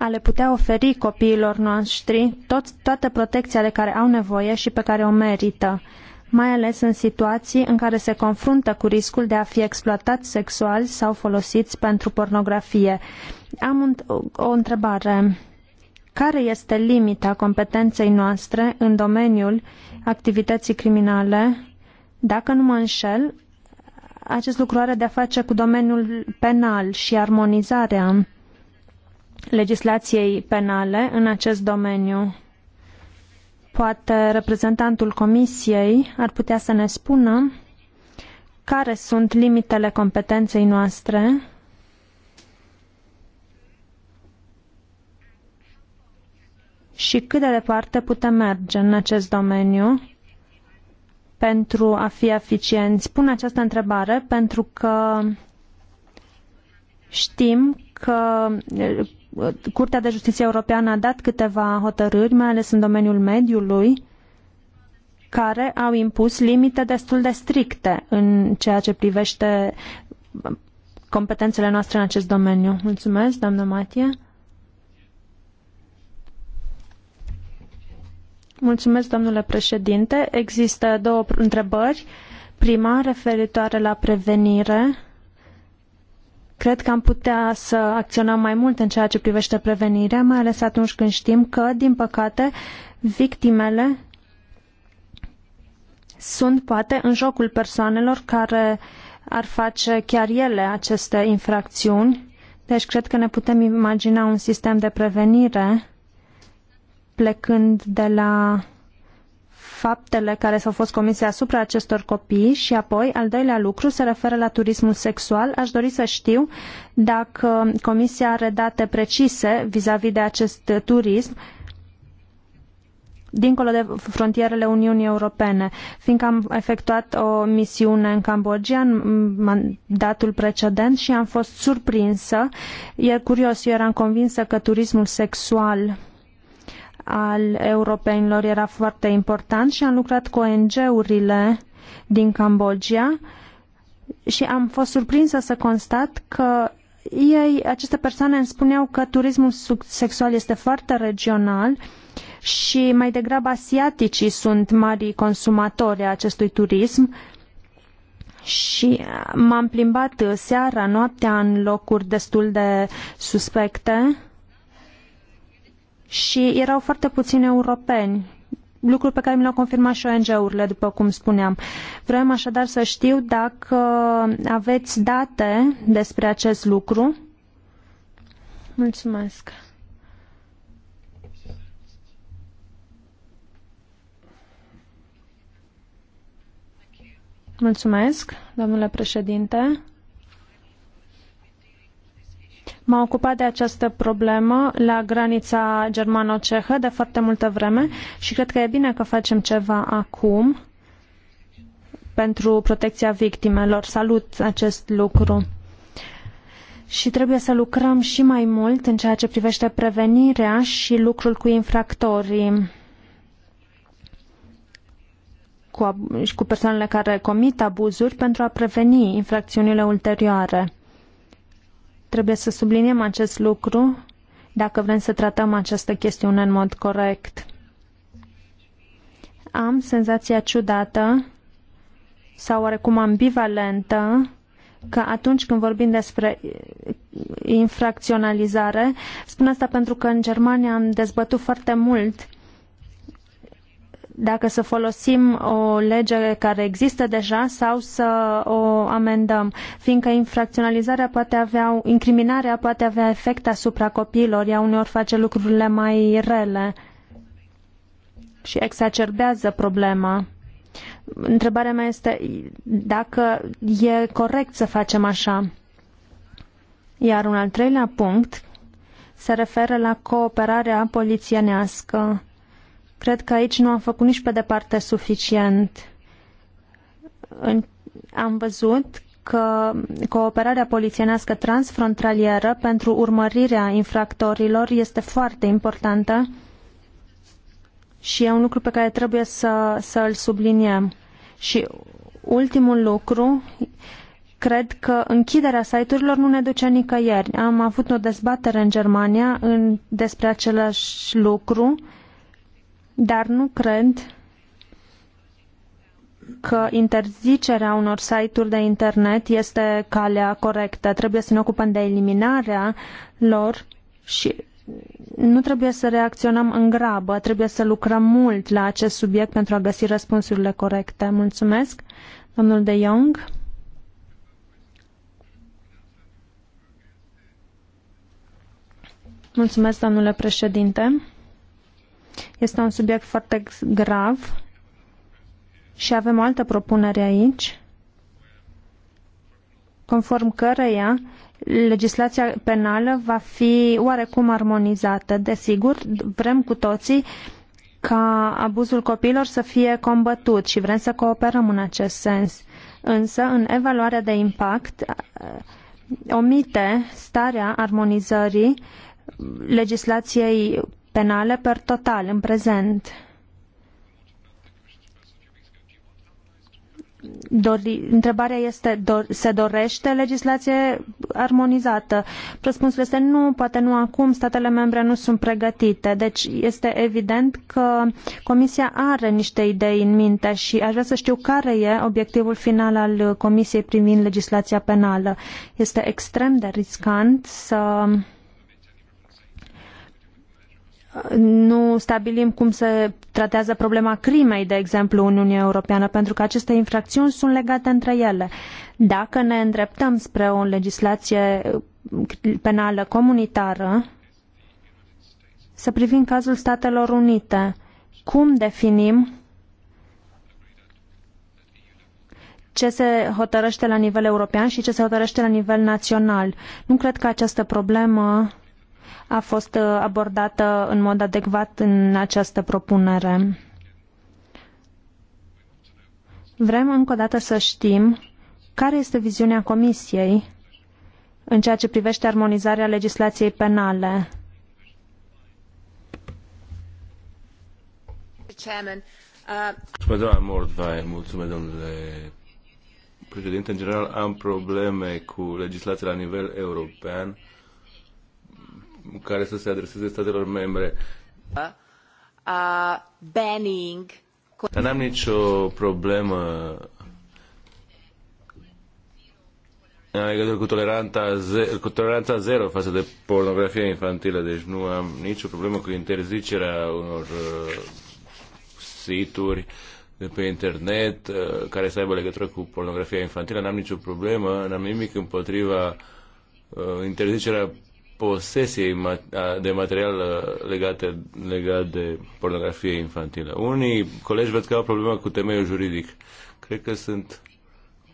a le putea oferi copiilor noștri tot, toată protecția de care au nevoie și pe care o merită, mai ales în situații în care se confruntă cu riscul de a fi exploatați sexual sau folosiți pentru pornografie. Am un, o întrebare. Care este limita competenței noastre în domeniul activității criminale? Dacă nu mă înșel, acest lucru are de-a face cu domeniul penal și armonizarea legislației penale în acest domeniu. Poate reprezentantul Comisiei ar putea să ne spună care sunt limitele competenței noastre și cât de departe putem merge în acest domeniu pentru a fi eficienți. Pun această întrebare pentru că știm că Curtea de Justiție Europeană a dat câteva hotărâri, mai ales în domeniul mediului, care au impus limite destul de stricte în ceea ce privește competențele noastre în acest domeniu. Mulțumesc, doamnă Matie. Mulțumesc, domnule președinte. Există două întrebări. Prima, referitoare la prevenire Cred că am putea să acționăm mai mult în ceea ce privește prevenirea, mai ales atunci când știm că, din păcate, victimele sunt poate în jocul persoanelor care ar face chiar ele aceste infracțiuni. Deci cred că ne putem imagina un sistem de prevenire plecând de la faptele care s-au fost comise asupra acestor copii și apoi, al doilea lucru, se referă la turismul sexual. Aș dori să știu dacă Comisia are date precise vis-a-vis -vis de acest turism dincolo de frontierele Uniunii Europene, fiindcă am efectuat o misiune în Cambodgia în mandatul precedent și am fost surprinsă. E curios, eu eram convinsă că turismul sexual al europenilor era foarte important și am lucrat cu ONG-urile din Cambodgia și am fost surprinsă să constat că ei, aceste persoane îmi spuneau că turismul sexual este foarte regional și mai degrabă asiaticii sunt mari consumatori a acestui turism și m-am plimbat seara, noaptea în locuri destul de suspecte și erau foarte puțini europeni lucruri pe care mi l au confirmat și ONG-urile, după cum spuneam. Vreau așadar să știu dacă aveți date despre acest lucru. Mulțumesc. Mulțumesc, domnule președinte m-a ocupat de această problemă la granița germano-cehă de foarte multă vreme și cred că e bine că facem ceva acum pentru protecția victimelor. Salut acest lucru. Și trebuie să lucrăm și mai mult în ceea ce privește prevenirea și lucrul cu infractorii cu, cu persoanele care comit abuzuri pentru a preveni infracțiunile ulterioare. Trebuie să subliniem acest lucru dacă vrem să tratăm această chestiune în mod corect. Am senzația ciudată sau oarecum ambivalentă că atunci când vorbim despre infracționalizare, spun asta pentru că în Germania am dezbătut foarte mult dacă să folosim o lege care există deja sau să o amendăm, fiindcă infracționalizarea poate avea, incriminarea poate avea efect asupra copiilor, ea uneori face lucrurile mai rele și exacerbează problema. Întrebarea mea este dacă e corect să facem așa. Iar un al treilea punct se referă la cooperarea polițienească Cred că aici nu am făcut nici pe departe suficient. Am văzut că cooperarea polițienească transfrontalieră pentru urmărirea infractorilor este foarte importantă și e un lucru pe care trebuie să, să îl subliniem. Și ultimul lucru, cred că închiderea site-urilor nu ne duce nicăieri. Am avut o dezbatere în Germania în, despre același lucru dar nu cred că interzicerea unor site-uri de internet este calea corectă. Trebuie să ne ocupăm de eliminarea lor și nu trebuie să reacționăm în grabă, trebuie să lucrăm mult la acest subiect pentru a găsi răspunsurile corecte. Mulțumesc, domnul De Jong. Mulțumesc, domnule președinte. Este un subiect foarte grav și avem o altă propunere aici, conform căreia legislația penală va fi oarecum armonizată. Desigur, vrem cu toții ca abuzul copiilor să fie combătut și vrem să cooperăm în acest sens. Însă, în evaluarea de impact, omite starea armonizării legislației penale per total în prezent. Dori, întrebarea este, do, se dorește legislație armonizată? Răspunsul este nu, poate nu acum, statele membre nu sunt pregătite. Deci este evident că Comisia are niște idei în minte și aș vrea să știu care e obiectivul final al Comisiei privind legislația penală. Este extrem de riscant să nu stabilim cum se tratează problema crimei, de exemplu, în Uniunea Europeană, pentru că aceste infracțiuni sunt legate între ele. Dacă ne îndreptăm spre o legislație penală comunitară, să privim cazul Statelor Unite. Cum definim ce se hotărăște la nivel european și ce se hotărăște la nivel național? Nu cred că această problemă a fost uh, abordată în mod adecvat în această propunere. Vrem încă o dată să știm care este viziunea Comisiei în ceea ce privește armonizarea legislației penale. Uh, mulțumesc, domnule președinte. În general, am probleme cu legislația la nivel european care să se adreseze statelor membre. Uh, banning. Dar n-am nicio problemă în legătură cu toleranța, zero, cu toleranța zero față de pornografia infantilă, deci nu am nicio problemă cu interzicerea unor uh, situri de pe internet uh, care să aibă legătură cu pornografia infantilă, n-am nicio problemă, n-am nimic împotriva uh, interzicerea posesiei de material legate, legat de pornografie infantilă. Unii colegi văd că au problemă cu temeiul juridic. Cred că sunt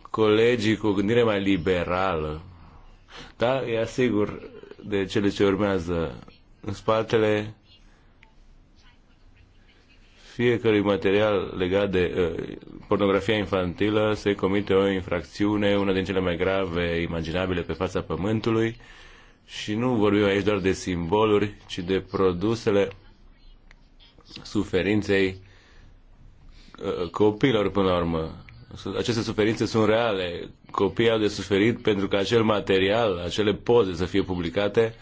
colegii cu o gândire mai liberală. Da, e asigur de cele ce urmează. În spatele fiecărui material legat de uh, pornografia infantilă se comite o infracțiune, una din cele mai grave imaginabile pe fața Pământului. Și nu vorbim aici doar de simboluri, ci de produsele suferinței uh, copiilor până la urmă. Aceste suferințe sunt reale. Copiii au de suferit pentru că acel material, acele poze să fie publicate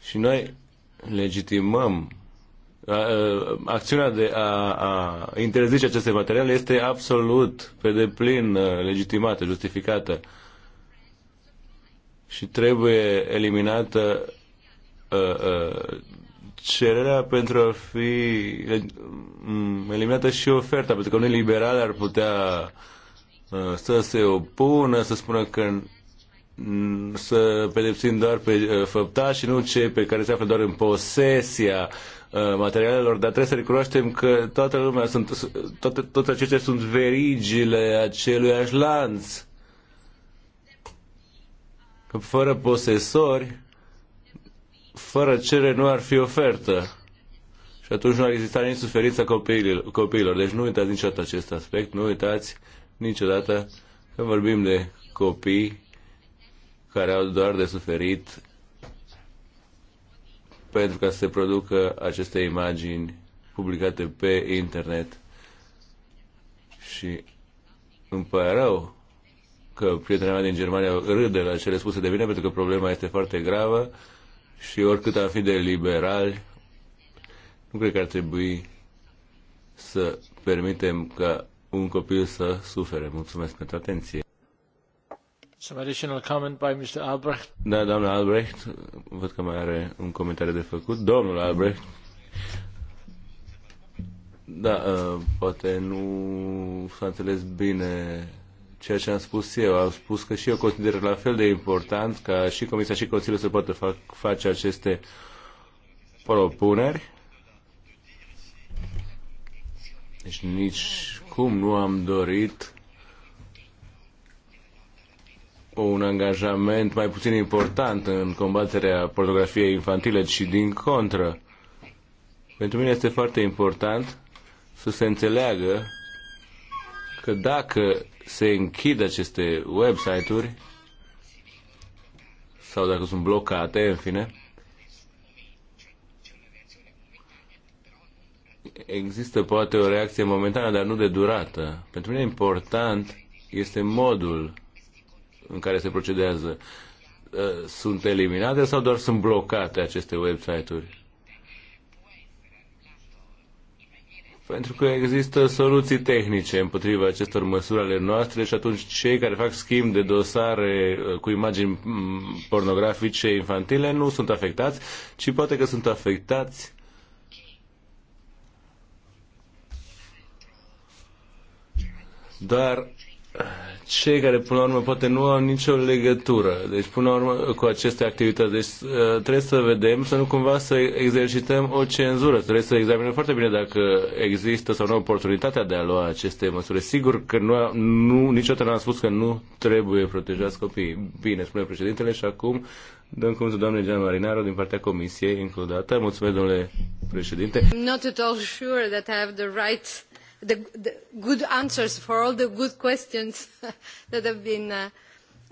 și noi legitimăm uh, uh, acțiunea de a, a interzice aceste materiale este absolut pe deplin legitimată, justificată și trebuie eliminată uh, uh, cererea pentru a fi uh, eliminată și oferta, pentru că unii liberali ar putea uh, să se opună, să spună că să pedepsim doar pe uh, făpta și nu cei pe care se află doar în posesia uh, materialelor, dar trebuie să recunoaștem că toată lumea sunt, toate, toate acestea sunt verigile aceluiași lanț că fără posesori, fără cere nu ar fi ofertă. Și atunci nu ar exista nici suferința copiilor. Deci nu uitați niciodată acest aspect, nu uitați niciodată că vorbim de copii care au doar de suferit pentru ca să se producă aceste imagini publicate pe internet. Și îmi pare rău că prietena mea din Germania râde la cele spuse de mine pentru că problema este foarte gravă și oricât am fi de liberali, nu cred că ar trebui să permitem ca un copil să sufere. Mulțumesc pentru atenție. Some additional comment by Mr. Albrecht. Da, domnul Albrecht, văd că mai are un comentariu de făcut. Domnul Albrecht, da, uh, poate nu s-a înțeles bine ceea ce am spus eu. Am spus că și eu consider la fel de important ca și Comisia și Consiliul să poată fac, face aceste propuneri. Deci nici cum nu am dorit un angajament mai puțin important în combaterea pornografiei infantile, ci din contră. Pentru mine este foarte important să se înțeleagă că dacă se închid aceste website-uri sau dacă sunt blocate, în fine, există poate o reacție momentană, dar nu de durată. Pentru mine important este modul în care se procedează. Sunt eliminate sau doar sunt blocate aceste website-uri? pentru că există soluții tehnice împotriva acestor măsuri ale noastre și atunci cei care fac schimb de dosare uh, cu imagini mm, pornografice infantile nu sunt afectați, ci poate că sunt afectați doar cei care până la urmă poate nu au nicio legătură deci până la urmă cu aceste activități. Deci uh, trebuie să vedem, să nu cumva să exercităm o cenzură. Trebuie să examinăm foarte bine dacă există sau nu oportunitatea de a lua aceste măsuri. Sigur că nu, nu niciodată n-am spus că nu trebuie protejați copiii. Bine, spune președintele și acum dăm să doamne Gian Marinaro din partea Comisiei încă o dată. Mulțumesc, domnule președinte. not at all sure that I have the right the, the good answers for all the good questions <laughs> that have been uh,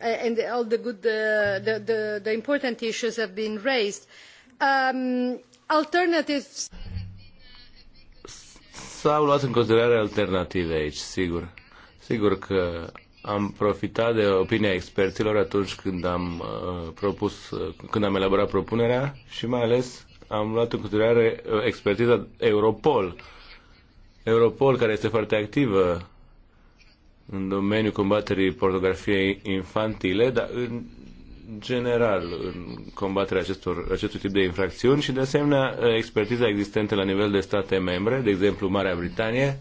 uh, and all the good uh, the, the, the important issues have been raised. Um, alternatives. S-au luat în considerare alternative aici, sigur. Sigur că am profitat de opinia experților atunci când am uh, propus, uh, când am elaborat propunerea și mai ales am luat în considerare uh, expertiza Europol Europol, care este foarte activă în domeniul combaterii pornografiei infantile, dar în general în combaterea acestor, acestui tip de infracțiuni și, de asemenea, expertiza existentă la nivel de state membre, de exemplu Marea Britanie,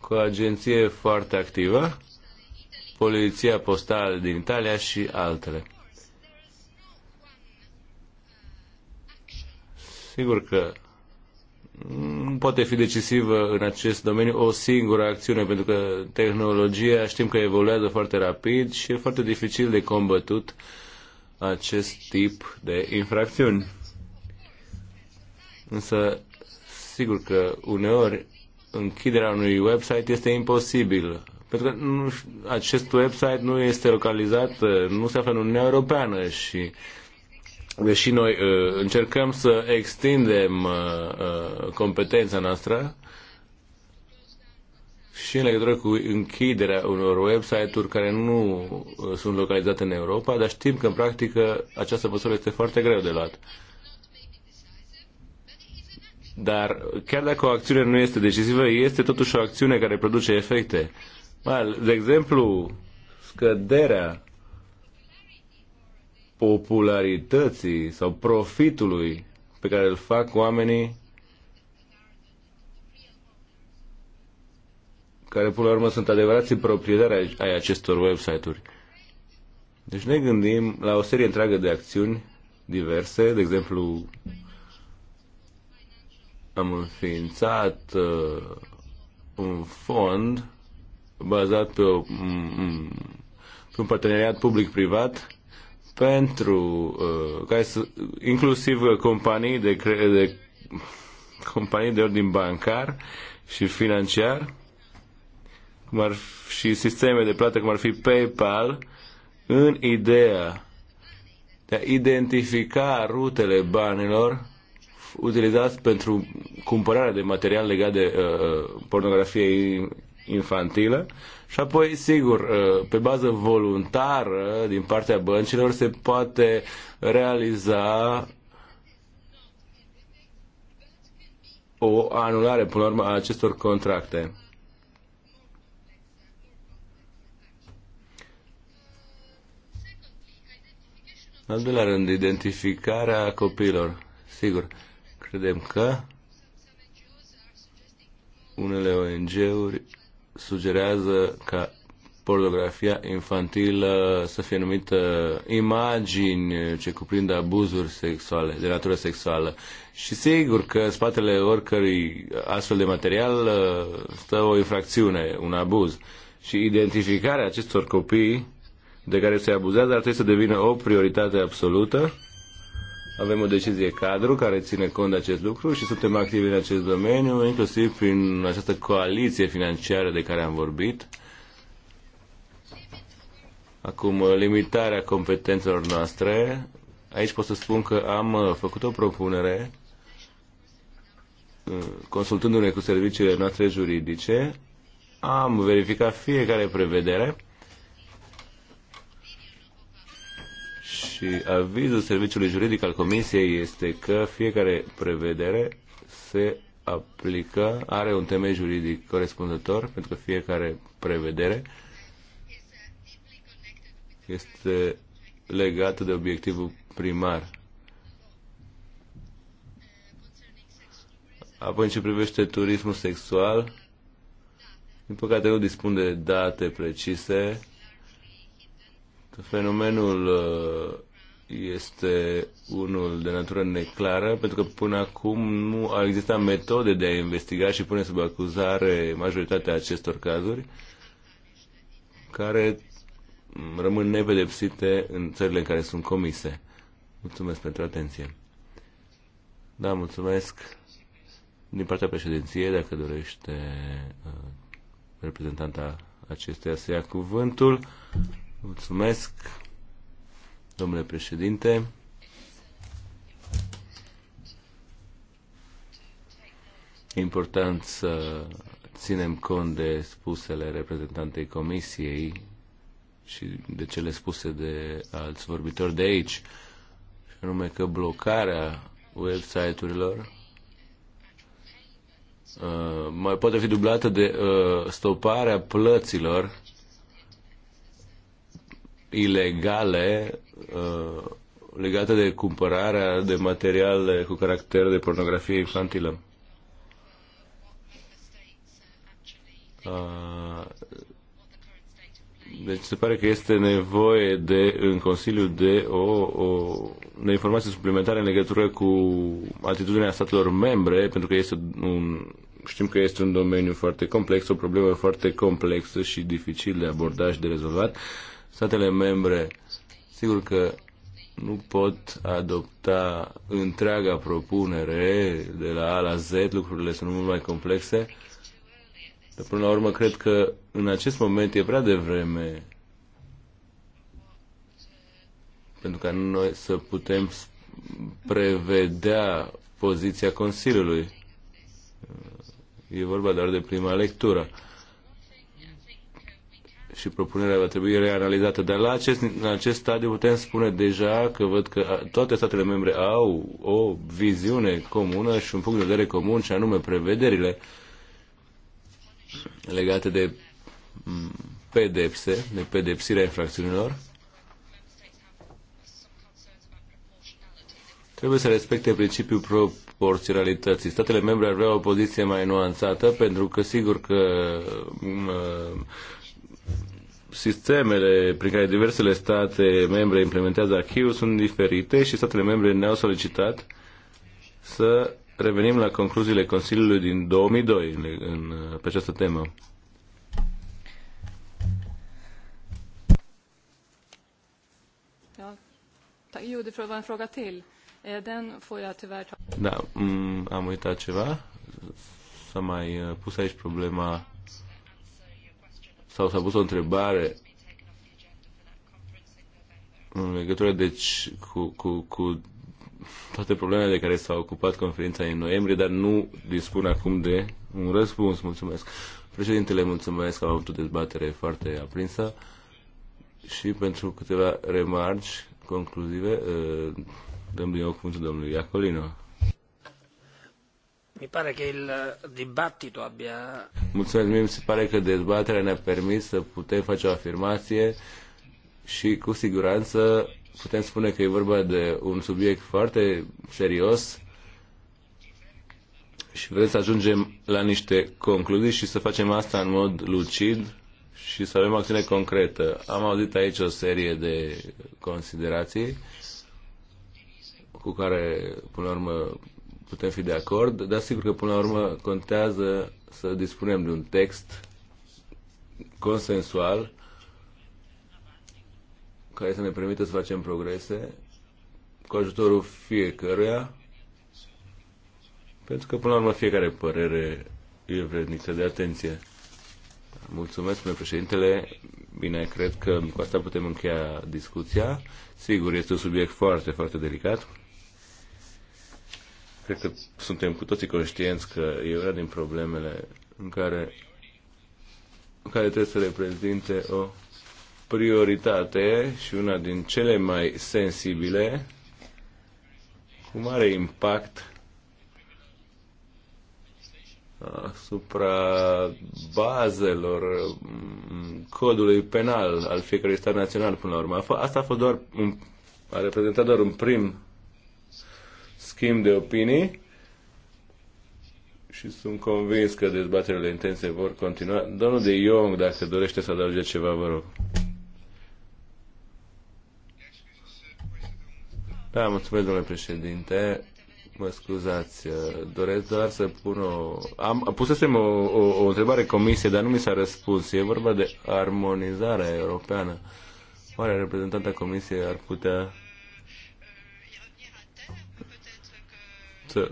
cu o agenție foarte activă, Poliția Postală din Italia și altele. Sigur că nu poate fi decisivă în acest domeniu o singură acțiune, pentru că tehnologia știm că evoluează foarte rapid și e foarte dificil de combătut acest tip de infracțiuni. Însă, sigur că uneori închiderea unui website este imposibil, pentru că nu, acest website nu este localizat, nu se află în Uniunea Europeană și uh, deși noi uh, încercăm să extindem uh, uh, competența noastră și în legătură cu închiderea unor website-uri care nu sunt localizate în Europa, dar știm că în practică această măsură este foarte greu de luat. Dar chiar dacă o acțiune nu este decisivă, este totuși o acțiune care produce efecte. De exemplu, scăderea popularității sau profitului pe care îl fac oamenii care până la urmă sunt adevărații proprietari ai acestor website-uri. Deci ne gândim la o serie întreagă de acțiuni diverse, de exemplu am înființat uh, un fond bazat pe, o, pe un parteneriat public-privat pentru uh, care să, inclusiv uh, companii de, cre- de companii de ordin bancar și financiar, cum ar fi, și sisteme de plată cum ar fi PayPal, în ideea de a identifica rutele banilor utilizați pentru cumpărarea de material legat de uh, uh pornografie infantilă și apoi, sigur, ă, pe bază voluntară din partea băncilor se poate realiza o anulare, până la urmă, a acestor contracte. Al doilea rând, identificarea copiilor. Sigur, credem că unele ONG-uri sugerează ca pornografia infantilă să fie numită imagini ce cuprind abuzuri sexuale, de natură sexuală. Și sigur că în spatele oricărui astfel de material uh, stă o infracțiune, un abuz. Și identificarea acestor copii de care se abuzează ar trebui să devină o prioritate absolută avem o decizie cadru care ține cont de acest lucru și suntem activi în acest domeniu, inclusiv prin această coaliție financiară de care am vorbit. Acum, limitarea competențelor noastre. Aici pot să spun că am uh, făcut o propunere uh, consultându-ne cu serviciile noastre juridice, am verificat fiecare prevedere Și avizul serviciului juridic al Comisiei este că fiecare prevedere se aplică, are un temei juridic corespunzător pentru că fiecare prevedere este legată de obiectivul primar. Apoi, în ce privește turismul sexual, din păcate nu dispun de date precise Fenomenul uh, este unul de natură neclară, pentru că până acum nu au existat metode de a investiga și pune sub acuzare majoritatea acestor cazuri, care rămân nepedepsite în țările în care sunt comise. Mulțumesc pentru atenție. Da, mulțumesc. Din partea președinției, dacă dorește uh, reprezentanta acesteia să ia cuvântul. Mulțumesc, domnule președinte. E important să ținem cont de spusele reprezentantei Comisiei și de cele spuse de alți vorbitori de aici, și anume că blocarea website-urilor uh, mai poate fi dublată de uh, stoparea plăților ilegale uh, legate de cumpărarea de materiale cu caracter de pornografie infantilă. Uh, deci se pare că este nevoie de, în Consiliu de o, o de informație suplimentare în legătură cu atitudinea statelor membre, pentru că este un, știm că este un domeniu foarte complex, o problemă foarte complexă și dificil de abordat și de rezolvat. Uh, statele membre, sigur că nu pot adopta întreaga propunere de la A la Z, lucrurile sunt mult mai complexe, dar până la urmă cred că în acest moment e prea devreme pentru ca noi să putem prevedea poziția Consiliului. E vorba doar de prima lectură și propunerea va trebui reanalizată. Dar la acest, la acest stadiu putem spune deja că văd că toate statele membre au o viziune comună și un punct de vedere comun și anume prevederile legate de mm, pedepse, de pedepsirea infracțiunilor. Trebuie să respecte principiul proporționalității. Statele membre ar avea o poziție mai nuanțată pentru că sigur că mm, sistemele prin care diversele state membre implementează acquis sunt diferite și statele membre ne-au solicitat să revenim la concluziile Consiliului din 2002 în, în, uh, pe această temă. Eh, da, mm, am uitat ceva. S-a mai uh, pus aici problema sau s-a pus o întrebare în legătură deci cu, cu, cu toate problemele de care s-a ocupat conferința în noiembrie, dar nu dispun acum de un răspuns. Mulțumesc. Președintele, mulțumesc că am avut o dezbatere foarte aprinsă și pentru câteva remarci concluzive uh, dăm din nou cuvântul domnului Iacolino. Mi pare că il eh, dibattito abbia... Mulțumesc, mi se pare că dezbaterea ne-a permis să putem face o afirmație și cu siguranță putem spune că e vorba de un subiect foarte serios și vrem să ajungem la niște concluzii și să facem asta în mod lucid și să avem acțiune concretă. Am auzit aici o serie de considerații cu care, până la urmă, putem fi de acord, dar sigur că până la urmă contează să dispunem de un text consensual care să ne permită să facem progrese cu ajutorul fiecăruia, pentru că până la urmă fiecare părere e vrednică de atenție. Mulțumesc, domnule președintele. Bine, cred că cu asta putem încheia discuția. Sigur, este un subiect foarte, foarte delicat. Cred că suntem cu toții conștienți că e una din problemele în care, în care trebuie să reprezinte o prioritate și una din cele mai sensibile, cu mare impact asupra bazelor mm, codului penal al fiecărui stat național până la urmă. Asta a fost doar un, a reprezentat doar un prim schimb de opinii și sunt convins că dezbaterile intense vor continua. Domnul de Iong, dacă dorește să adauge ceva, vă rog. Da, mulțumesc, domnule președinte. Mă scuzați, doresc doar să pun o... Am, pusesem o, o, o întrebare comisiei, dar nu mi s-a răspuns. E vorba de armonizarea europeană. Oare reprezentanta comisiei ar putea să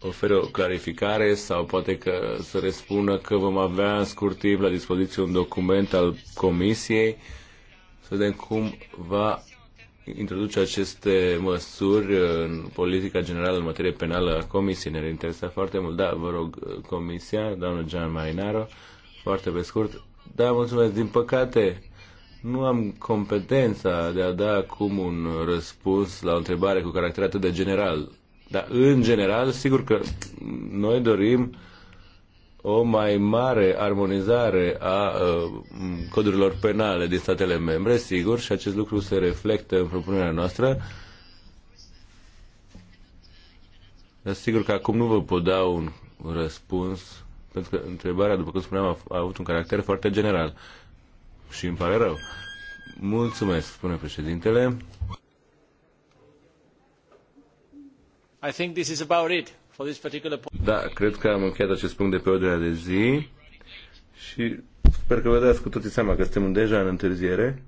ofere o clarificare sau poate că să răspundă că vom avea în scurt timp la dispoziție un document al Comisiei să vedem cum va introduce aceste măsuri în politica generală în materie penală a Comisiei. Ne interesa foarte mult. Da, vă rog, Comisia, doamnă Gian Marinaro, foarte pe scurt. Da, mulțumesc. Din păcate, nu am competența de a da acum un răspuns la o întrebare cu caracter atât de general. Dar, în general, sigur că noi dorim o mai mare armonizare a uh, codurilor penale din statele membre, sigur, și acest lucru se reflectă în propunerea noastră. Dar sigur că acum nu vă pot da un răspuns, pentru că întrebarea, după cum spuneam, a, a avut un caracter foarte general. Și îmi pare rău. Mulțumesc, spune președintele. I think this is about it for this particular point. Da, cred că am încheiat acest punct de pe ordinea de zi și sper că vă dați cu toții seama că suntem deja în întârziere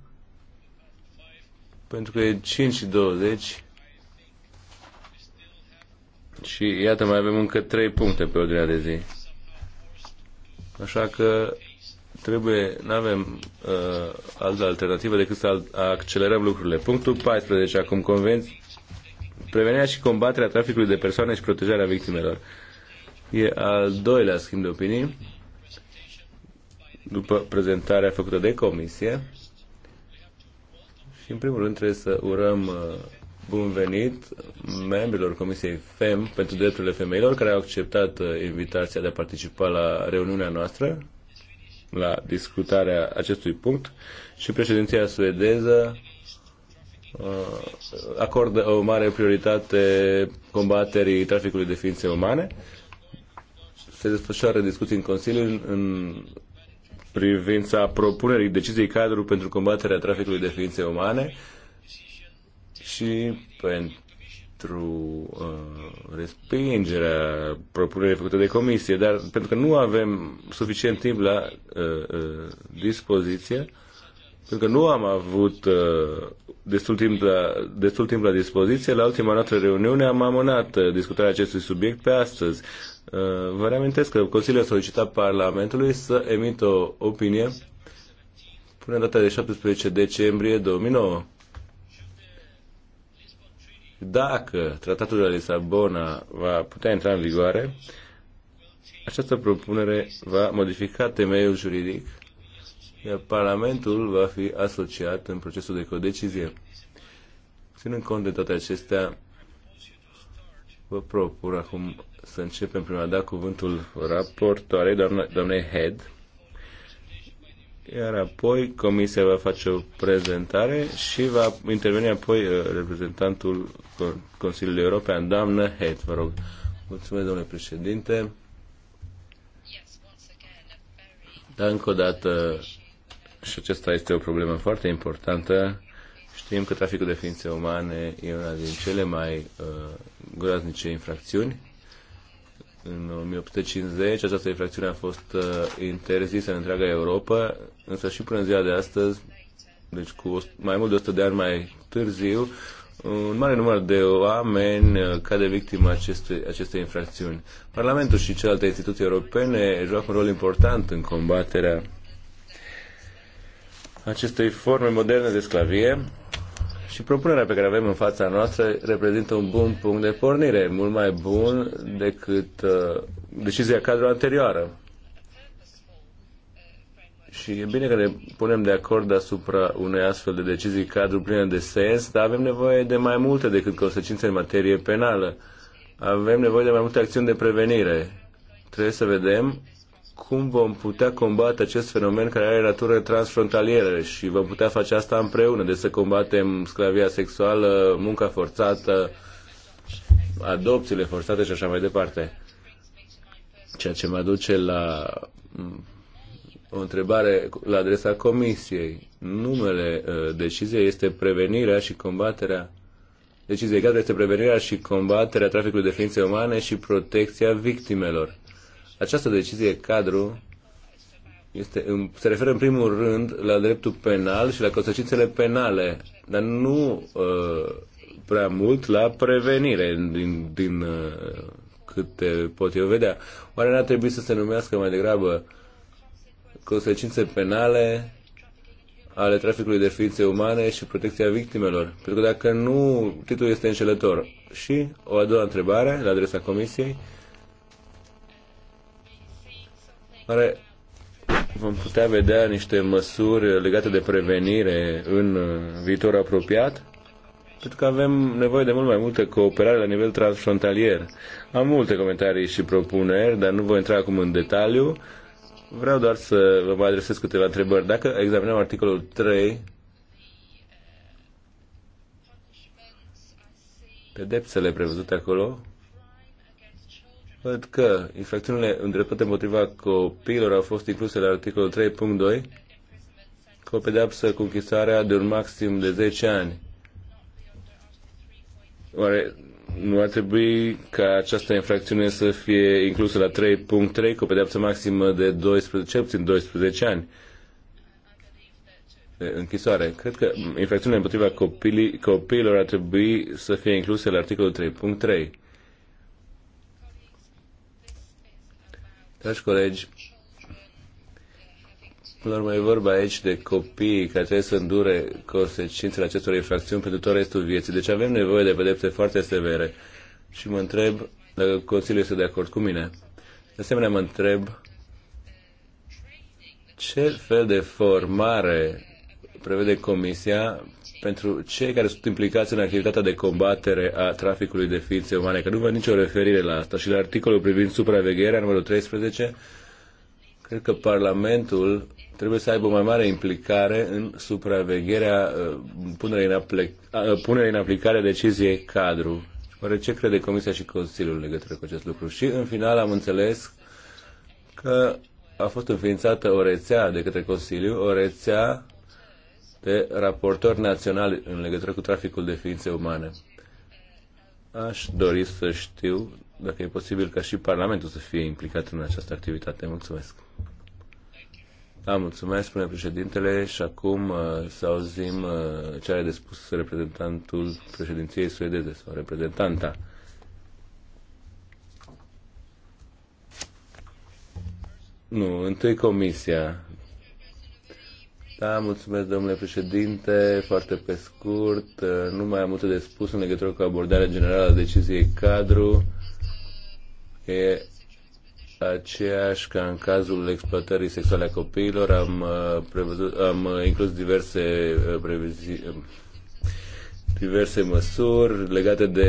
pentru că e 5 și 20 și iată mai avem încă 3 puncte pe ordinea de zi. Așa că trebuie, nu avem uh, altă alternativă decât să accelerăm lucrurile. Punctul 14 acum, convenți, prevenirea și combaterea traficului de persoane și protejarea victimelor. E al doilea schimb de opinii după prezentarea făcută de comisie. Și în primul rând trebuie să urăm uh, bun venit membrilor Comisiei FEM pentru drepturile femeilor care au acceptat uh, invitația de a participa la reuniunea noastră la discutarea acestui punct și președinția suedeză Uh, acordă o mare prioritate combaterii traficului de ființe umane. Se desfășoară discuții în Consiliu în, privința propunerii deciziei cadru pentru combaterea traficului de ființe umane și pentru uh, respingerea propunerii făcute de comisie, dar pentru că nu avem suficient timp la uh, uh, dispoziție, pentru că nu am avut uh, destul timp, la, destul timp la dispoziție. La ultima noastră reuniune am amânat uh, discutarea acestui subiect pe astăzi. Uh, vă reamintesc că Consiliul a solicitat Parlamentului să emită o opinie până data de 17 decembrie 2009. Dacă Tratatul de la Lisabona va putea intra în vigoare, această propunere va modifica temeiul juridic iar Parlamentul va fi asociat în procesul de codecizie. Ținând cont de toate acestea, vă propun acum să începem prima dată cuvântul raportoarei doamnei Head, iar apoi Comisia va face o prezentare și va interveni apoi uh, reprezentantul Consiliului European, doamnă Head, vă rog. Mulțumesc, domnule președinte. Dar încă o dată și acesta este o problemă foarte importantă. Știm că traficul de ființe umane e una din cele mai uh, groaznice infracțiuni. În 1850 această infracțiune a fost uh, interzisă în întreaga Europa, însă și până în ziua de astăzi, deci cu mai mult de 100 de ani mai târziu, un mare număr de oameni uh, cade victima aceste, infracțiuni. Parlamentul și celelalte instituții europene joacă un rol important în combaterea acestei forme moderne de sclavie și propunerea pe care avem în fața noastră reprezintă un bun punct de pornire, mult mai bun decât uh, decizia cadru anterioară. Și e bine că ne punem de acord asupra unei astfel de decizii cadru pline de sens, dar avem nevoie de mai multe decât consecințe în materie penală. Avem nevoie de mai multe acțiuni de prevenire. Trebuie să vedem cum vom putea combate acest fenomen care are natură transfrontalieră și vom putea face asta împreună, de să combatem sclavia sexuală, munca forțată, adopțiile forțate și așa mai departe. Ceea ce mă aduce la o întrebare la adresa Comisiei. Numele uh, deciziei este prevenirea și combaterea deciziei care este prevenirea și combaterea traficului de ființe umane și protecția victimelor. Această decizie cadru este, se referă în primul rând la dreptul penal și la consecințele penale, dar nu uh, prea mult la prevenire, din, din uh, câte pot eu vedea. Oare n-ar trebui să se numească mai degrabă consecințe penale ale traficului de ființe umane și protecția victimelor? Pentru că dacă nu, titlul este înșelător. Și o a doua întrebare la adresa Comisiei. Uh, Oare vom putea vedea niște măsuri legate de prevenire în uh, viitor apropiat? Pentru că avem nevoie de mult mai multă cooperare la nivel transfrontalier. Am multe comentarii și propuneri, dar nu voi intra acum în detaliu. Vreau doar să vă mai adresez câteva întrebări. Dacă examinăm articolul 3, pedepsele prevăzute acolo, Văd că infracțiunile îndreptate împotriva copiilor au fost incluse la articolul 3.2 cu o pedeapsă cu închisoarea de un maxim de 10 ani. Oare nu ar trebui ca această infracțiune să fie inclusă la 3.3 cu o pedeapsă maximă de 12, cel puțin 12 ani? închisoare. Cred că infracțiunile împotriva copilii, copiilor ar trebui să fie incluse la articolul 3.3 Dragi colegi, până la urmă e vorba aici de copii care trebuie să îndure consecințele acestor infracțiuni pentru tot restul vieții. Deci avem nevoie de pedepse foarte severe. Și mă întreb dacă Consiliul este de acord cu mine. De asemenea, mă întreb ce fel de formare prevede Comisia pentru cei care sunt implicați în activitatea de combatere a traficului de ființe umane, că nu văd nicio referire la asta. Și la articolul privind supravegherea, numărul 13, cred că Parlamentul trebuie să aibă mai mare implicare în supravegherea, uh, punerea în, aplic- uh, punere în aplicare deciziei cadru. Oare ce crede Comisia și Consiliul în legătură cu acest lucru? Și în final am înțeles că a fost înființată o rețea de către Consiliu, o rețea de raportor național în legătură cu traficul de ființe umane. Aș dori să știu dacă e posibil ca și Parlamentul să fie implicat în această activitate. Mulțumesc! Da, mulțumesc, spune președintele, și acum uh, să auzim uh, ce are de spus reprezentantul președinției suedeze sau reprezentanta. Nu, întâi comisia. Da, mulțumesc, domnule președinte. Foarte pe scurt, uh, nu mai am multe de spus în legătură cu abordarea generală a deciziei cadru. E aceeași ca în cazul exploatării sexuale a copiilor. Am, uh, prevăzut, am uh, inclus diverse previzi, um, diverse măsuri legate de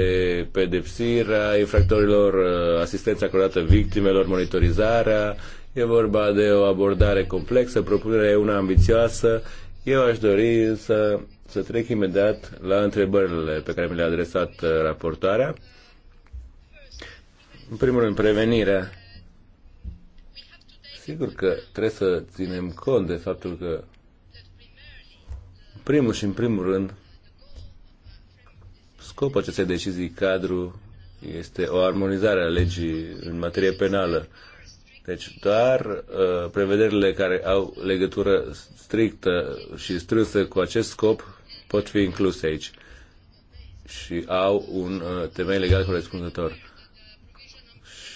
pedepsirea infractorilor, asistența acordată victimelor, monitorizarea, E vorba de o abordare complexă, propunerea e una ambițioasă. Eu aș dori să, să trec imediat la întrebările pe care mi le-a adresat uh, raportoarea. În primul rând, prevenirea. Sigur că trebuie să ținem cont de faptul că, în primul și în primul rând, scopul acestei decizii cadru este o armonizare a legii în materie penală. Deci doar uh, prevederile care au legătură strictă și strânsă cu acest scop pot fi incluse aici și au un uh, temei legal corespunzător.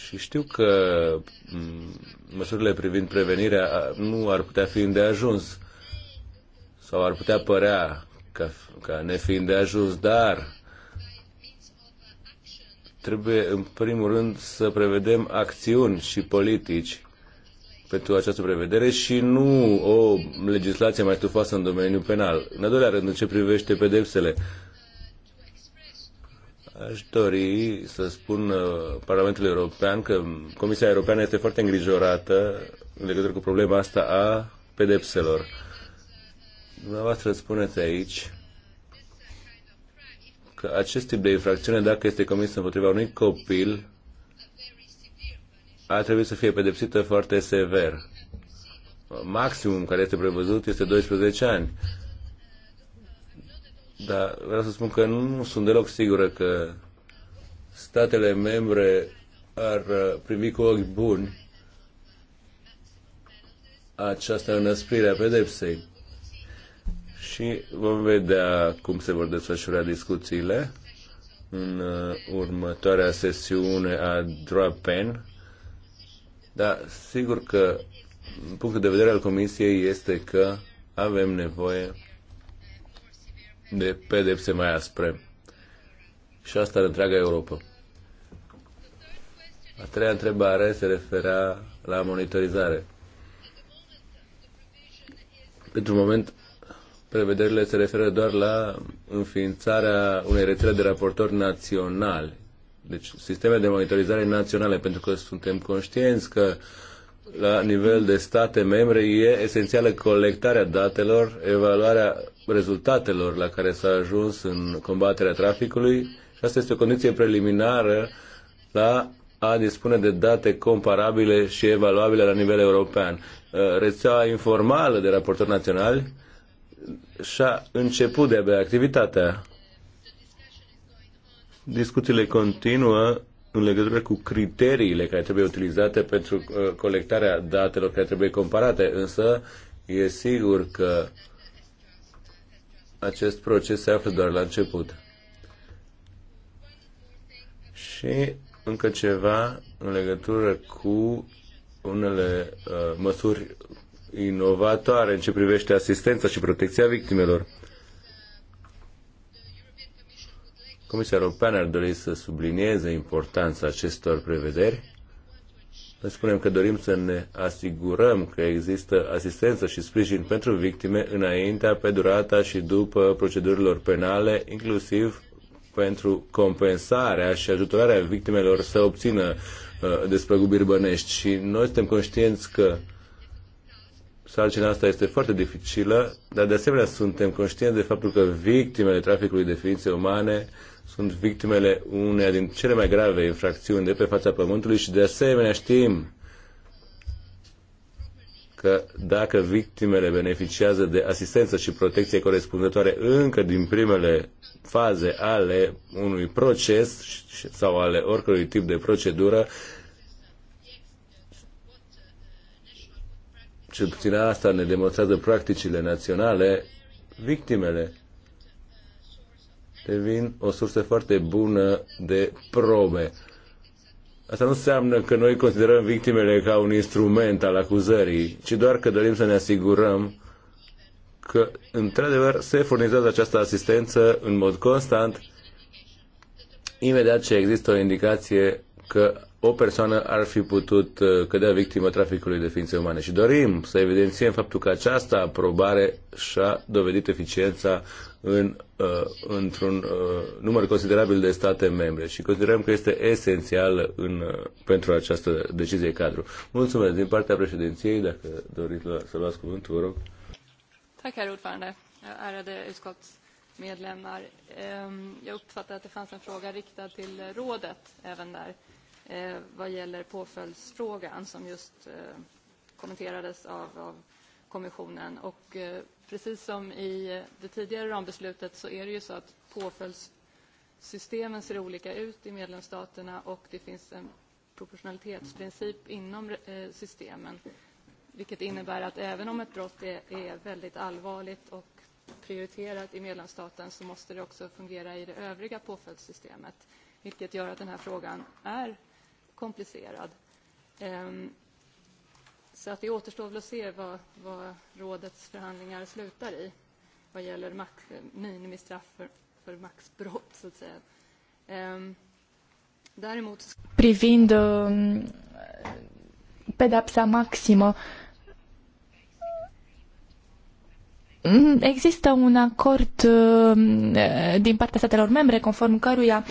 Și știu că mm, măsurile privind prevenirea nu ar putea fi îndeajuns sau ar putea părea ca, ca nefiind de ajuns, dar Trebuie, în primul rând, să prevedem acțiuni și politici pentru această prevedere și nu o legislație mai stufoasă în domeniul penal. În al doilea rând, în ce privește pedepsele, Aș dori să spun uh, Parlamentul European că Comisia Europeană este foarte îngrijorată în legătură cu problema asta a pedepselor. Dumneavoastră spuneți aici că acest tip de infracțiune, dacă este comis împotriva unui copil, ar trebui să fie pedepsită foarte sever. Maximum care este prevăzut este 12 ani. Dar vreau să spun că nu sunt deloc sigură că statele membre ar uh, primi cu ochi buni această înăsprire a pedepsei și vom vedea cum se vor desfășura discuțiile în uh, următoarea sesiune a DRAPEN. Dar sigur că punctul de vedere al Comisiei este că avem nevoie de pedepse mai aspre. Și asta în întreaga Europa. A treia întrebare se referea la monitorizare. Pentru moment, prevederile se referă doar la înființarea unei rețele de raportori naționale. Deci sisteme de monitorizare naționale, pentru că suntem conștienți că la nivel de state membre e esențială colectarea datelor, evaluarea rezultatelor la care s-a ajuns în combaterea traficului și asta este o condiție preliminară la a dispune de date comparabile și evaluabile la nivel european. Rețeaua informală de raportori naționali și-a început de-abia activitatea. Discuțiile continuă în legătură cu criteriile care trebuie utilizate pentru uh, colectarea datelor care trebuie comparate, însă e sigur că acest proces se află doar la început. Și încă ceva în legătură cu unele uh, măsuri inovatoare în ce privește asistența și protecția victimelor. Comisia Europeană ar dori să sublinieze importanța acestor prevederi. Noi spunem că dorim să ne asigurăm că există asistență și sprijin pentru victime înaintea, pe durata și după procedurilor penale, inclusiv pentru compensarea și ajutorarea victimelor să obțină uh, despăgubiri bănești. Și noi suntem conștienți că uh, sarcina asta este foarte dificilă, dar de asemenea suntem conștienți de faptul că victimele traficului de ființe umane sunt victimele uneia din cele mai grave infracțiuni de pe fața Pământului și de asemenea știm că dacă victimele beneficiază de asistență și protecție corespunzătoare încă din primele faze ale unui proces sau ale oricărui tip de procedură, cel puțin asta ne demonstrează practicile naționale, victimele devin o sursă foarte bună de probe. Asta nu înseamnă că noi considerăm victimele ca un instrument al acuzării, ci doar că dorim să ne asigurăm că, într-adevăr, se furnizează această asistență în mod constant, imediat ce există o indicație că o persoană ar fi putut uh, cădea victimă traficului de ființe umane. Și dorim să evidențiem faptul că această aprobare și-a dovedit eficiența în, uh, într-un uh, număr considerabil de state membre și considerăm că este esențial în, uh, pentru această decizie cadru. Mulțumesc din partea președinției, dacă doriți la, să luați cuvântul, vă rog. Tack, herr ordförande, ärade utskottsmedlemmar. Ehm, jag uppfattar att det fanns en fråga riktad till rådet även där eh, vad gäller påföljdsfrågan som just eh, kommenterades av, av kommissionen. Och eh, precis som i det tidigare rambeslutet så är det ju så att påföljdssystemen ser olika ut i medlemsstaterna och det finns en proportionalitetsprincip inom eh, systemen. Vilket innebär att även om ett brott är, är väldigt allvarligt och prioriterat i medlemsstaten så måste det också fungera i det övriga påföljdssystemet. Vilket gör att den här frågan är komplicerad. Ehm, så att det återstår väl att se vad, vad rådets förhandlingar slutar i vad gäller max, minimistraff för, för maxbrott, så att säga. Ehm, däremot... Privind ehm, pedapsa maximo. Mm, există un acord din partea statelor membre conform căruia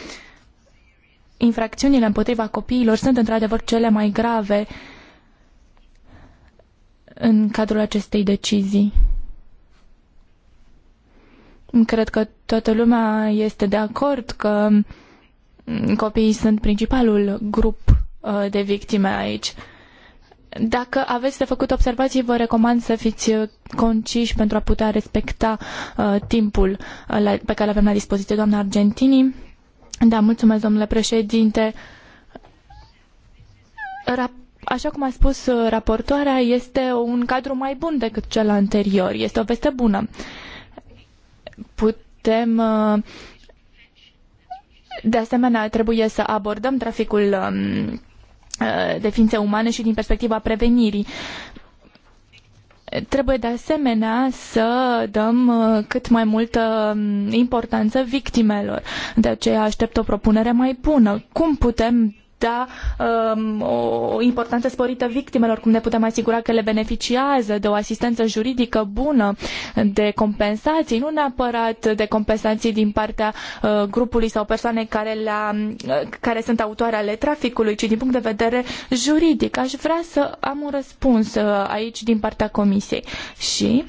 infracțiunile împotriva copiilor sunt într-adevăr cele mai grave în cadrul acestei decizii. Cred că toată lumea este de acord că copiii sunt principalul grup uh, de victime aici. Dacă aveți de făcut observații, vă recomand să fiți uh, conciși pentru a putea respecta uh, timpul uh, la, pe care îl avem la dispoziție, doamna Argentini. Da, mulțumesc, domnule președinte. Așa cum a spus uh, raportoarea, este un cadru mai bun decât cel anterior. Este o veste bună. Putem uh, de asemenea, trebuie să abordăm traficul um, uh, de ființe umane și din perspectiva prevenirii. Trebuie de asemenea să dăm uh, cât mai multă um, importanță victimelor. De aceea aștept o propunere mai bună. Cum putem da um, o importanță sporită victimelor, cum ne putem asigura că le beneficiază de o asistență juridică bună, de compensații, nu neapărat de compensații din partea uh, grupului sau persoane care, la uh, care sunt autoare ale traficului, ci din punct de vedere juridic. Aș vrea să am un răspuns uh, aici din partea Comisiei. Și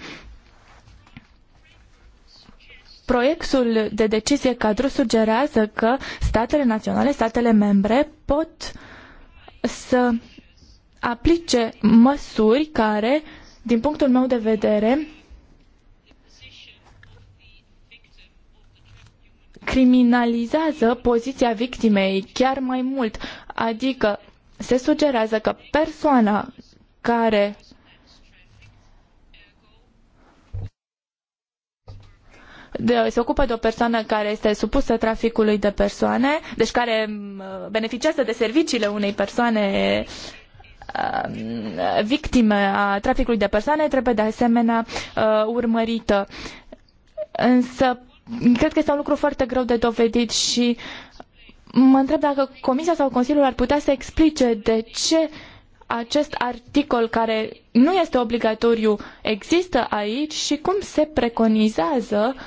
proiectul de decizie cadru sugerează că statele naționale, statele membre pot să aplice măsuri care, din punctul meu de vedere, criminalizează poziția victimei chiar mai mult. Adică se sugerează că persoana care de, se ocupă de o persoană care este supusă traficului de persoane, deci care beneficiază de serviciile unei persoane victime a traficului de persoane trebuie de asemenea uh, urmărită. Însă, cred că este un lucru foarte greu de dovedit și mă întreb dacă Comisia sau Consiliul ar putea să explice de ce acest articol care nu este obligatoriu există aici și cum se preconizează uh,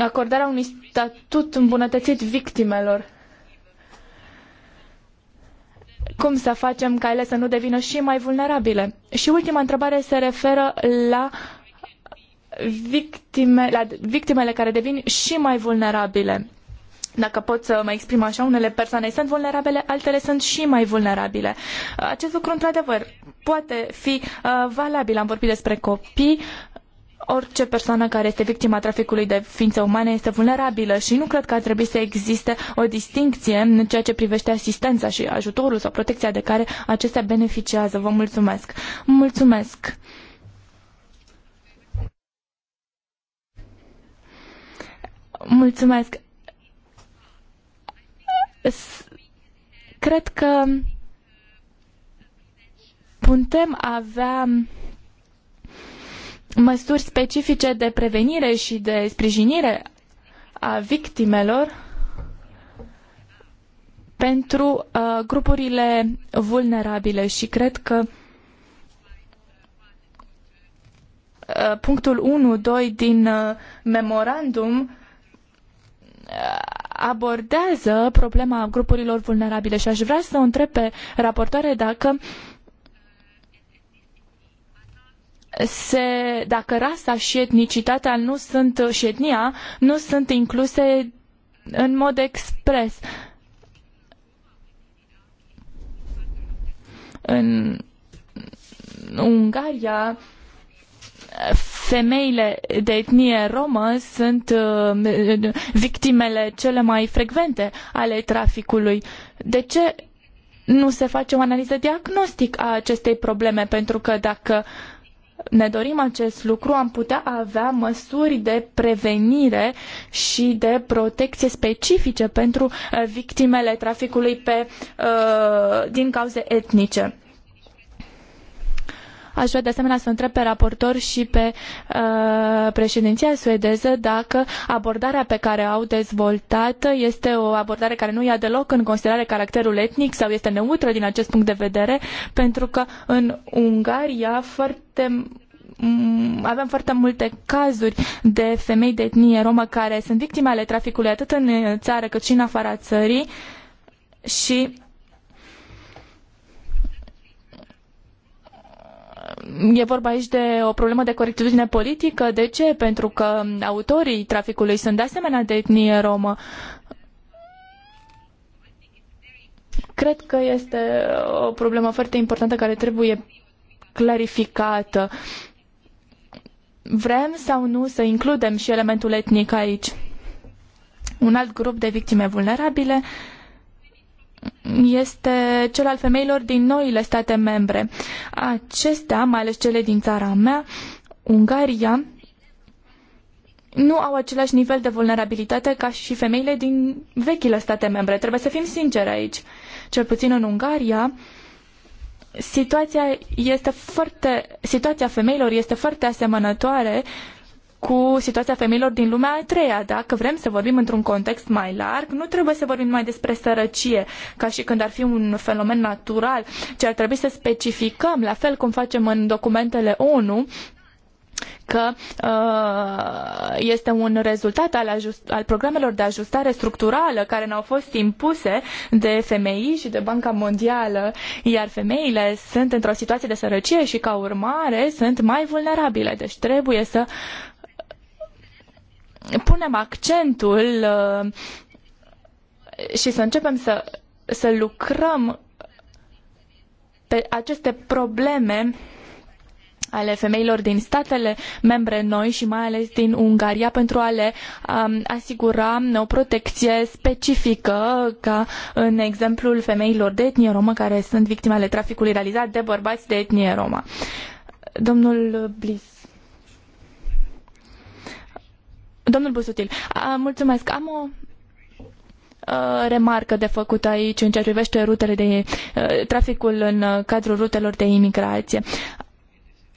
acordarea unui statut îmbunătățit victimelor. Cum să facem ca ele să nu devină și mai vulnerabile? Și ultima întrebare se referă la victime, la victimele care devin și mai vulnerabile. Dacă pot să mă exprim așa, unele persoane sunt vulnerabile, altele sunt și mai vulnerabile. Acest lucru, într-adevăr, poate fi uh, valabil. Am vorbit despre copii, orice persoană care este victima traficului de ființe umane este vulnerabilă și nu cred că ar trebui să existe o distincție în ceea ce privește asistența și ajutorul sau protecția de care acestea beneficiază. Vă mulțumesc! Mulțumesc! Mulțumesc! Cred că putem avea măsuri specifice de prevenire și de sprijinire a victimelor pentru uh, grupurile vulnerabile și cred că uh, punctul unu doi din uh, memorandum uh, abordează problema grupurilor vulnerabile și aș vrea să o întreb pe raportoare dacă uh, se, dacă rasa și etnicitatea nu sunt, și etnia nu sunt incluse în mod expres în Ungaria femeile de etnie romă sunt uh, victimele cele mai frecvente ale traficului. De ce nu se face o analiză diagnostică a acestei probleme? Pentru că dacă uh, ne dorim acest lucru, am putea avea măsuri de prevenire și de protecție specifice pentru eh, victimele traficului pe, eh, din cauze etnice. Aș vrea de asemenea să întreb pe raportor și pe uh, președinția suedeză dacă abordarea pe care au dezvoltat este o abordare care nu ia deloc în considerare caracterul etnic sau este neutră din acest punct de vedere, pentru că în Ungaria foarte avem foarte multe cazuri de femei de etnie romă care sunt victime ale traficului atât în țară cât și în afara țării și e vorba aici de o problemă de corectitudine politică. De ce? Pentru că autorii traficului sunt de asemenea de etnie romă. Cred că este o problemă foarte importantă care trebuie clarificată. Vrem sau nu să includem și elementul etnic aici? Un alt grup de victime vulnerabile uh, este cel al femeilor din noile state membre. Acestea, mai ales cele din țara mea, Ungaria, nu au același nivel de vulnerabilitate ca și femeile din vechile state membre. Trebuie să fim sinceri aici. Cel puțin în Ungaria, situația, este foarte, situația femeilor este foarte asemănătoare cu situația femeilor din lumea a treia. Dacă vrem să vorbim într-un context mai larg, nu trebuie să vorbim numai despre sărăcie, ca și când ar fi un fenomen natural, ci ar trebui să specificăm, la fel cum facem în documentele ONU, că uh, este un rezultat al, ajust, al programelor de ajustare structurală care ne-au fost impuse de FMI și de Banca Mondială, iar femeile sunt într-o situație de sărăcie și ca urmare sunt mai vulnerabile. Deci trebuie să punem accentul uh, și să începem să, să lucrăm pe aceste probleme ale femeilor din statele membre noi și mai ales din Ungaria pentru a le um, asigura o protecție specifică ca în exemplul femeilor de etnie romă care sunt victime ale traficului realizat de bărbați de etnie romă. Domnul Domnul Busutil, mulțumesc. Am o remarcă de făcut aici în ceea ce privește rutele de traficul în cadrul rutelor de imigrație.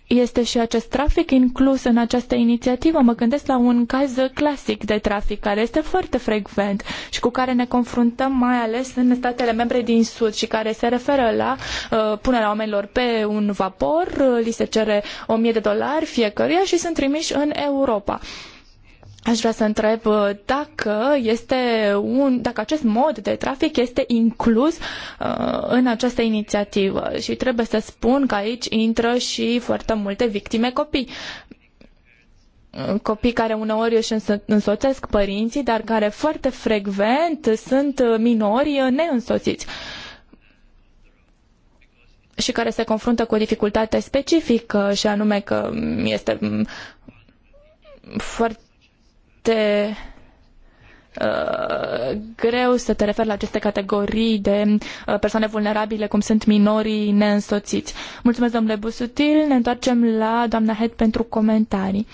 Este și acest trafic inclus în această inițiativă? Mă gândesc la un caz clasic de trafic care este foarte frecvent și cu care ne confruntăm mai ales în statele membre din Sud și care se referă la uh, punerea oamenilor pe un vapor, li se cere o mie de dolari fiecăruia și sunt trimiși în Europa. Uh, Aș vrea să întreb uh, dacă, este un, dacă acest mod de trafic este inclus uh, în această inițiativă și trebuie să spun că aici intră și foarte multe victime copii. Uh, copii care uneori își însoțesc părinții, dar care foarte frecvent sunt uh, minori neînsoțiți și care se confruntă cu o dificultate specifică și anume că mm, este mm, foarte foarte uh, greu să te referi la aceste categorii de uh, persoane vulnerabile, cum sunt minorii neînsoțiți. Mulțumesc, domnule Busutil. Ne întoarcem la doamna Head pentru comentarii.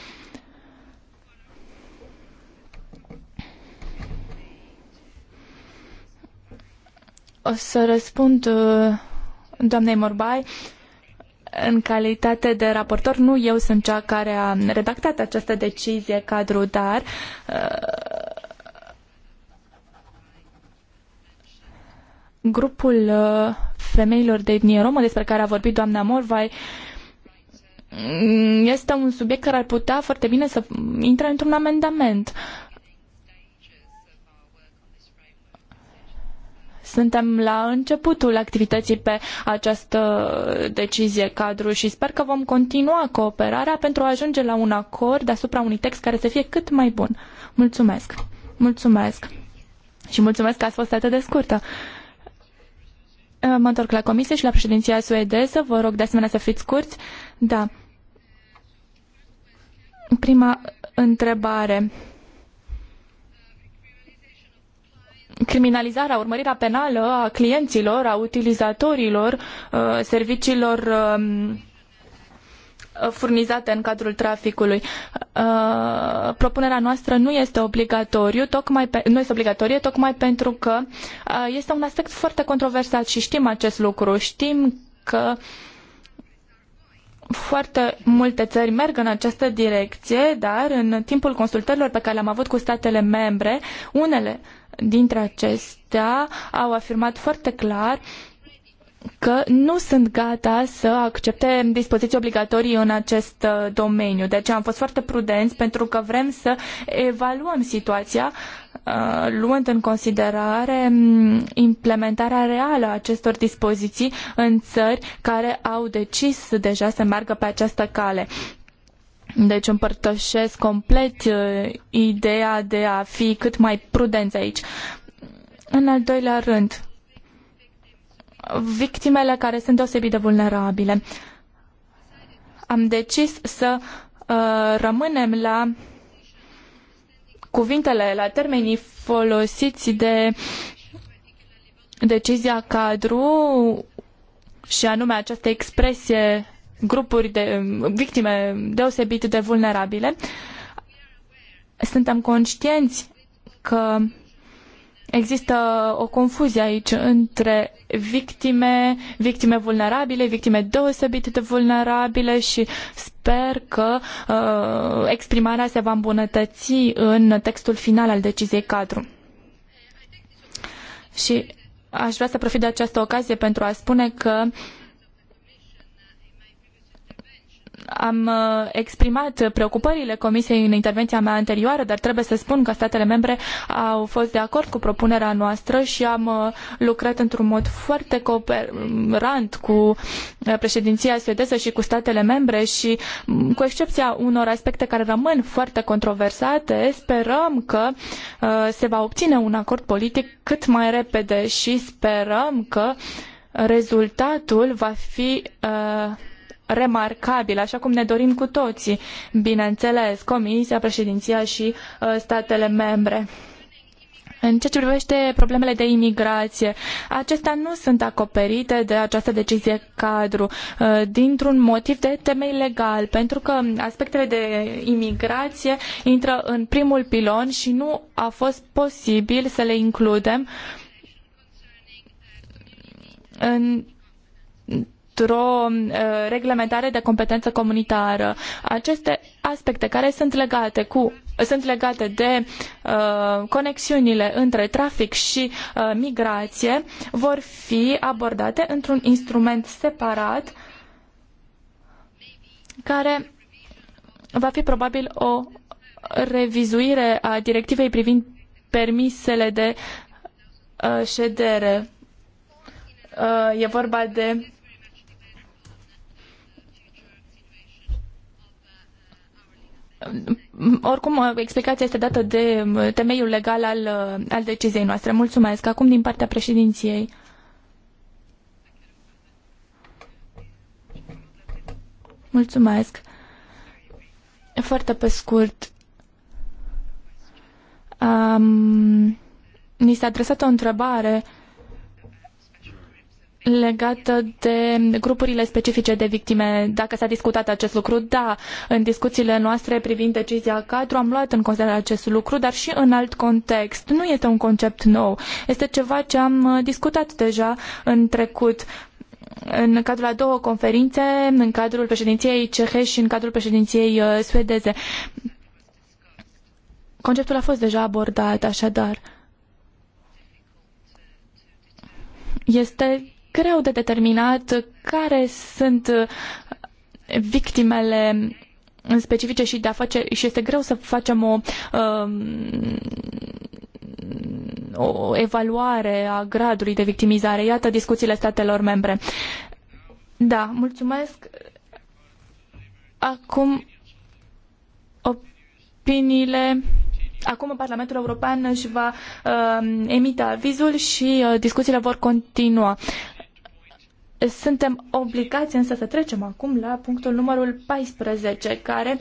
O să răspund uh, doamnei Morbai. Uh, în calitate de raportor, nu eu sunt cea care a redactat această decizie cadru, dar uh, grupul uh, femeilor de etnie romă despre care a vorbit doamna Morvai mm, este un subiect care ar putea foarte bine să intre într-un amendament. Suntem la începutul activității pe această decizie cadru și sper că vom continua cooperarea pentru a ajunge la un acord asupra unui text care să fie cât mai bun. Mulțumesc! Mulțumesc! Și mulțumesc că ați fost atât de scurtă. Mă întorc la comisie și la președinția suedeză. Vă rog de asemenea să fiți scurți. Da. Prima întrebare criminalizarea, urmărirea penală a clienților, a utilizatorilor uh, serviciilor um, uh, furnizate în cadrul traficului. Uh, propunerea noastră nu este obligatorie, tocmai, pe, nu este obligatorie, tocmai pentru că este un aspect foarte controversat și știm acest lucru. Știm că foarte multe țări merg în această direcție, dar în timpul consultărilor pe care le-am avut cu statele membre, unele dintre acestea au afirmat foarte clar că nu sunt gata să accepte dispoziții obligatorii în acest uh, domeniu. Deci am fost foarte prudenți pentru că vrem să evaluăm situația uh, luând în considerare implementarea reală a acestor dispoziții în țări care au decis deja să meargă pe această cale. Deci împărtășesc complet uh, ideea de a fi cât mai prudenți aici. În al doilea rând, victimele care sunt deosebit de vulnerabile. Am decis să uh, rămânem la cuvintele, la termenii folosiți de decizia cadru și anume această expresie grupuri de victime deosebit de vulnerabile. Suntem conștienți că Există o confuzie aici între victime, victime vulnerabile, victime deosebit de vulnerabile și sper că uh, exprimarea se va îmbunătăți în textul final al deciziei cadru. Și aș vrea să profit de această ocazie pentru a spune că uh, am uh, exprimat preocupările Comisiei în intervenția mea anterioară, dar trebuie să spun că statele membre au fost de acord cu propunerea noastră și am uh, lucrat într-un mod foarte cooperant cu uh, președinția suedeză și cu statele membre și mm, cu excepția unor aspecte care rămân foarte controversate, sperăm că se va obține un acord politic cât mai repede și sperăm că rezultatul va fi uh, remarcabil, așa cum ne dorim cu toții, bineînțeles, Comisia, președinția și uh, statele membre. În ceea ce privește problemele de imigrație, acestea nu sunt acoperite de această decizie cadru uh, dintr-un motiv de temei legal, pentru că aspectele de imigrație intră în primul pilon și nu a fost posibil să le includem în într-o uh, reglementare de competență comunitară. Aceste aspecte care sunt legate cu sunt legate de uh, conexiunile între trafic și uh, migrație vor fi abordate într-un instrument separat care va fi probabil o revizuire a directivei privind permisele de uh, ședere. Uh, e vorba de Oricum, explicația este dată de temeiul legal al, al deciziei noastre. Mulțumesc. Acum, din partea președinției. Mulțumesc. Foarte pe scurt. Um, ni s-a adresat o întrebare legată de grupurile specifice de victime, dacă s-a discutat acest lucru, da, în discuțiile noastre privind decizia cadru am luat în considerare acest lucru, dar și în alt context. Nu este un concept nou, este ceva ce am uh, discutat deja în trecut în cadrul a două conferințe, în cadrul președinției cehe și în cadrul președinției uh, suedeze. Conceptul a fost deja abordat, așadar. Este greu de determinat care sunt uh, victimele specifice și de a face și este greu să facem o um, o evaluare a gradului de victimizare. Iată discuțiile statelor membre. Da, mulțumesc. Acum opiniile Acum Parlamentul European își va uh, emite avizul și uh, discuțiile vor continua. Suntem obligați însă să trecem acum la punctul numărul 14, care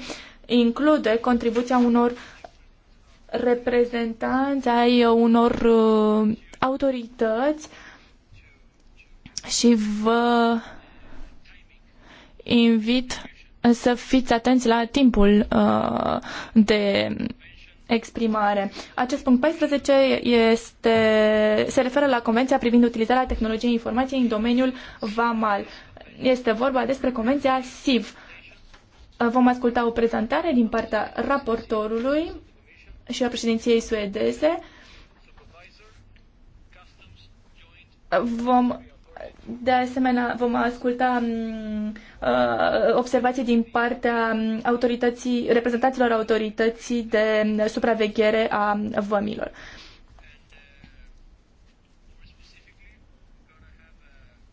include contribuția unor reprezentanți ai unor uh, autorități și vă invit să fiți atenți la timpul uh, de exprimare. Acest punct 14 este, se referă la Convenția privind utilizarea tehnologiei informației în domeniul VAMAL. Este vorba despre Convenția SIV. Vom asculta o prezentare din partea raportorului și a președinției suedeze. Vom de asemenea, vom asculta mm, uh, observații din partea mm, autorității, reprezentanților autorității de mm, supraveghere a vămilor.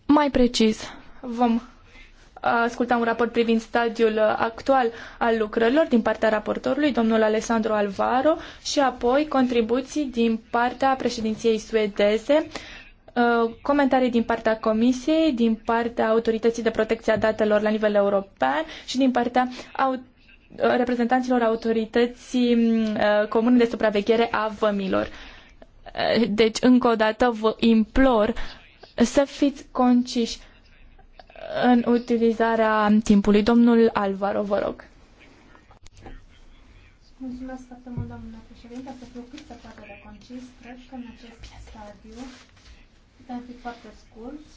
Mai precis, vom asculta un raport privind stadiul actual al lucrărilor din partea raportorului, domnul Alessandro Alvaro, și apoi contribuții din partea președinției suedeze uh, Uh, comentarii din partea Comisiei, din partea Autorității de Protecție a Datelor la nivel european și din partea uh, reprezentanților Autorității uh, Comune de Supraveghere a Vămilor. Deci, încă o dată, vă implor să fiți conciși în utilizarea timpului. Domnul Alvaro, vă rog. Mulțumesc foarte mult, doamna președinte. Să fiu cât se poate de concis, cred că în acest stadiu Putem fi foarte scurți.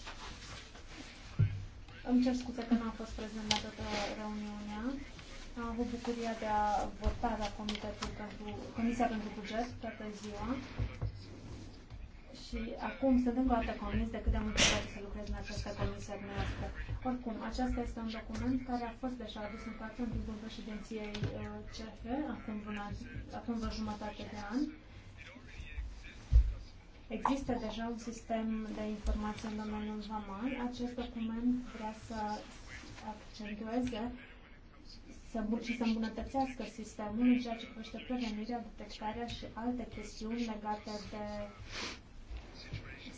Îmi cer scuze că n-am fost prezent la toată reuniunea. Am avut bucuria de a vota la Comitetul pentru, Comisia pentru Buget toată ziua. Și acum sunt încă o dată convins de cât de mult trebuie să lucrez în această comisie dumneavoastră. Oricum, acesta este un document care a fost deja adus în față în timpul președinției uh, CF, acum, vreo, jumătate de an. Există deja un sistem de informație în domeniul VAMAN. Acest document vrea să accentueze să și să îmbunătățească sistemul în ceea ce privește prevenirea, detectarea și alte chestiuni legate de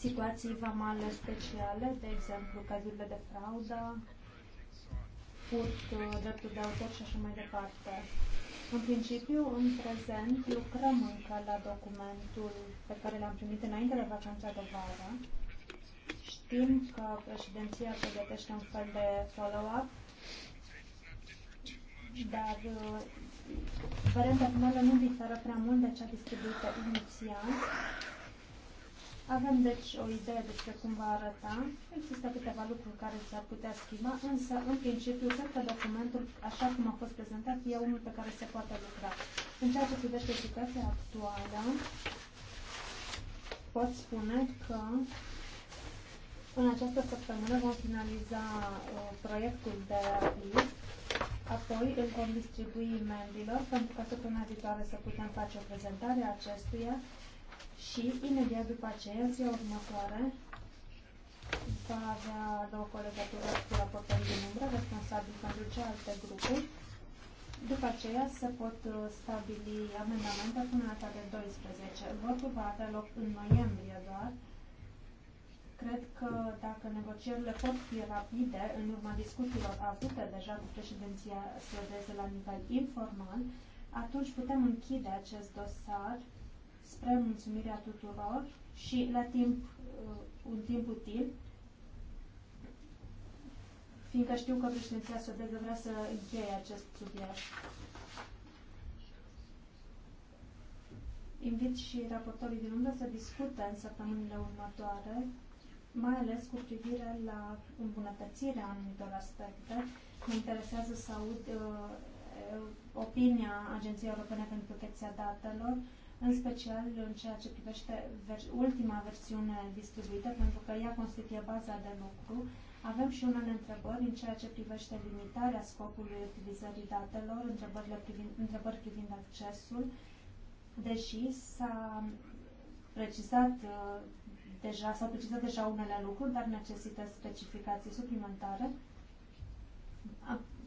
situații vamale speciale, de exemplu cazurile de fraudă, furt, dreptul de autor și așa mai departe. În principiu, în prezent, lucrăm încă la documentul pe care l-am primit înainte de vacanța de vară. Știm că președinția pregătește un fel de follow-up, dar varianta uh, finală nu diferă prea mult de cea distribuită inițial avem deci o idee despre cum va arăta. Există câteva lucruri care s-ar putea schimba, însă în principiu cred că documentul, așa cum a fost prezentat, e unul pe care se poate lucra. În ceea ce privește situația actuală, pot spune că în această săptămână vom finaliza uh, proiectul de aviz, apoi îl vom distribui membrilor pentru ca săptămâna viitoare să putem face o prezentare a acestuia și imediat după aceea, în ziua următoare, va avea două colegături cu raportării de umbră, responsabil pentru cealaltă grupuri. După aceea se pot uh, stabili amendamente până la de 12. Votul va avea loc în noiembrie doar. Cred că dacă negocierile pot fi rapide, în urma discuțiilor avute deja cu președinția suedeză la nivel informal, atunci putem închide acest dosar spre mulțumirea tuturor și la timp, uh, un timp util, fiindcă știu că președinția suedeză vrea să încheie acest subiect. Invit și raportorii din umbră să discute în săptămânile următoare, mai ales cu privire la îmbunătățirea anumitor aspecte. Mă interesează să aud uh, uh opinia Agenției Europene pentru Protecția Datelor, în special în ceea ce privește ver ultima versiune distribuită, pentru că ea constituie baza de lucru. Avem și unele întrebări în ceea ce privește limitarea scopului utilizării datelor, întrebările privind, întrebări privind accesul, deși s-a precizat uh, deja, s-au precizat deja unele lucruri, dar necesită specificații suplimentare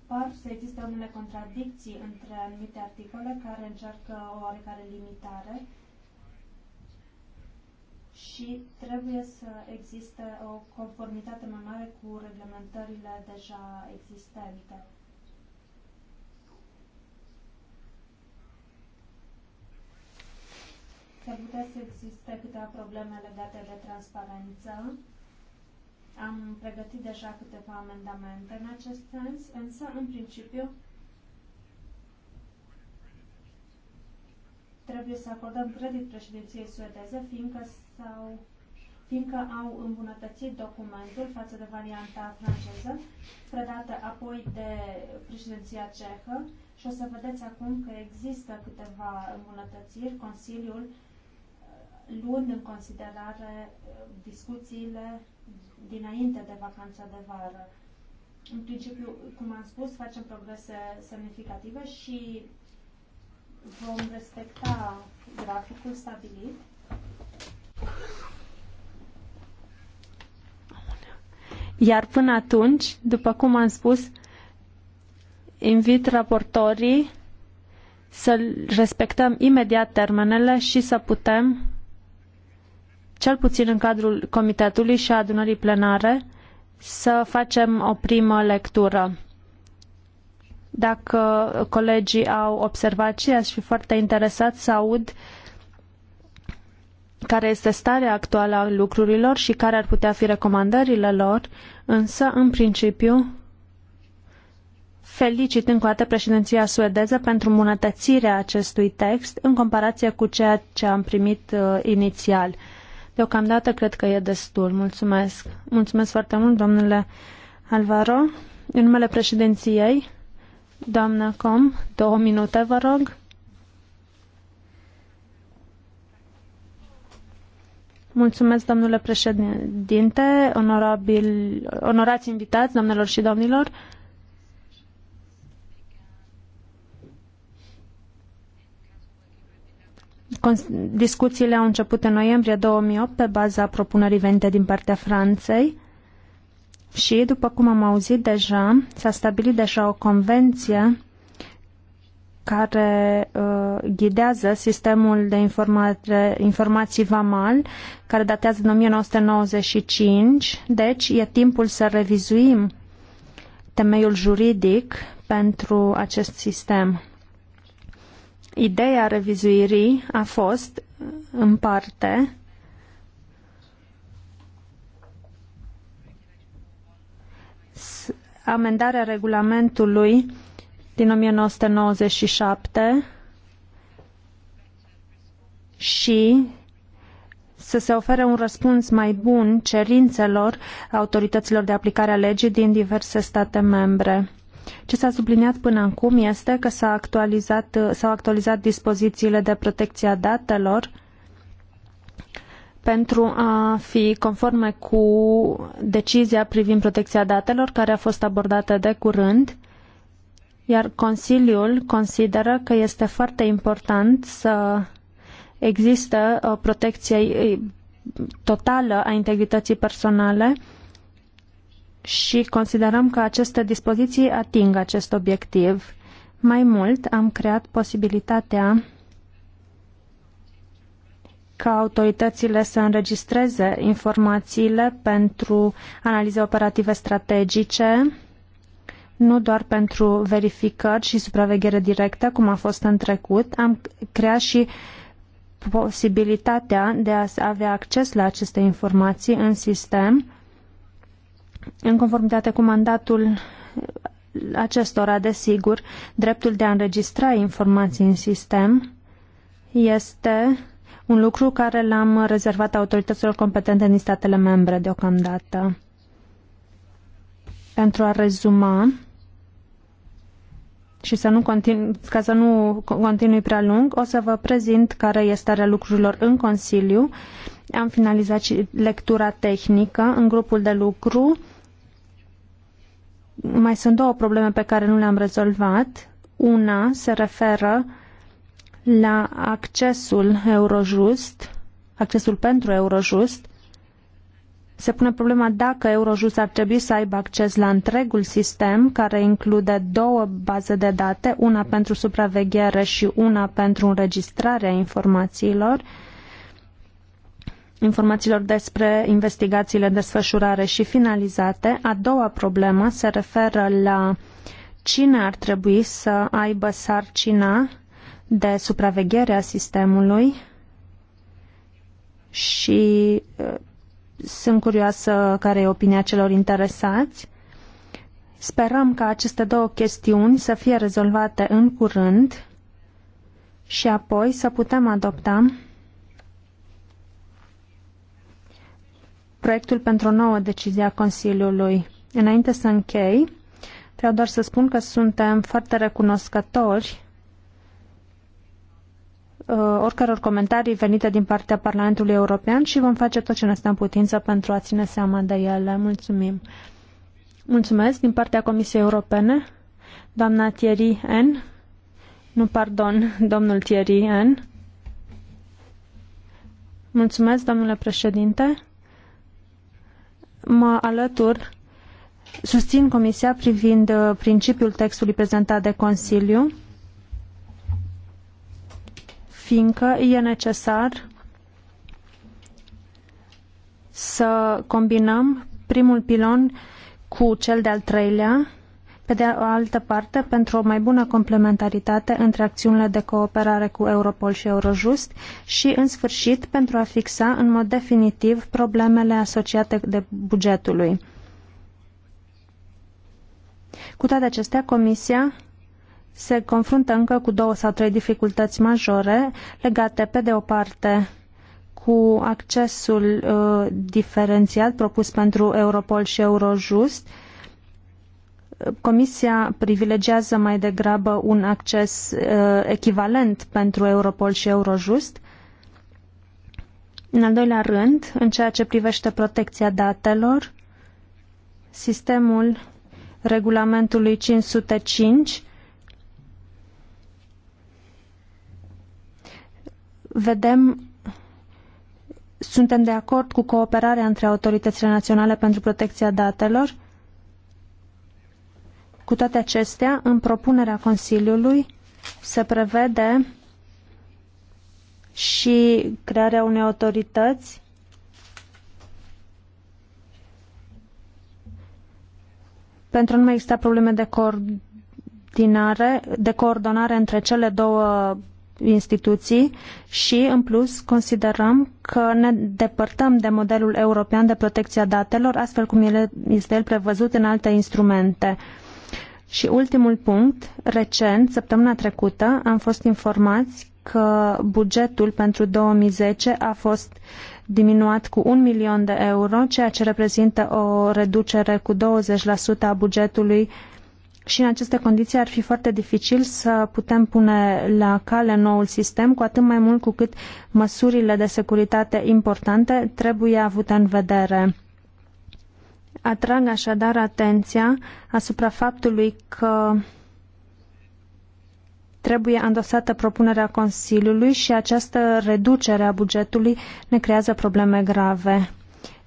par să existe unele contradicții între anumite articole care încearcă o oarecare limitare și trebuie să existe o conformitate mai mare cu reglementările deja existente. S-ar putea să existe câteva probleme legate de transparență am pregătit deja câteva amendamente în acest sens, însă, în principiu, trebuie să acordăm credit președinției suedeze, fiindcă, sau, fiindcă au îmbunătățit documentul față de varianta franceză, predată apoi de președinția cehă, și o să vedeți acum că există câteva îmbunătățiri. Consiliul luând în considerare uh, discuțiile dinainte de vacanța de vară. În principiu, cum am spus, facem progrese semnificative și vom respecta graficul stabilit. Iar până atunci, după cum am spus, invit raportorii să respectăm imediat termenele și să putem cel puțin în cadrul comitetului și a adunării plenare, să facem o primă lectură. Dacă colegii au observații, aș fi foarte interesat să aud care este starea actuală a lucrurilor și care ar putea fi recomandările lor, însă, în principiu, felicit încă o dată președinția suedeză pentru îmbunătățirea acestui text în comparație cu ceea ce am primit uh, inițial. Deocamdată cred că e destul. Mulțumesc. Mulțumesc foarte mult, domnule Alvaro. În numele președinției, doamna Com, două minute, vă rog. Mulțumesc, domnule președinte, onorabil, onorați invitați, doamnelor și domnilor. Discuțiile au început în noiembrie 2008 pe baza propunerii venite din partea Franței și, după cum am auzit deja, s-a stabilit deja o convenție care uh, ghidează sistemul de informare, informații VAMAL, care datează din 1995, deci e timpul să revizuim temeiul juridic pentru acest sistem. Ideea revizuirii a fost, în parte, amendarea regulamentului din 1997 și să se ofere un răspuns mai bun cerințelor autorităților de aplicare a legii din diverse state membre. Ce s-a subliniat până acum este că s-au actualizat, actualizat dispozițiile de protecție a datelor pentru a fi conforme cu decizia privind protecția datelor care a fost abordată de curând, iar Consiliul consideră că este foarte important să există o protecție totală a integrității personale și considerăm că aceste dispoziții ating acest obiectiv. Mai mult, am creat posibilitatea ca autoritățile să înregistreze informațiile pentru analize operative strategice, nu doar pentru verificări și supraveghere directă, cum a fost în trecut. Am creat și posibilitatea de a avea acces la aceste informații în sistem în conformitate cu mandatul acestora, desigur, dreptul de a înregistra informații în sistem este un lucru care l-am rezervat autorităților competente din statele membre deocamdată. Pentru a rezuma și să nu continu, ca să nu continui prea lung, o să vă prezint care este starea lucrurilor în Consiliu. Am finalizat și lectura tehnică în grupul de lucru mai sunt două probleme pe care nu le-am rezolvat. Una se referă la accesul Eurojust, accesul pentru Eurojust. Se pune problema dacă Eurojust ar trebui să aibă acces la întregul sistem, care include două baze de date, una pentru supraveghere și una pentru înregistrarea informațiilor. Uh, informațiilor despre investigațiile desfășurare și finalizate. A doua problemă se referă la cine ar trebui să aibă sarcina de supraveghere a sistemului și uh, sunt curioasă care e opinia celor interesați. Sperăm ca aceste două chestiuni să fie rezolvate în curând și apoi să putem adopta proiectul pentru o nouă decizie a Consiliului. Înainte să închei, vreau doar să spun că suntem foarte recunoscători uh, oricăror comentarii venite din partea Parlamentului European și vom face tot ce ne stă în putință pentru a ține seama de ele. Mulțumim! Mulțumesc din partea Comisiei Europene, doamna Thierry N. Nu, pardon, domnul Thierry N. Mulțumesc, domnule președinte mă alătur, susțin Comisia privind uh, principiul textului prezentat de Consiliu, fiindcă e necesar să combinăm primul pilon cu cel de-al treilea pe de o altă parte, pentru o mai bună complementaritate între acțiunile de cooperare cu Europol și Eurojust și, în sfârșit, pentru a fixa în mod definitiv problemele asociate de bugetului. Cu toate acestea, Comisia se confruntă încă cu două sau trei dificultăți majore legate, pe de o parte, cu accesul uh, diferențiat propus pentru Europol și Eurojust, uh, Comisia privilegiază mai degrabă un acces uh, echivalent pentru Europol și Eurojust. În al doilea rând, în ceea ce privește protecția datelor, sistemul regulamentului 505 vedem suntem de acord cu cooperarea între autoritățile naționale pentru protecția datelor cu toate acestea, în propunerea Consiliului se prevede și crearea unei autorități pentru a nu mai exista probleme de coordonare, de coordonare între cele două instituții și, în plus, considerăm că ne depărtăm de modelul european de protecție a datelor, astfel cum este el prevăzut în alte instrumente. Uh, și ultimul punct, recent, săptămâna trecută, am fost informați că bugetul pentru 2010 a fost diminuat cu un milion de euro, ceea ce reprezintă o reducere cu 20% a bugetului și în aceste condiții ar fi foarte dificil să putem pune la cale noul sistem, cu atât mai mult cu cât măsurile de securitate importante trebuie avute în vedere. Atrag așadar atenția asupra faptului că trebuie îndosată propunerea Consiliului și această reducere a bugetului ne creează probleme grave.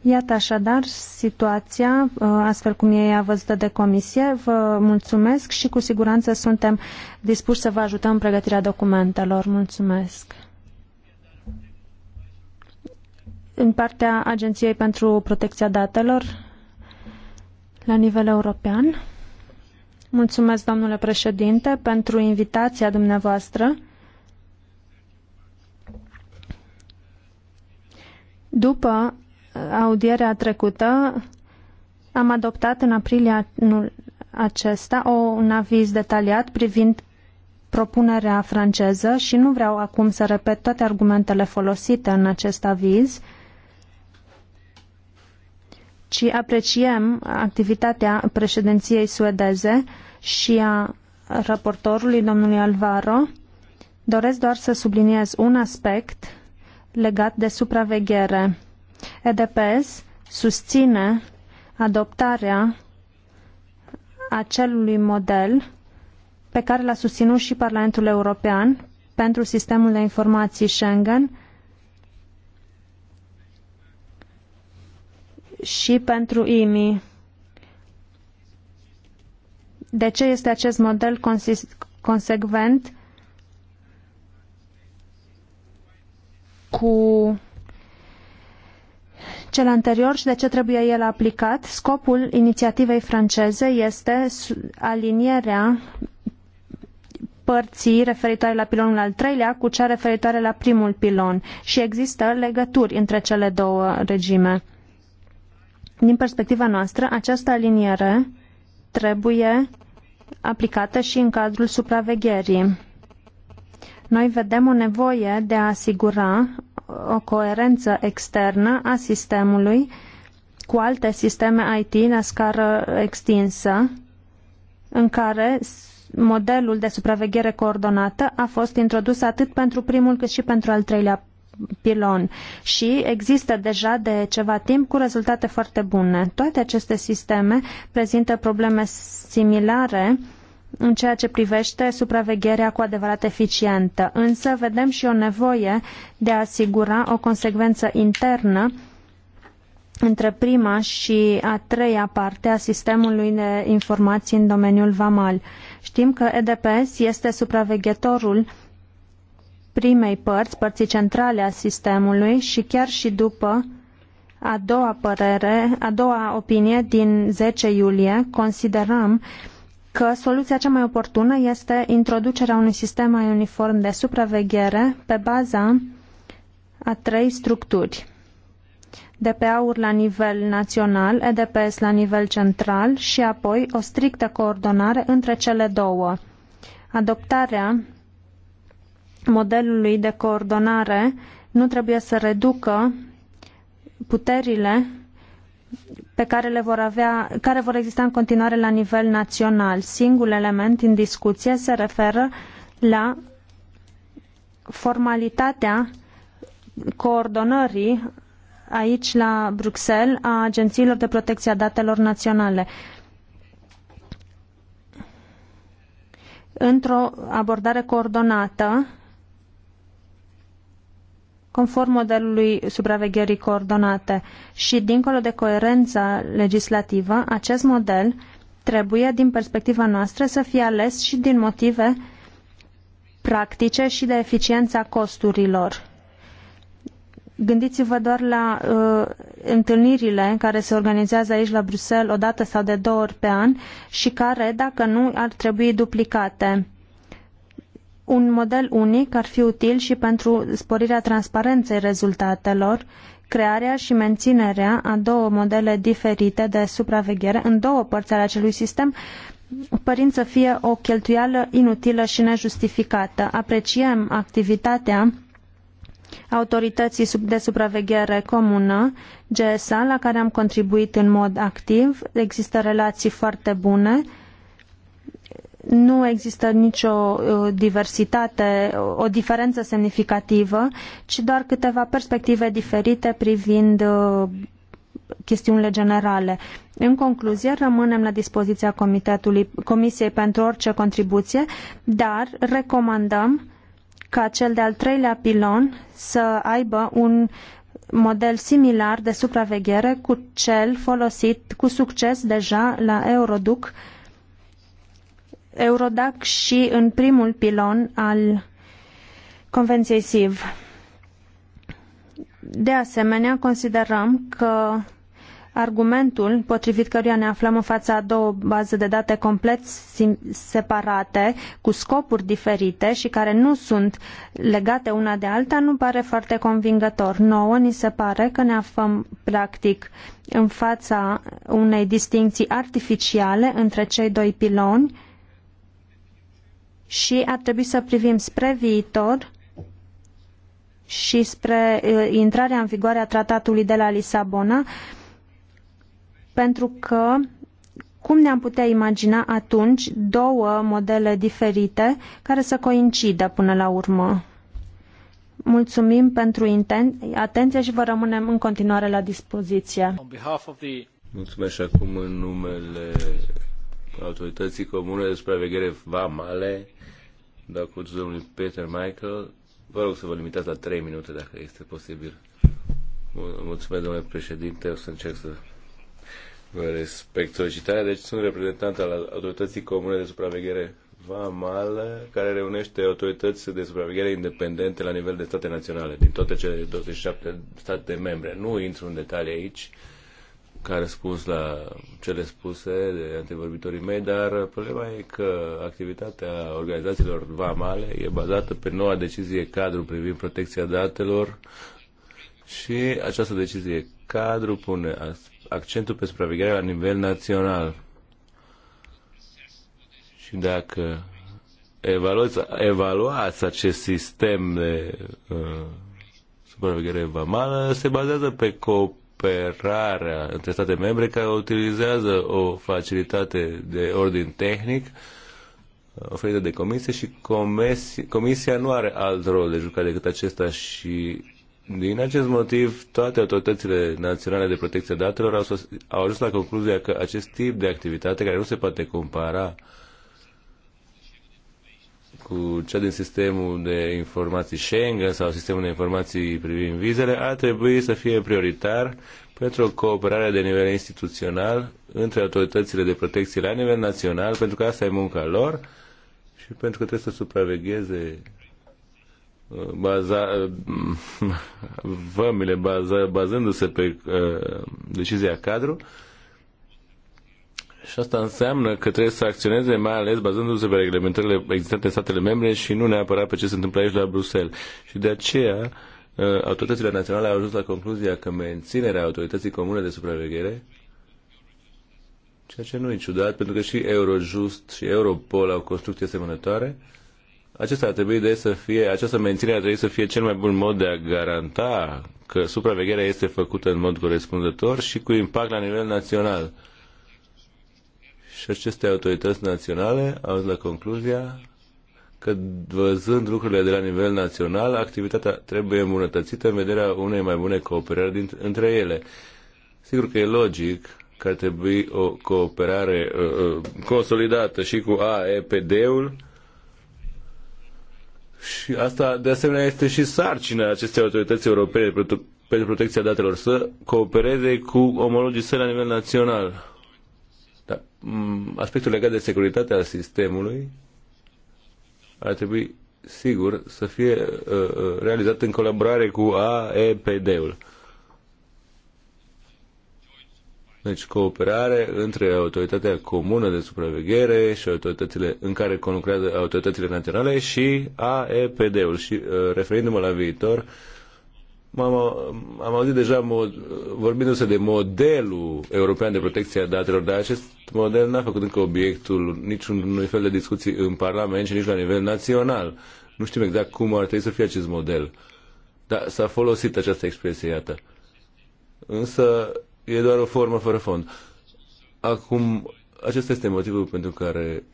Iată așadar situația uh, astfel cum e văzută de comisie. Vă mulțumesc și cu siguranță suntem dispuși să vă ajutăm în pregătirea documentelor. Mulțumesc. În partea Agenției pentru Protecția Datelor, la nivel european. Mulțumesc, domnule președinte, pentru invitația dumneavoastră. După uh, audierea trecută, am adoptat în aprilie anul acesta o, un aviz detaliat privind propunerea franceză și nu vreau acum să repet toate argumentele folosite în acest aviz, uh, ci apreciem activitatea președinției suedeze și a raportorului domnului Alvaro. Doresc doar să subliniez un aspect legat de supraveghere. EDPS susține adoptarea acelui model pe care l-a susținut și Parlamentul European pentru sistemul de informații Schengen și pentru IMI. De ce este acest model consecvent cu cel anterior și de ce trebuie el aplicat? Scopul inițiativei franceze este alinierea părții referitoare la pilonul al treilea cu cea referitoare la primul pilon și există legături între cele două regime. Din perspectiva noastră, această aliniere trebuie aplicată și în cadrul supravegherii. Noi vedem o nevoie de a asigura o coerență externă a sistemului cu alte sisteme IT la scară extinsă, în care modelul de supraveghere coordonată a fost introdus atât pentru primul cât și pentru al treilea pilon și există deja de ceva timp cu rezultate foarte bune. Toate aceste sisteme prezintă probleme similare în ceea ce privește supravegherea cu adevărat eficientă, însă vedem și o nevoie de a asigura o consecvență internă între prima și a treia parte a sistemului de informații în domeniul VAMAL. Știm că EDPS este supraveghetorul primei părți, părții centrale a sistemului și chiar și după a doua părere, a doua opinie din 10 iulie, considerăm că soluția cea mai oportună este introducerea unui sistem mai uniform de supraveghere pe baza a trei structuri. DPA-uri la nivel național, EDPS la nivel central și apoi o strictă coordonare între cele două. Adoptarea modelului de coordonare nu trebuie să reducă puterile pe care le vor avea, care vor exista în continuare la nivel național. Singurul element în discuție se referă la formalitatea coordonării aici la Bruxelles a agențiilor de protecție a datelor naționale. Într-o abordare coordonată, conform modelului supravegherii coordonate și, dincolo de coerența legislativă, acest model trebuie, din perspectiva noastră, să fie ales și din motive practice și de eficiența costurilor. Gândiți-vă doar la uh, întâlnirile care se organizează aici la Bruxelles o dată sau de două ori pe an și care, dacă nu, ar trebui duplicate un model unic ar fi util și pentru sporirea transparenței rezultatelor, crearea și menținerea a două modele diferite de supraveghere în două părți ale acelui sistem, părind să fie o cheltuială inutilă și nejustificată. Apreciem activitatea autorității de supraveghere comună, GSA, la care am contribuit în mod activ. Există relații foarte bune nu există nicio uh, diversitate, o diferență semnificativă, ci doar câteva perspective diferite privind uh, chestiunile generale. În concluzie, rămânem la dispoziția comitetului, Comisiei pentru orice contribuție, dar recomandăm ca cel de-al treilea pilon să aibă un model similar de supraveghere cu cel folosit cu succes deja la Euroduc, Eurodac și în primul pilon al Convenției SIV. De asemenea, considerăm că argumentul potrivit căruia ne aflăm în fața a două baze de date complet separate, cu scopuri diferite și care nu sunt legate una de alta, nu pare foarte convingător. Nouă ni se pare că ne aflăm practic în fața unei distinții artificiale între cei doi piloni, și ar trebui să privim spre viitor și spre uh, intrarea în vigoare a tratatului de la Lisabona, pentru că cum ne-am putea imagina atunci două modele diferite care să coincidă până la urmă? Mulțumim pentru atenție și vă rămânem în continuare la dispoziție. Mulțumesc și acum în numele Autorității Comune de Supraveghere Vamale dacă cu domnului Peter Michael. Vă rog să vă limitați la 3 minute dacă este posibil. Mulțumesc, domnule președinte, o să încerc să vă respect solicitarea. Deci sunt reprezentant al Autorității Comune de Supraveghere Vamală, care reunește autorități de supraveghere independente la nivel de state naționale, din toate cele 27 state membre. Nu intru în detalii aici, ca răspuns la cele spuse de antevorbitorii mei, dar problema e că activitatea organizațiilor vamale e bazată pe noua decizie cadru privind protecția datelor și această decizie cadru pune accentul pe supravegherea la nivel național. Și dacă evaluați, evaluați acest sistem de uh, supraveghere vamală, se bazează pe copii cooperarea între state membre care utilizează o facilitate de ordin tehnic oferită de comisie și comisia, comisia nu are alt rol de jucat decât acesta și din acest motiv toate autoritățile naționale de protecție a datelor au, au ajuns la concluzia că acest tip de activitate care nu se poate compara uh, cu cea din sistemul de informații Schengen sau sistemul de informații privind vizele ar trebui să fie prioritar pentru o cooperare de nivel instituțional între autoritățile de protecție la nivel național, pentru că asta e munca lor și pentru că trebuie să supravegheze uh, baza, <laughs> vămile baza, bazându-se pe uh, decizia cadru și asta înseamnă că trebuie să acționeze mai ales bazându-se pe reglementările existente în statele membre și nu neapărat pe ce se întâmplă aici la Bruxelles. Și de aceea uh, autoritățile naționale au ajuns la concluzia că menținerea autorității comune de supraveghere ceea ce nu e ciudat, pentru că și Eurojust și Europol au construcții asemănătoare, acesta ar trebui de să fie, această menținere ar trebui să fie cel mai bun mod de a garanta că supravegherea este făcută în mod corespunzător și cu impact la nivel național. Și aceste autorități naționale au la concluzia că văzând lucrurile de la nivel național, activitatea trebuie îmbunătățită în vederea unei mai bune cooperări dintre între ele. Sigur că e logic că ar trebui o cooperare uh, uh, consolidată și cu AEPD-ul și asta de asemenea este și sarcina acestei autorități europene pentru protecția datelor să coopereze cu omologii săi la nivel național. Mm, aspectul legat de securitatea sistemului ar trebui, sigur, să fie uh, uh, realizat în colaborare cu AEPD-ul. Deci cooperare între autoritatea comună de supraveghere și autoritățile în care conlucrează autoritățile naționale și AEPD-ul. Și uh, referindu-mă la viitor, uh, am, uh, am auzit deja mod, vorbindu-se de modelul european de protecție a datelor, dar acest model n-a făcut încă obiectul niciunui fel de discuții în Parlament și nici la nivel național. Nu știm exact cum ar trebui să fie acest model. Dar s-a folosit această expresie, iată. Însă e doar o formă fără fond. Acum, acesta este motivul pentru care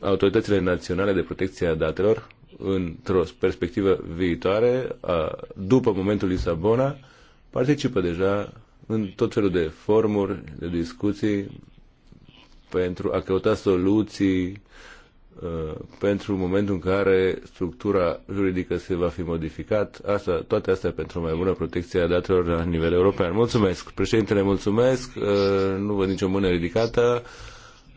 autoritățile naționale de protecție a datelor într-o perspectivă viitoare, după momentul Lisabona, participă deja în tot felul de formuri, de discuții, pentru a căuta soluții pentru momentul în care structura juridică se va fi modificat, asta, toate astea pentru o mai bună protecție a datelor la nivel european. Mulțumesc. Președintele, mulțumesc. Nu văd nicio mână ridicată.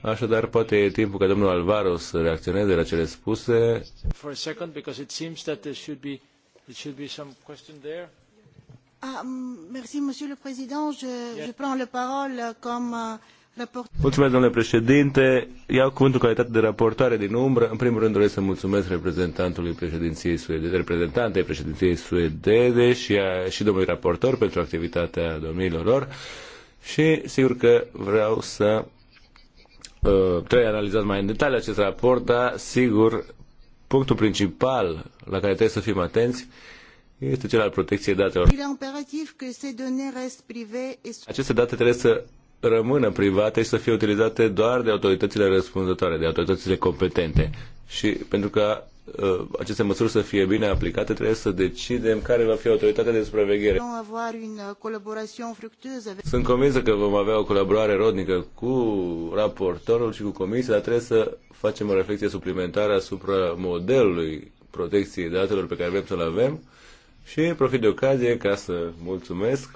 Așadar, poate e timpul ca domnul Alvaro să reacționeze la cele spuse. Mulțumesc, domnule președinte. Iau cuvântul calitate de raportare din umbră. În primul rând, doresc să mulțumesc reprezentantului președinției suedeze, reprezentantei președinției suedeze și, a, și domnului raportor pentru activitatea domnilor lor. Și sigur că vreau să Uh, trebuie analizat mai în detaliu acest raport, dar sigur punctul principal la care trebuie să fim atenți este cel al protecției datelor. Aceste date trebuie să rămână private și să fie utilizate doar de autoritățile răspunzătoare, de autoritățile competente. Și pentru că Uh, aceste măsuri să fie bine aplicate, trebuie să decidem care va fi autoritatea de supraveghere. Uh, Sunt convins că vom avea o colaborare rodnică cu raportorul și cu comisia, dar trebuie să facem o reflexie suplimentară asupra modelului protecției datelor pe care vrem să-l avem și profit de ocazie ca să mulțumesc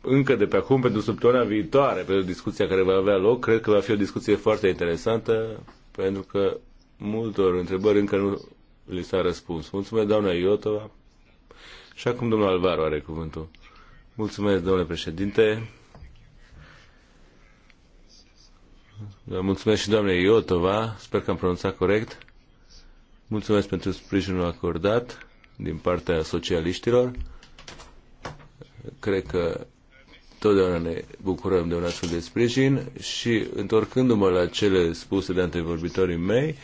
încă de pe acum pentru săptămâna viitoare, pentru discuția care va avea loc. Cred că va fi o discuție foarte interesantă pentru că multor întrebări încă nu li s-a răspuns. Mulțumesc, doamna Iotova. Și acum domnul Alvaro are cuvântul. Mulțumesc, domnule președinte. Da, mulțumesc și doamnei Iotova. Sper că am pronunțat corect. Mulțumesc pentru sprijinul acordat din partea socialiștilor. Cred că totdeauna ne bucurăm de un astfel de sprijin și întorcându-mă la cele spuse de antevorbitorii mei,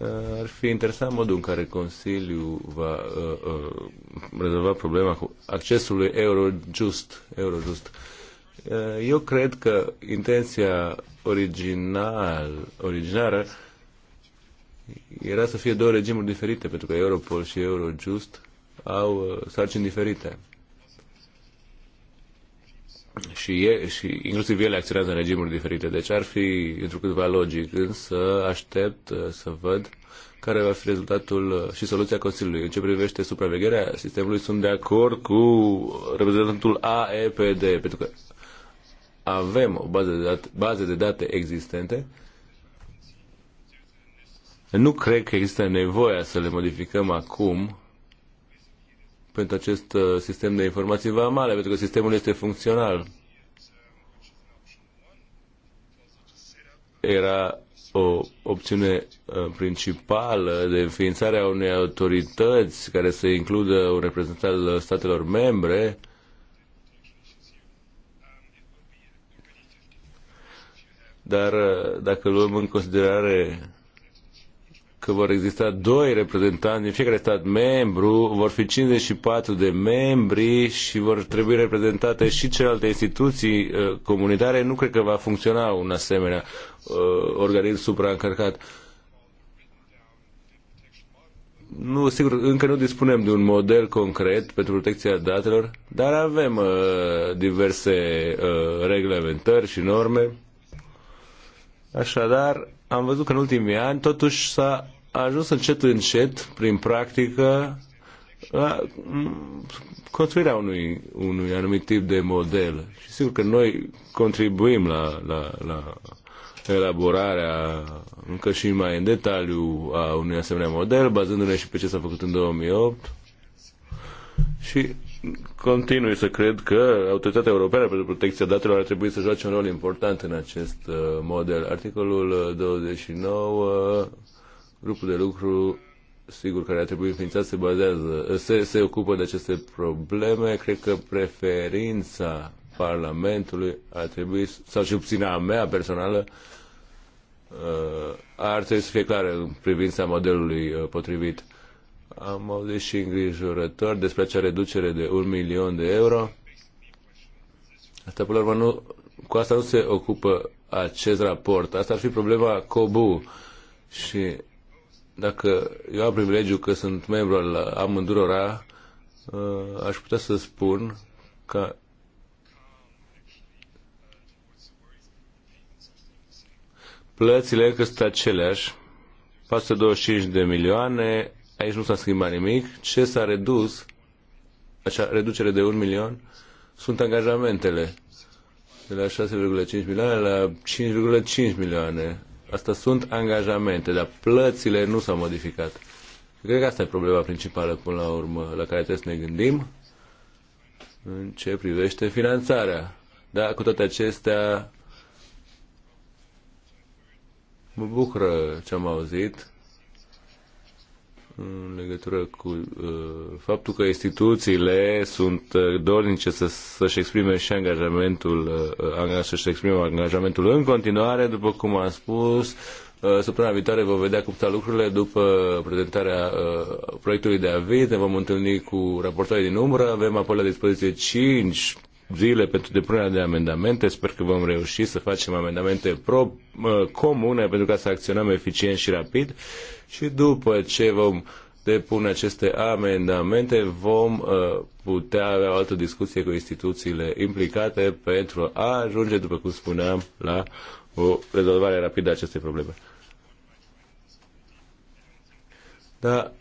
Uh, ar fi interesant modul în care Consiliul va uh, uh, rezolva problema cu accesului Eurojust. just. Uh, eu cred că intenția original, originară era să fie două regimuri diferite, pentru că Europol și Eurojust au uh, sarcini diferite și, e, și inclusiv ele acționează în regimuri diferite, deci ar fi întrucâtva logic, însă aștept uh, să văd care va fi rezultatul uh, și soluția Consiliului. În ce privește supravegherea sistemului, sunt de acord cu reprezentantul AEPD, pentru că avem o bază de date, baze de date existente. Nu cred că există nevoia să le modificăm acum pentru acest uh, sistem de informații vamale, pentru că sistemul este funcțional. Era o opțiune uh, principală de a unei autorități care să includă un reprezentant al statelor membre, dar uh, dacă luăm în considerare că vor exista doi reprezentanți din fiecare stat membru, vor fi 54 de membri și vor trebui reprezentate și celelalte instituții uh, comunitare. Nu cred că va funcționa un asemenea uh, organism supraîncărcat. Nu, sigur, încă nu dispunem de un model concret pentru protecția datelor, dar avem uh, diverse uh, reglementări și norme. Așadar, am văzut că în ultimii ani totuși s-a a ajuns încet, încet, prin practică, la construirea unui, unui anumit tip de model. Și sigur că noi contribuim la, la, la elaborarea încă și mai în detaliu a unui asemenea model, bazându-ne și pe ce s-a făcut în 2008. Și continui să cred că Autoritatea Europeană pentru Protecția Datelor ar trebui să joace un rol important în acest uh, model. Articolul 29 uh, Grupul de lucru, sigur, care ar trebui înființat, se bazează, se, se ocupă de aceste probleme. Cred că preferința Parlamentului ar trebui, sau și puțin mea personală, uh, ar trebui să fie clară în privința modelului uh, potrivit. Am auzit și îngrijorător despre acea reducere de un milion de euro. Asta, până la urmă, nu, cu asta nu se ocupă acest raport. Asta ar fi problema COBU. Și dacă eu am privilegiu că sunt membru al amândurora, uh, aș putea să spun că plățile că sunt aceleași, 425 de milioane, aici nu s-a schimbat nimic. Ce s-a redus, acea reducere de 1 milion, sunt angajamentele de la 6,5 milioane la 5,5 milioane. Asta sunt angajamente, dar plățile nu s-au modificat. Cred că asta e problema principală până la urmă la care trebuie să ne gândim în ce privește finanțarea. Dar cu toate acestea mă bucură ce am auzit în legătură cu uh, faptul că instituțiile sunt uh, dornice să, să-și exprime și angajamentul, uh, să-și exprime angajamentul în continuare, după cum am spus, uh, săptămâna viitoare vom vedea cu toate lucrurile după prezentarea uh, proiectului de aviz, ne vom întâlni cu raportorii din umbră, avem apoi la dispoziție 5 zile pentru depunerea de amendamente. Sper că vom reuși să facem amendamente pro, uh, comune pentru ca să acționăm eficient și rapid și după ce vom depune aceste amendamente, vom uh, putea avea o altă discuție cu instituțiile implicate pentru a ajunge, după cum spuneam, la o rezolvare rapidă a acestei probleme. Da,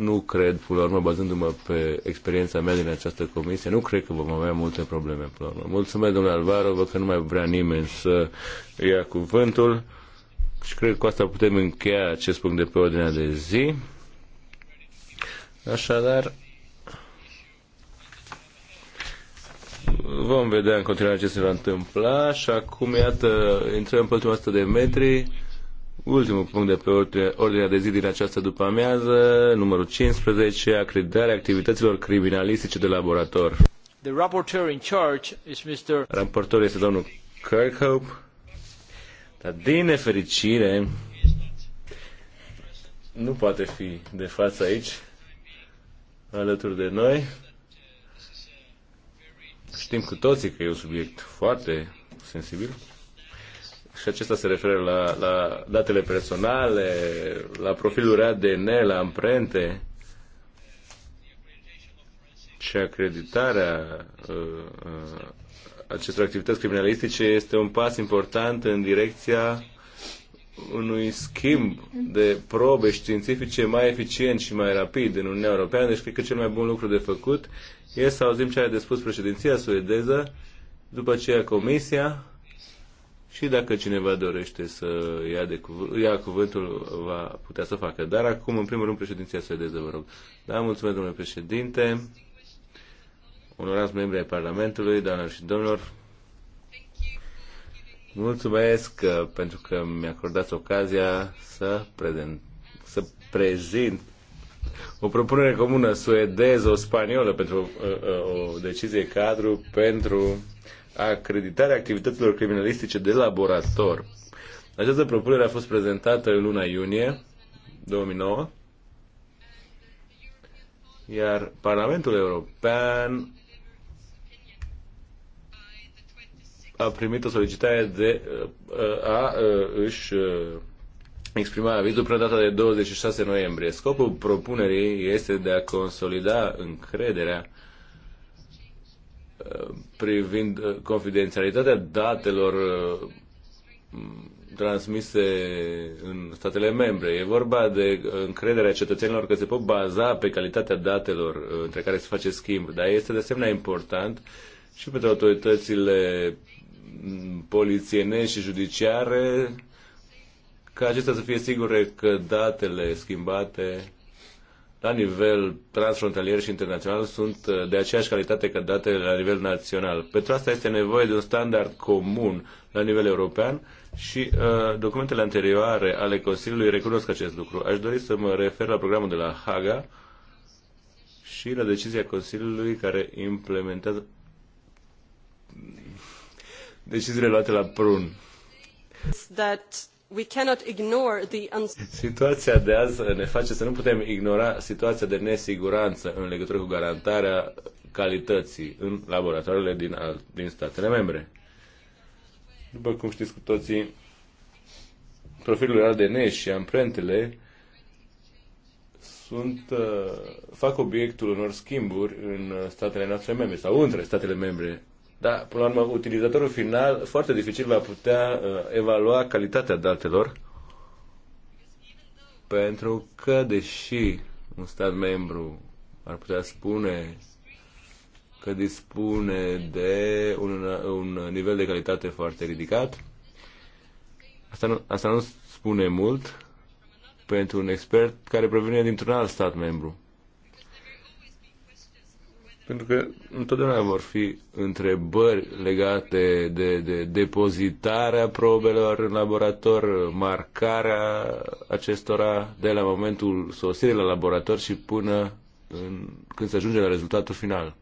nu cred, până la urmă, bazându-mă pe experiența mea din această comisie, nu cred că vom avea multe probleme, până la urmă. Mulțumesc, domnule Alvaro, văd că nu mai vrea nimeni să ia cuvântul și cred că cu asta putem încheia acest punct de pe ordinea de zi. Așadar, vom vedea în continuare ce se va întâmpla și acum, iată, intrăm pe ultima de metri. Ultimul punct de pe ordinea de zi din această după-amiază, numărul 15, acreditarea activităților criminalistice de laborator. The rapporteur in charge is Mr. Raportor este domnul Kirkhope, dar din nefericire nu poate fi de față aici, alături de noi. Știm cu toții că e un subiect foarte sensibil și acesta se referă la, la datele personale, la profilul ADN, la amprente și acreditarea uh, uh, acestor activități criminalistice este un pas important în direcția unui schimb de probe științifice mai eficient și mai rapid în Uniunea Europeană. Deci cred că cel mai bun lucru de făcut este să auzim ce a de spus președinția suedeză, după aceea Comisia și dacă cineva dorește să ia, de cuv- ia cuvântul, va putea să facă. Dar acum, în primul rând, președinția suedeză, vă rog. Da, mulțumesc, domnule președinte, onorați membri ai Parlamentului, doamnelor și domnilor, mulțumesc pentru că mi-a acordat ocazia să, prezent, să prezint o propunere comună suedeză-spaniolă pentru o, uh, o, uh, o decizie cadru pentru acreditarea activităților criminalistice de laborator. Această propunere a fost prezentată în luna iunie 2009, iar Parlamentul European a primit o solicitare de a, își exprima avizul până data de 26 noiembrie. Scopul propunerii este de a consolida încrederea privind uh, confidențialitatea datelor uh, transmise în statele membre. E vorba de uh, încrederea cetățenilor că se pot baza pe calitatea datelor între care se face schimb, dar este de asemenea important și pentru autoritățile mm, polițienești și judiciare ca acestea să fie sigure că datele schimbate la nivel transfrontalier și internațional sunt uh, de aceeași calitate ca datele la nivel național. Pentru asta este nevoie de un standard comun la nivel european și uh, documentele anterioare ale Consiliului recunosc acest lucru. Aș dori să mă refer la programul de la Haga și la decizia Consiliului care implementează deciziile luate la prun. That we cannot ignore the Situația de azi ne face să nu putem ignora situația de nesiguranță în legătură cu garantarea calității în laboratoarele din, din statele membre. După cum știți cu toții, profilul ADN și amprentele sunt, uh, fac obiectul unor schimburi în uh, statele noastre membre sau între statele membre dar, până la urmă, utilizatorul final foarte dificil va putea uh, evalua calitatea datelor pentru că, deși un stat membru ar putea spune că dispune de un, un nivel de calitate foarte ridicat, asta nu, asta nu spune mult pentru un expert care provine dintr-un alt stat membru. Pentru că întotdeauna vor fi întrebări legate de, de depozitarea probelor în laborator, marcarea acestora de la momentul sosirii la laborator și până în, când se ajunge la rezultatul final.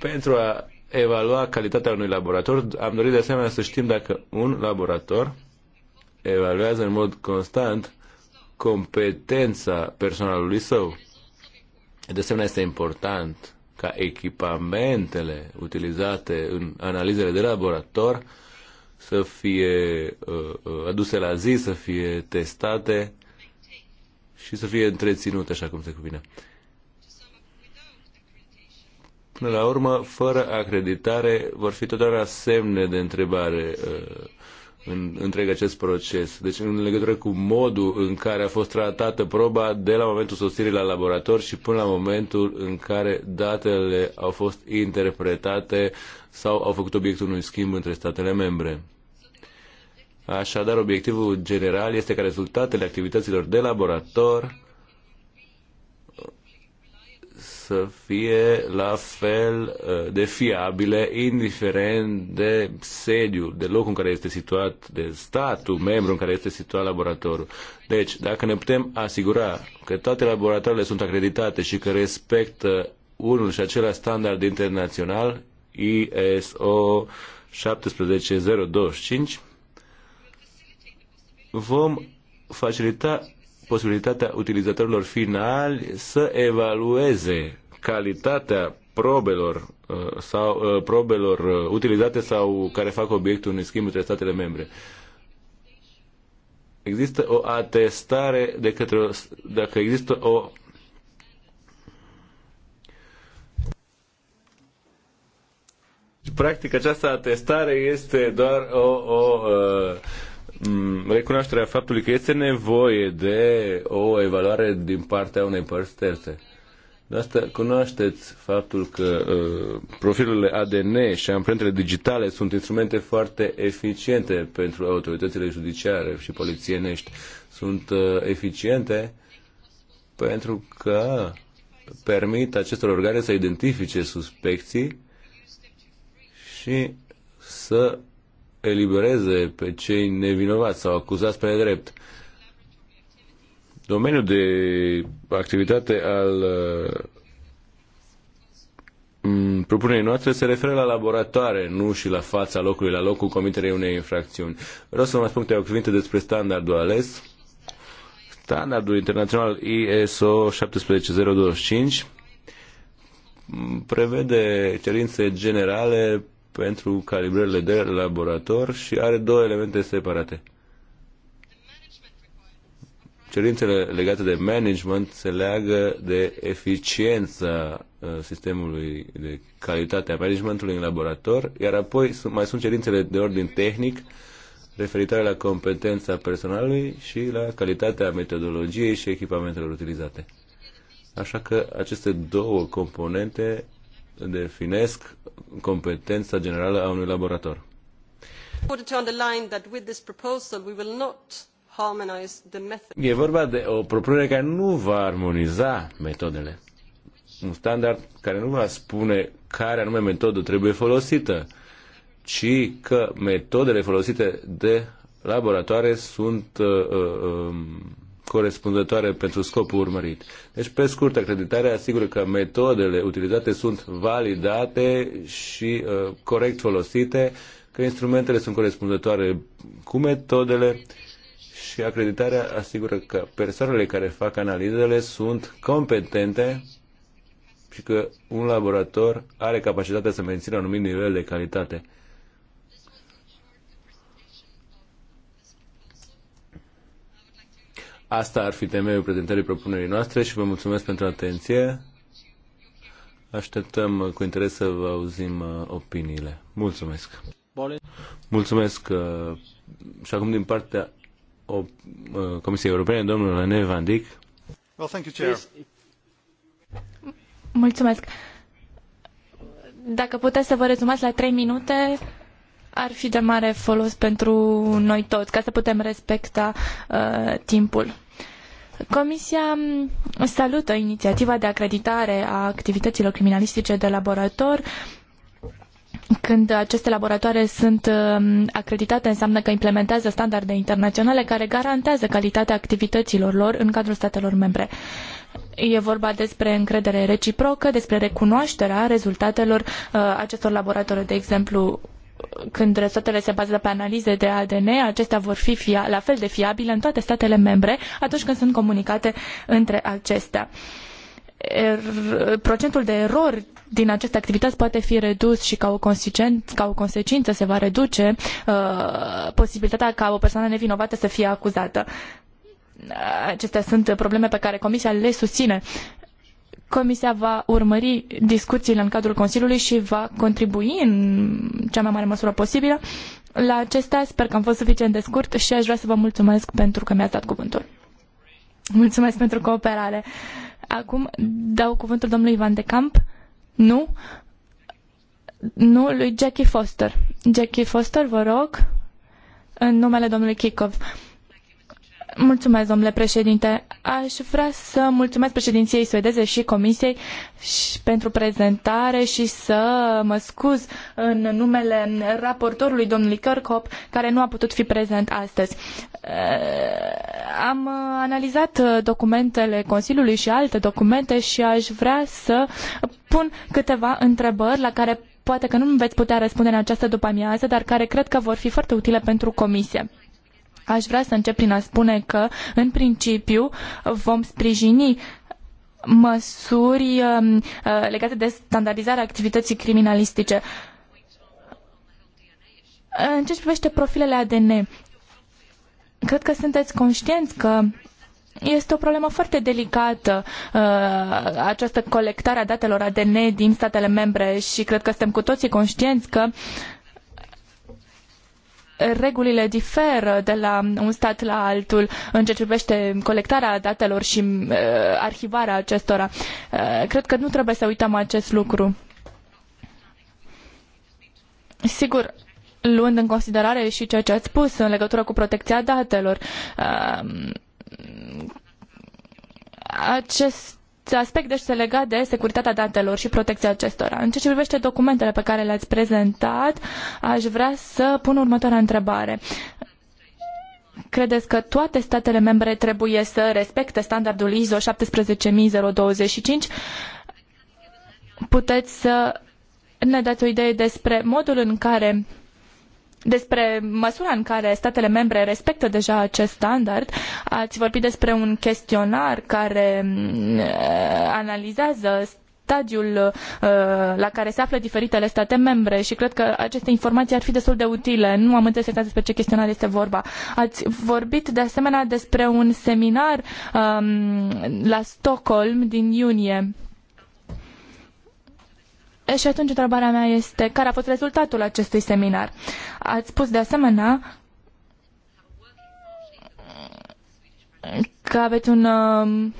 Pentru a evalua calitatea unui laborator, am dorit de asemenea să știm dacă un laborator evaluează în mod constant competența personalului său de asemenea, este important ca echipamentele utilizate în analizele de laborator să fie uh, uh, aduse la zi, să fie testate și să fie întreținute așa cum se cuvine. Până la urmă, fără acreditare, vor fi totdeauna semne de întrebare uh, în întreg acest proces. Deci în legătură cu modul în care a fost tratată proba de la momentul sosirii la laborator și până la momentul în care datele au fost interpretate sau au făcut obiectul unui schimb între statele membre. Așadar, obiectivul general este ca rezultatele activităților de laborator să fie la fel uh, de fiabile, indiferent de sediu, de locul în care este situat, de statul membru în care este situat laboratorul. Deci, dacă ne putem asigura că toate laboratoarele sunt acreditate și că respectă unul și același standard internațional, ISO 17025, vom facilita posibilitatea utilizatorilor finali să evalueze calitatea probelor uh, sau uh, probelor uh, utilizate sau care fac obiectul unui schimb între statele membre. Există o atestare de către o, dacă există o Practic această atestare este doar o, o uh, Mm, recunoașterea faptului că este nevoie de o evaluare din partea unei părți terțe. De asta cunoașteți faptul că uh, profilurile ADN și amprentele digitale sunt instrumente foarte eficiente pentru autoritățile judiciare și polițienești. Sunt uh, eficiente pentru că permit acestor organe să identifice suspecții și să elibereze pe cei nevinovați sau acuzați pe drept Domeniul de activitate al mm, propunerii noastre se referă la laboratoare, nu și la fața locului, la locul comiterei unei infracțiuni. Vreau să vă spun câteva cuvinte despre standardul ales. Standardul internațional ISO 17025 prevede cerințe generale pentru calibrările de laborator și are două elemente separate. Cerințele legate de management se leagă de eficiența uh, sistemului de calitate a managementului în laborator, iar apoi mai sunt cerințele de ordin tehnic referitoare la competența personalului și la calitatea metodologiei și echipamentelor utilizate. Așa că aceste două componente definesc competența generală a unui laborator. E vorba de o propunere care nu va armoniza metodele. Un standard care nu va spune care anume metodă trebuie folosită, ci că metodele folosite de laboratoare sunt uh, uh, um, corespunzătoare pentru scopul urmărit. Deci, pe scurt, acreditarea asigură că metodele utilizate sunt validate și uh, corect folosite, că instrumentele sunt corespunzătoare cu metodele și acreditarea asigură că persoanele care fac analizele sunt competente și că un laborator are capacitatea să mențină un anumit nivel de calitate. Asta ar fi temeiul prezentării propunerii noastre și vă mulțumesc pentru atenție. Așteptăm cu interes să vă auzim uh, opiniile. Mulțumesc! Mulțumesc! Uh, și acum din partea uh, Comisiei Europene, domnul René Van Dijk. Well, thank you, Chair. Mulțumesc! Dacă puteți să vă rezumați la trei minute, ar fi de mare folos pentru noi toți, ca să putem respecta uh, timpul. Comisia mm, salută inițiativa de acreditare a activităților criminalistice de laborator. Când aceste laboratoare sunt mm, acreditate, înseamnă că implementează standarde internaționale care garantează calitatea activităților lor în cadrul statelor membre. E vorba despre încredere reciprocă, despre recunoașterea rezultatelor uh, acestor laboratoare, de exemplu când rezultatele se bazează pe analize de ADN, acestea vor fi fia, la fel de fiabile în toate statele membre atunci când sunt comunicate între acestea. Er, procentul de erori din aceste activități poate fi redus și ca o, ca o consecință se va reduce uh, posibilitatea ca o persoană nevinovată să fie acuzată. Acestea sunt probleme pe care Comisia le susține Comisia va urmări discuțiile în cadrul Consiliului și va contribui în cea mai mare măsură posibilă la acestea. Sper că am fost suficient de scurt și aș vrea să vă mulțumesc pentru că mi-ați dat cuvântul. Mulțumesc pentru cooperare. Acum dau cuvântul domnului Van de Camp. Nu? Nu, lui Jackie Foster. Jackie Foster, vă rog, în numele domnului Kikov. Mulțumesc, domnule președinte. Aș vrea să mulțumesc președinției suedeze și comisiei și pentru prezentare și să mă scuz în numele raportorului domnului Kirkhope, care nu a putut fi prezent astăzi. Eh, am analizat documentele Consiliului și alte documente și aș vrea să pun câteva întrebări la care poate că nu veți putea răspunde în această după-amiază, dar care cred că vor fi foarte utile pentru comisie. Aș vrea să încep prin a spune că, în principiu, vom sprijini măsuri um, uh, legate de standardizarea activității criminalistice. În ce privește profilele ADN, cred că sunteți conștienți că este o problemă foarte delicată uh, această colectare a datelor ADN din statele membre și cred că suntem cu toții conștienți că regulile diferă de la un stat la altul în ceea ce privește colectarea datelor și uh, arhivarea acestora. Uh, cred că nu trebuie să uităm acest lucru. Sigur, luând în considerare și ceea ce ați spus în legătură cu protecția datelor, uh, acest aspect deci se lega de securitatea datelor și protecția acestora. În ceea ce privește documentele pe care le-ați prezentat, aș vrea să pun următoarea întrebare. Credeți că toate statele membre trebuie să respecte standardul ISO 17025? Puteți să ne dați o idee despre modul în care despre măsura în care statele membre respectă deja acest standard. Ați vorbit despre un chestionar care mm, analizează stadiul uh, la care se află diferitele state membre și cred că aceste informații ar fi destul de utile. Nu am înțeles exact despre ce chestionar este vorba. Ați vorbit de asemenea despre un seminar um, la Stockholm din iunie și atunci întrebarea mea este, care a fost rezultatul acestui seminar? Ați spus de asemenea că aveți un, um,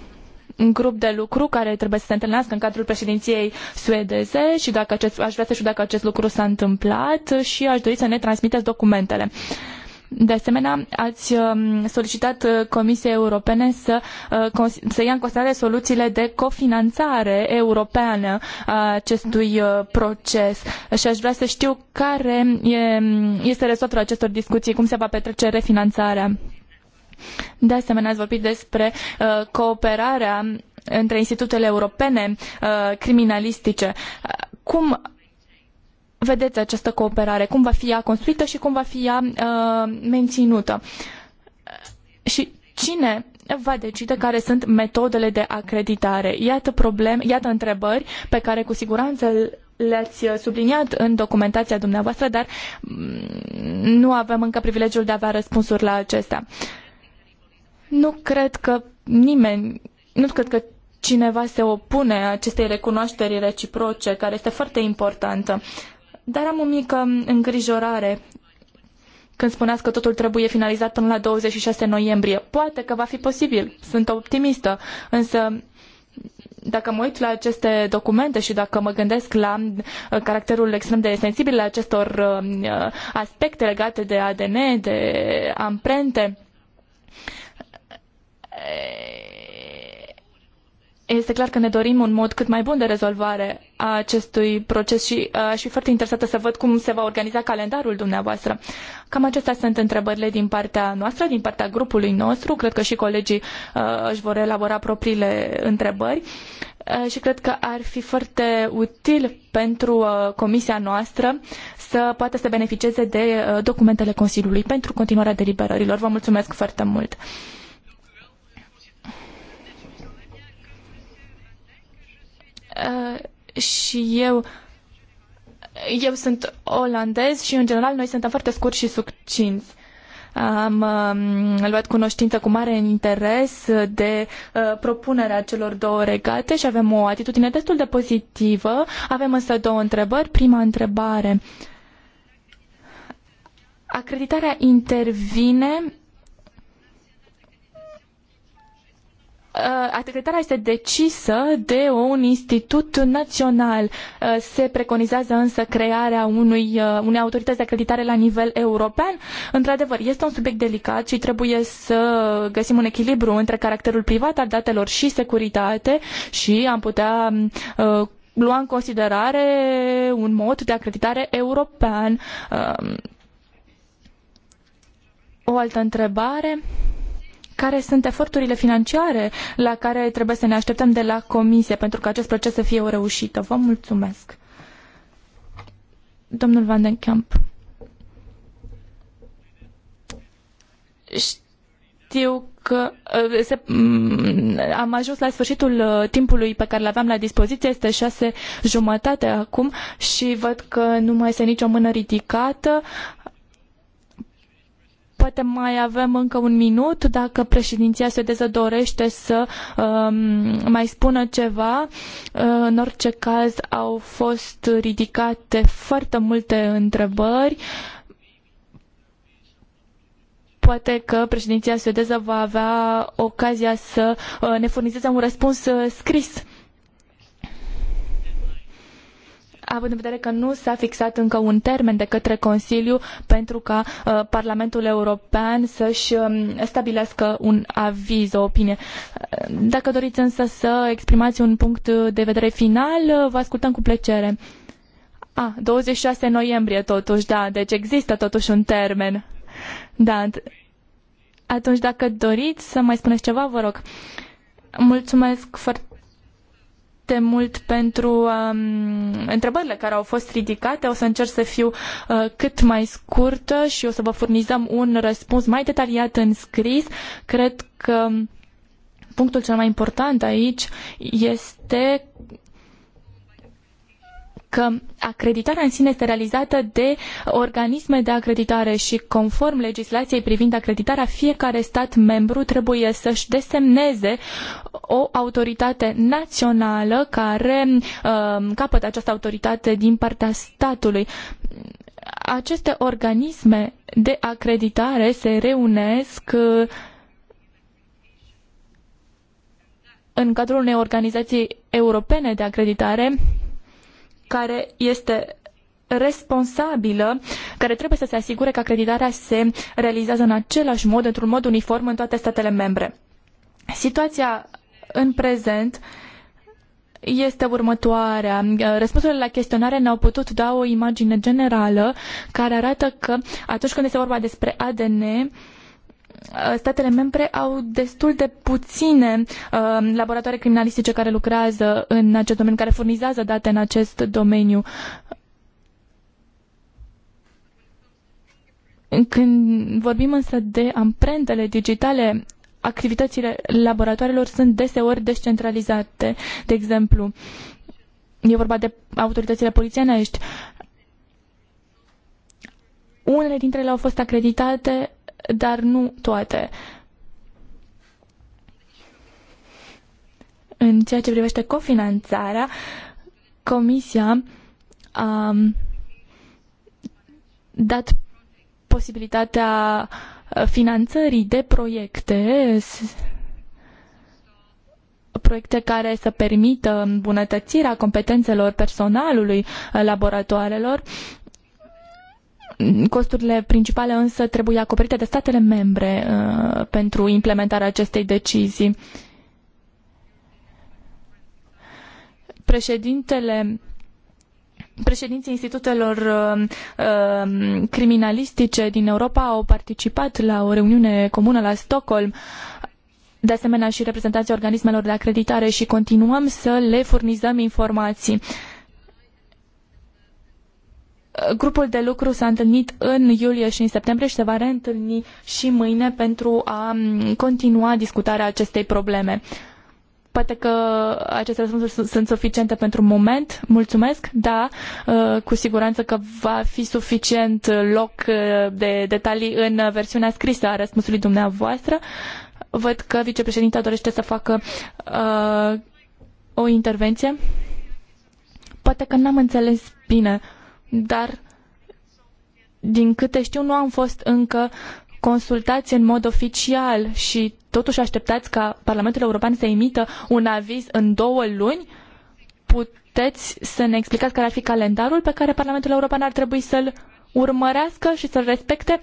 un grup de lucru care trebuie să se întâlnească în cadrul președinției suedeze și dacă acest, aș vrea să știu dacă acest lucru s-a întâmplat și aș dori să ne transmiteți documentele. Uh, de asemenea, ați um, solicitat uh, Comisiei Europene să, uh, să ia în considerare soluțiile de cofinanțare europeană a acestui uh, proces și aș vrea să știu care este rezultatul acestor discuții, cum se va petrece refinanțarea. De asemenea, ați vorbit despre cooperarea între institutele europene criminalistice. Cum vedeți această cooperare, cum va fi ea construită și cum va fi ea uh, menținută. Și cine va decide care sunt metodele de acreditare. Iată probleme, iată întrebări pe care cu siguranță le-ați subliniat în documentația dumneavoastră, dar mm, nu avem încă privilegiul de a avea răspunsuri la acestea. Nu cred că nimeni, nu cred că cineva se opune acestei recunoașteri reciproce, care este foarte importantă. Uh, dar am o mică îngrijorare când spuneați că totul trebuie finalizat până la 26 noiembrie. Poate că va fi posibil, sunt optimistă, însă dacă mă uit la aceste documente și dacă mă gândesc la uh, caracterul extrem de sensibil al acestor uh, uh, aspecte legate de ADN, de amprente, este clar că ne dorim un mod cât mai bun de rezolvare a acestui proces și uh, aș fi foarte interesată să văd cum se va organiza calendarul dumneavoastră. Cam acestea sunt întrebările din partea noastră, din partea grupului nostru. Cred că și colegii uh, își vor elabora propriile întrebări uh, și cred că ar fi foarte util pentru uh, comisia noastră să poată să beneficieze de uh, documentele Consiliului pentru continuarea deliberărilor. Vă mulțumesc foarte mult! Uh, și eu eu sunt olandez și în general noi suntem foarte scurți și succinți. Am uh, luat cunoștință cu mare interes de uh, propunerea celor două regate și avem o atitudine destul de pozitivă. Avem însă două întrebări. Prima întrebare. Acreditarea intervine Uh, acreditarea este decisă de un institut național. Uh, se preconizează însă crearea unui, uh, unei autorități de acreditare la nivel european. Într-adevăr, este un subiect delicat și trebuie să găsim un echilibru între caracterul privat al datelor și securitate și am putea lua în considerare un mod de acreditare european. Um, o altă întrebare care sunt eforturile financiare la care trebuie să ne așteptăm de la Comisie pentru ca acest proces să fie o reușită. Vă mulțumesc. Domnul Van den Kamp. Știu că uh, se, mm, am ajuns la sfârșitul uh, timpului pe care l aveam la dispoziție, este șase jumătate acum și văd că nu mai este nicio mână ridicată. Poate mai avem încă un minut dacă președinția suedeză dorește să um, mai spună ceva. Uh, în orice caz au fost ridicate foarte multe întrebări. Poate că președinția suedeză va avea ocazia să uh, ne furnizeze un răspuns uh, scris având în vedere că nu s-a fixat încă un termen de către Consiliu pentru ca uh, Parlamentul European să-și um, stabilească un aviz, o opinie. Uh, dacă doriți însă să exprimați un punct de vedere final, uh, vă ascultăm cu plăcere. A, ah, 26 noiembrie totuși, da, deci există totuși un termen. Da, atunci dacă doriți să mai spuneți ceva, vă rog. Mulțumesc foarte foarte mult pentru um, întrebările care au fost ridicate. O să încerc să fiu uh, cât mai scurtă și o să vă furnizăm un răspuns mai detaliat în scris. Cred că punctul cel mai important aici este că acreditarea în sine este realizată de organisme de acreditare și conform legislației privind acreditarea, fiecare stat membru trebuie să-și desemneze o autoritate națională care uh, capătă această autoritate din partea statului aceste organisme de acreditare se reunesc uh, în cadrul unei organizații europene de acreditare care este responsabilă, care trebuie să se asigure că acreditarea se realizează în același mod, într-un mod uniform în toate statele membre. Situația în prezent este următoarea. Răspunsurile la chestionare ne-au putut da o imagine generală care arată că atunci când este vorba despre ADN, Uh, statele membre au destul de puține uh, laboratoare criminalistice care lucrează în acest domeniu, care furnizează date în acest domeniu. Când vorbim însă de amprentele digitale, activitățile laboratoarelor sunt deseori descentralizate. De exemplu, e vorba de autoritățile polițienești. Unele dintre ele au fost acreditate, dar nu toate. În ceea ce privește cofinanțarea, Comisia a um, dat posibilitatea uh, finanțării de proiecte proiecte care să permită îmbunătățirea competențelor personalului uh, laboratoarelor Costurile principale însă trebuie acoperite de statele membre uh, pentru implementarea acestei decizii. Președintele Președinții institutelor uh, uh, criminalistice din Europa au participat la o reuniune comună la Stockholm de asemenea și reprezentanții organismelor de acreditare și continuăm să le furnizăm informații. Uh, Grupul de lucru s-a întâlnit în iulie și în septembrie și se va reîntâlni și mâine pentru a continua discutarea acestei probleme. Poate că aceste răspunsuri sunt suficiente pentru moment, mulțumesc, da, uh, cu siguranță că va fi suficient loc uh, de detalii în versiunea scrisă a răspunsului dumneavoastră. Văd că vicepreședinta dorește să facă uh, o intervenție. Poate că n-am înțeles bine dar din câte știu nu am fost încă consultați în mod oficial și totuși așteptați ca Parlamentul European să emită un aviz în două luni? Puteți să ne explicați care ar fi calendarul pe care Parlamentul European ar trebui să-l urmărească și să-l respecte.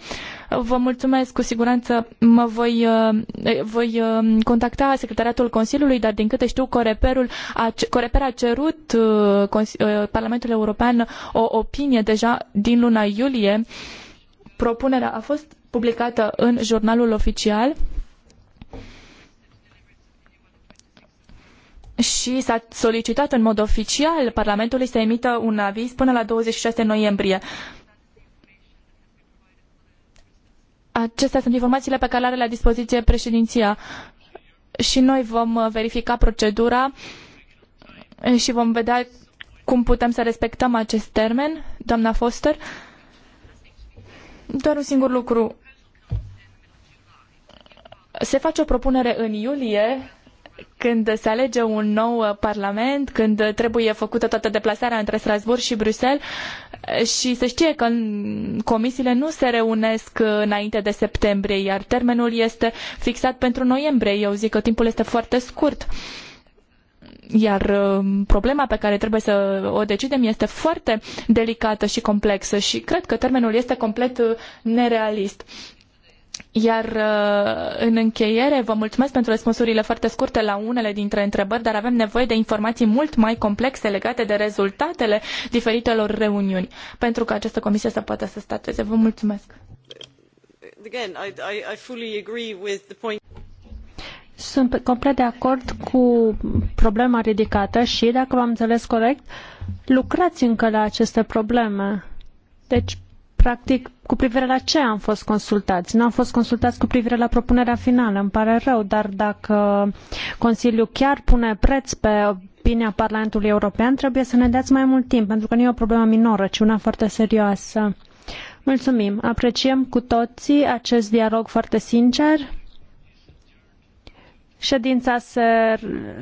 Vă mulțumesc, cu siguranță mă voi, eh, eh, voi eh, contacta secretariatul Consiliului, dar din câte știu, Coreperul a, Coreper a cerut Parlamentul European o opinie deja din luna iulie. Propunerea a fost publicată în jurnalul oficial. și s-a solicitat în mod oficial Parlamentului să emită un aviz până la 26 noiembrie. Acestea sunt informațiile pe care le are la dispoziție președinția și noi vom uh, verifica procedura uh, și vom vedea cum putem să respectăm acest termen, doamna Foster. Doar un singur lucru. Se face o propunere în iulie când se alege un nou uh, parlament, când uh, trebuie făcută toată deplasarea între Strasbourg și Bruxelles uh, și se știe că comisiile nu se reunesc înainte de septembrie, iar termenul este fixat pentru noiembrie. Eu zic că timpul este foarte scurt. Iar problema pe care trebuie să o decidem este foarte delicată și complexă și cred că termenul este complet nerealist. Iar uh, în încheiere, vă mulțumesc pentru răspunsurile foarte scurte la unele dintre întrebări, dar avem nevoie de informații mult mai complexe legate de rezultatele diferitelor reuniuni, pentru că această comisie să poată să stateze. Vă mulțumesc! Sunt complet de acord cu problema ridicată și, dacă v-am înțeles corect, lucrați încă la aceste probleme. Deci, practic, cu privire la ce am fost consultați. Nu am fost consultați cu privire la propunerea finală, îmi pare rău, dar dacă Consiliul chiar pune preț pe opinia Parlamentului European, trebuie să ne dați mai mult timp, pentru că nu e o problemă minoră, ci una foarte serioasă. Mulțumim. Apreciem cu toții acest dialog foarte sincer. Ședința se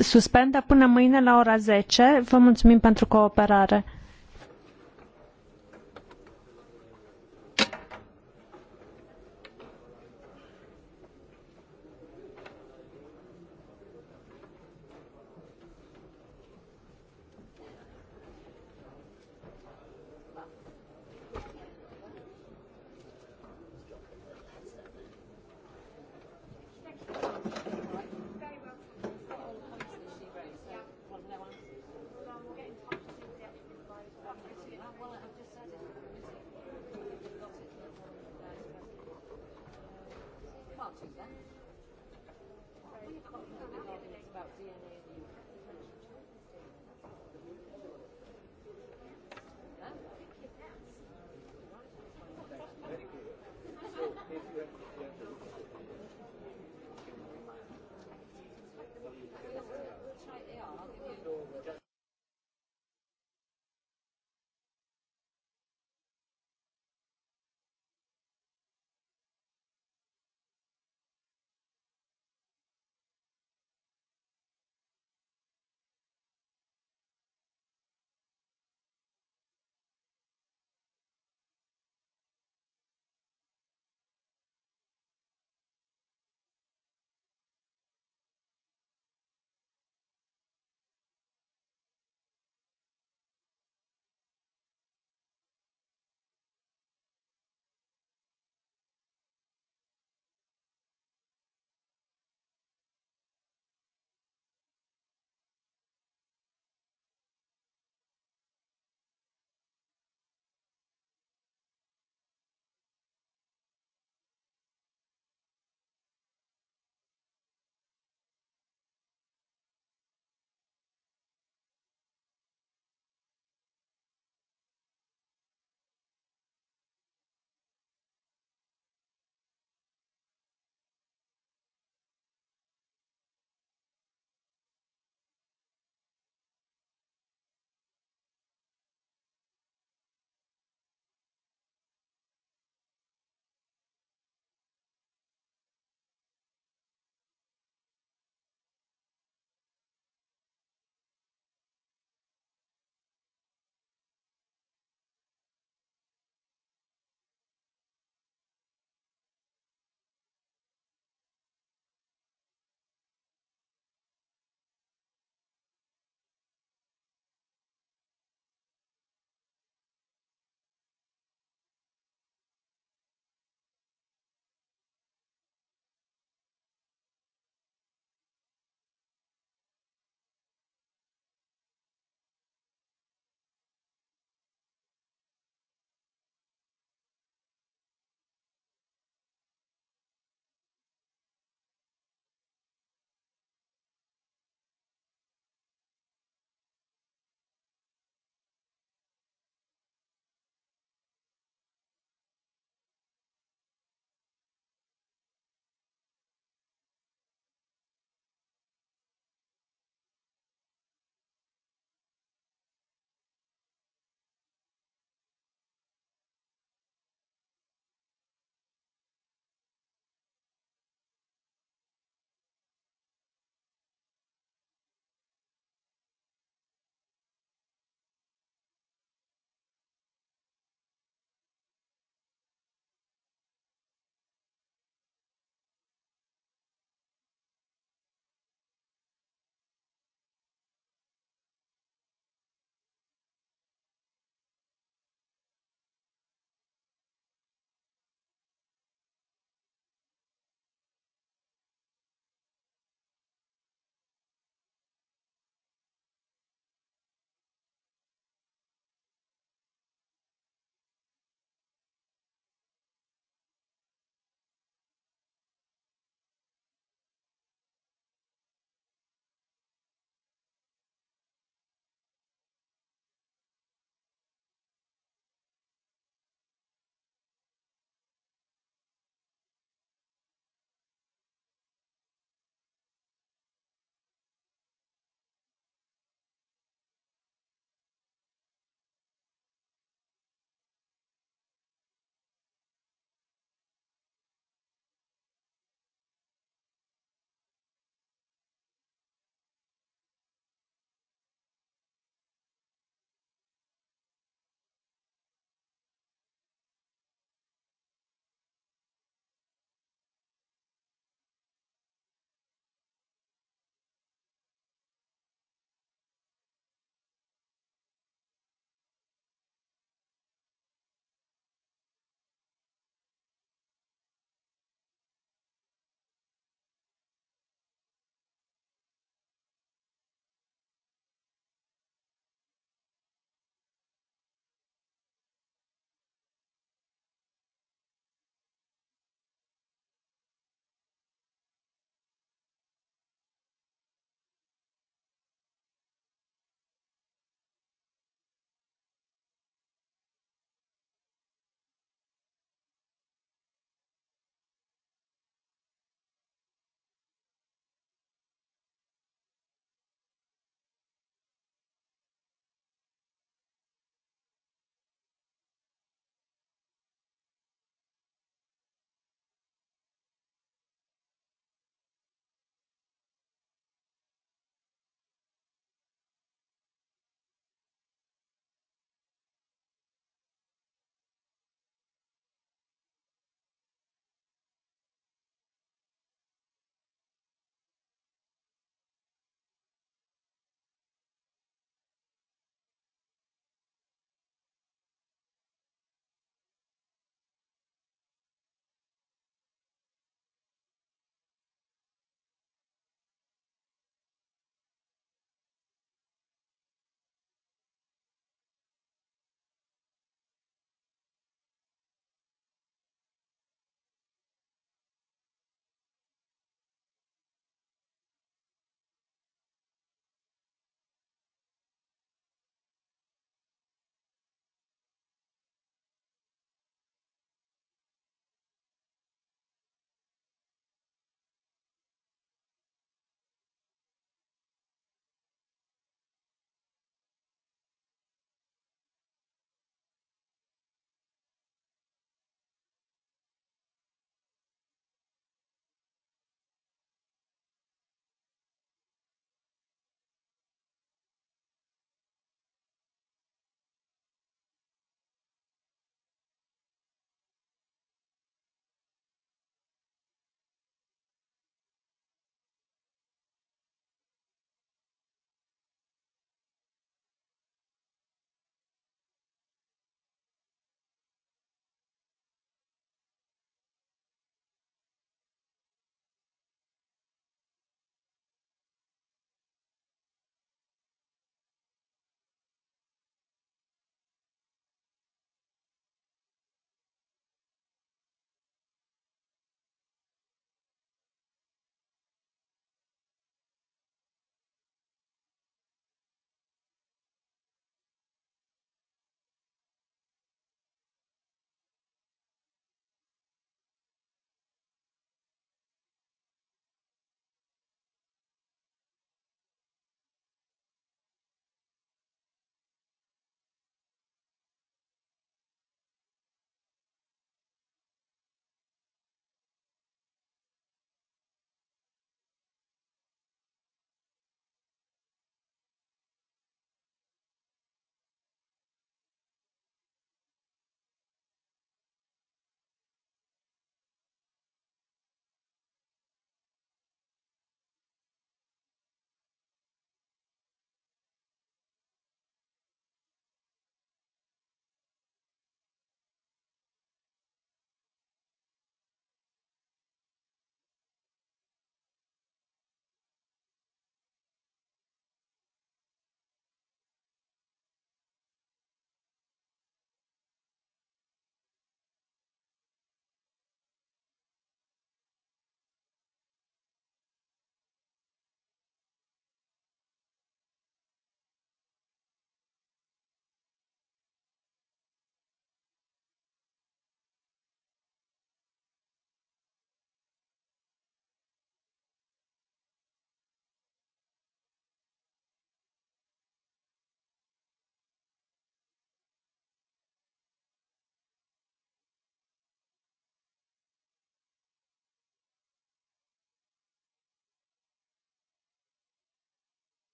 suspendă până mâine la ora 10. Vă mulțumim pentru cooperare.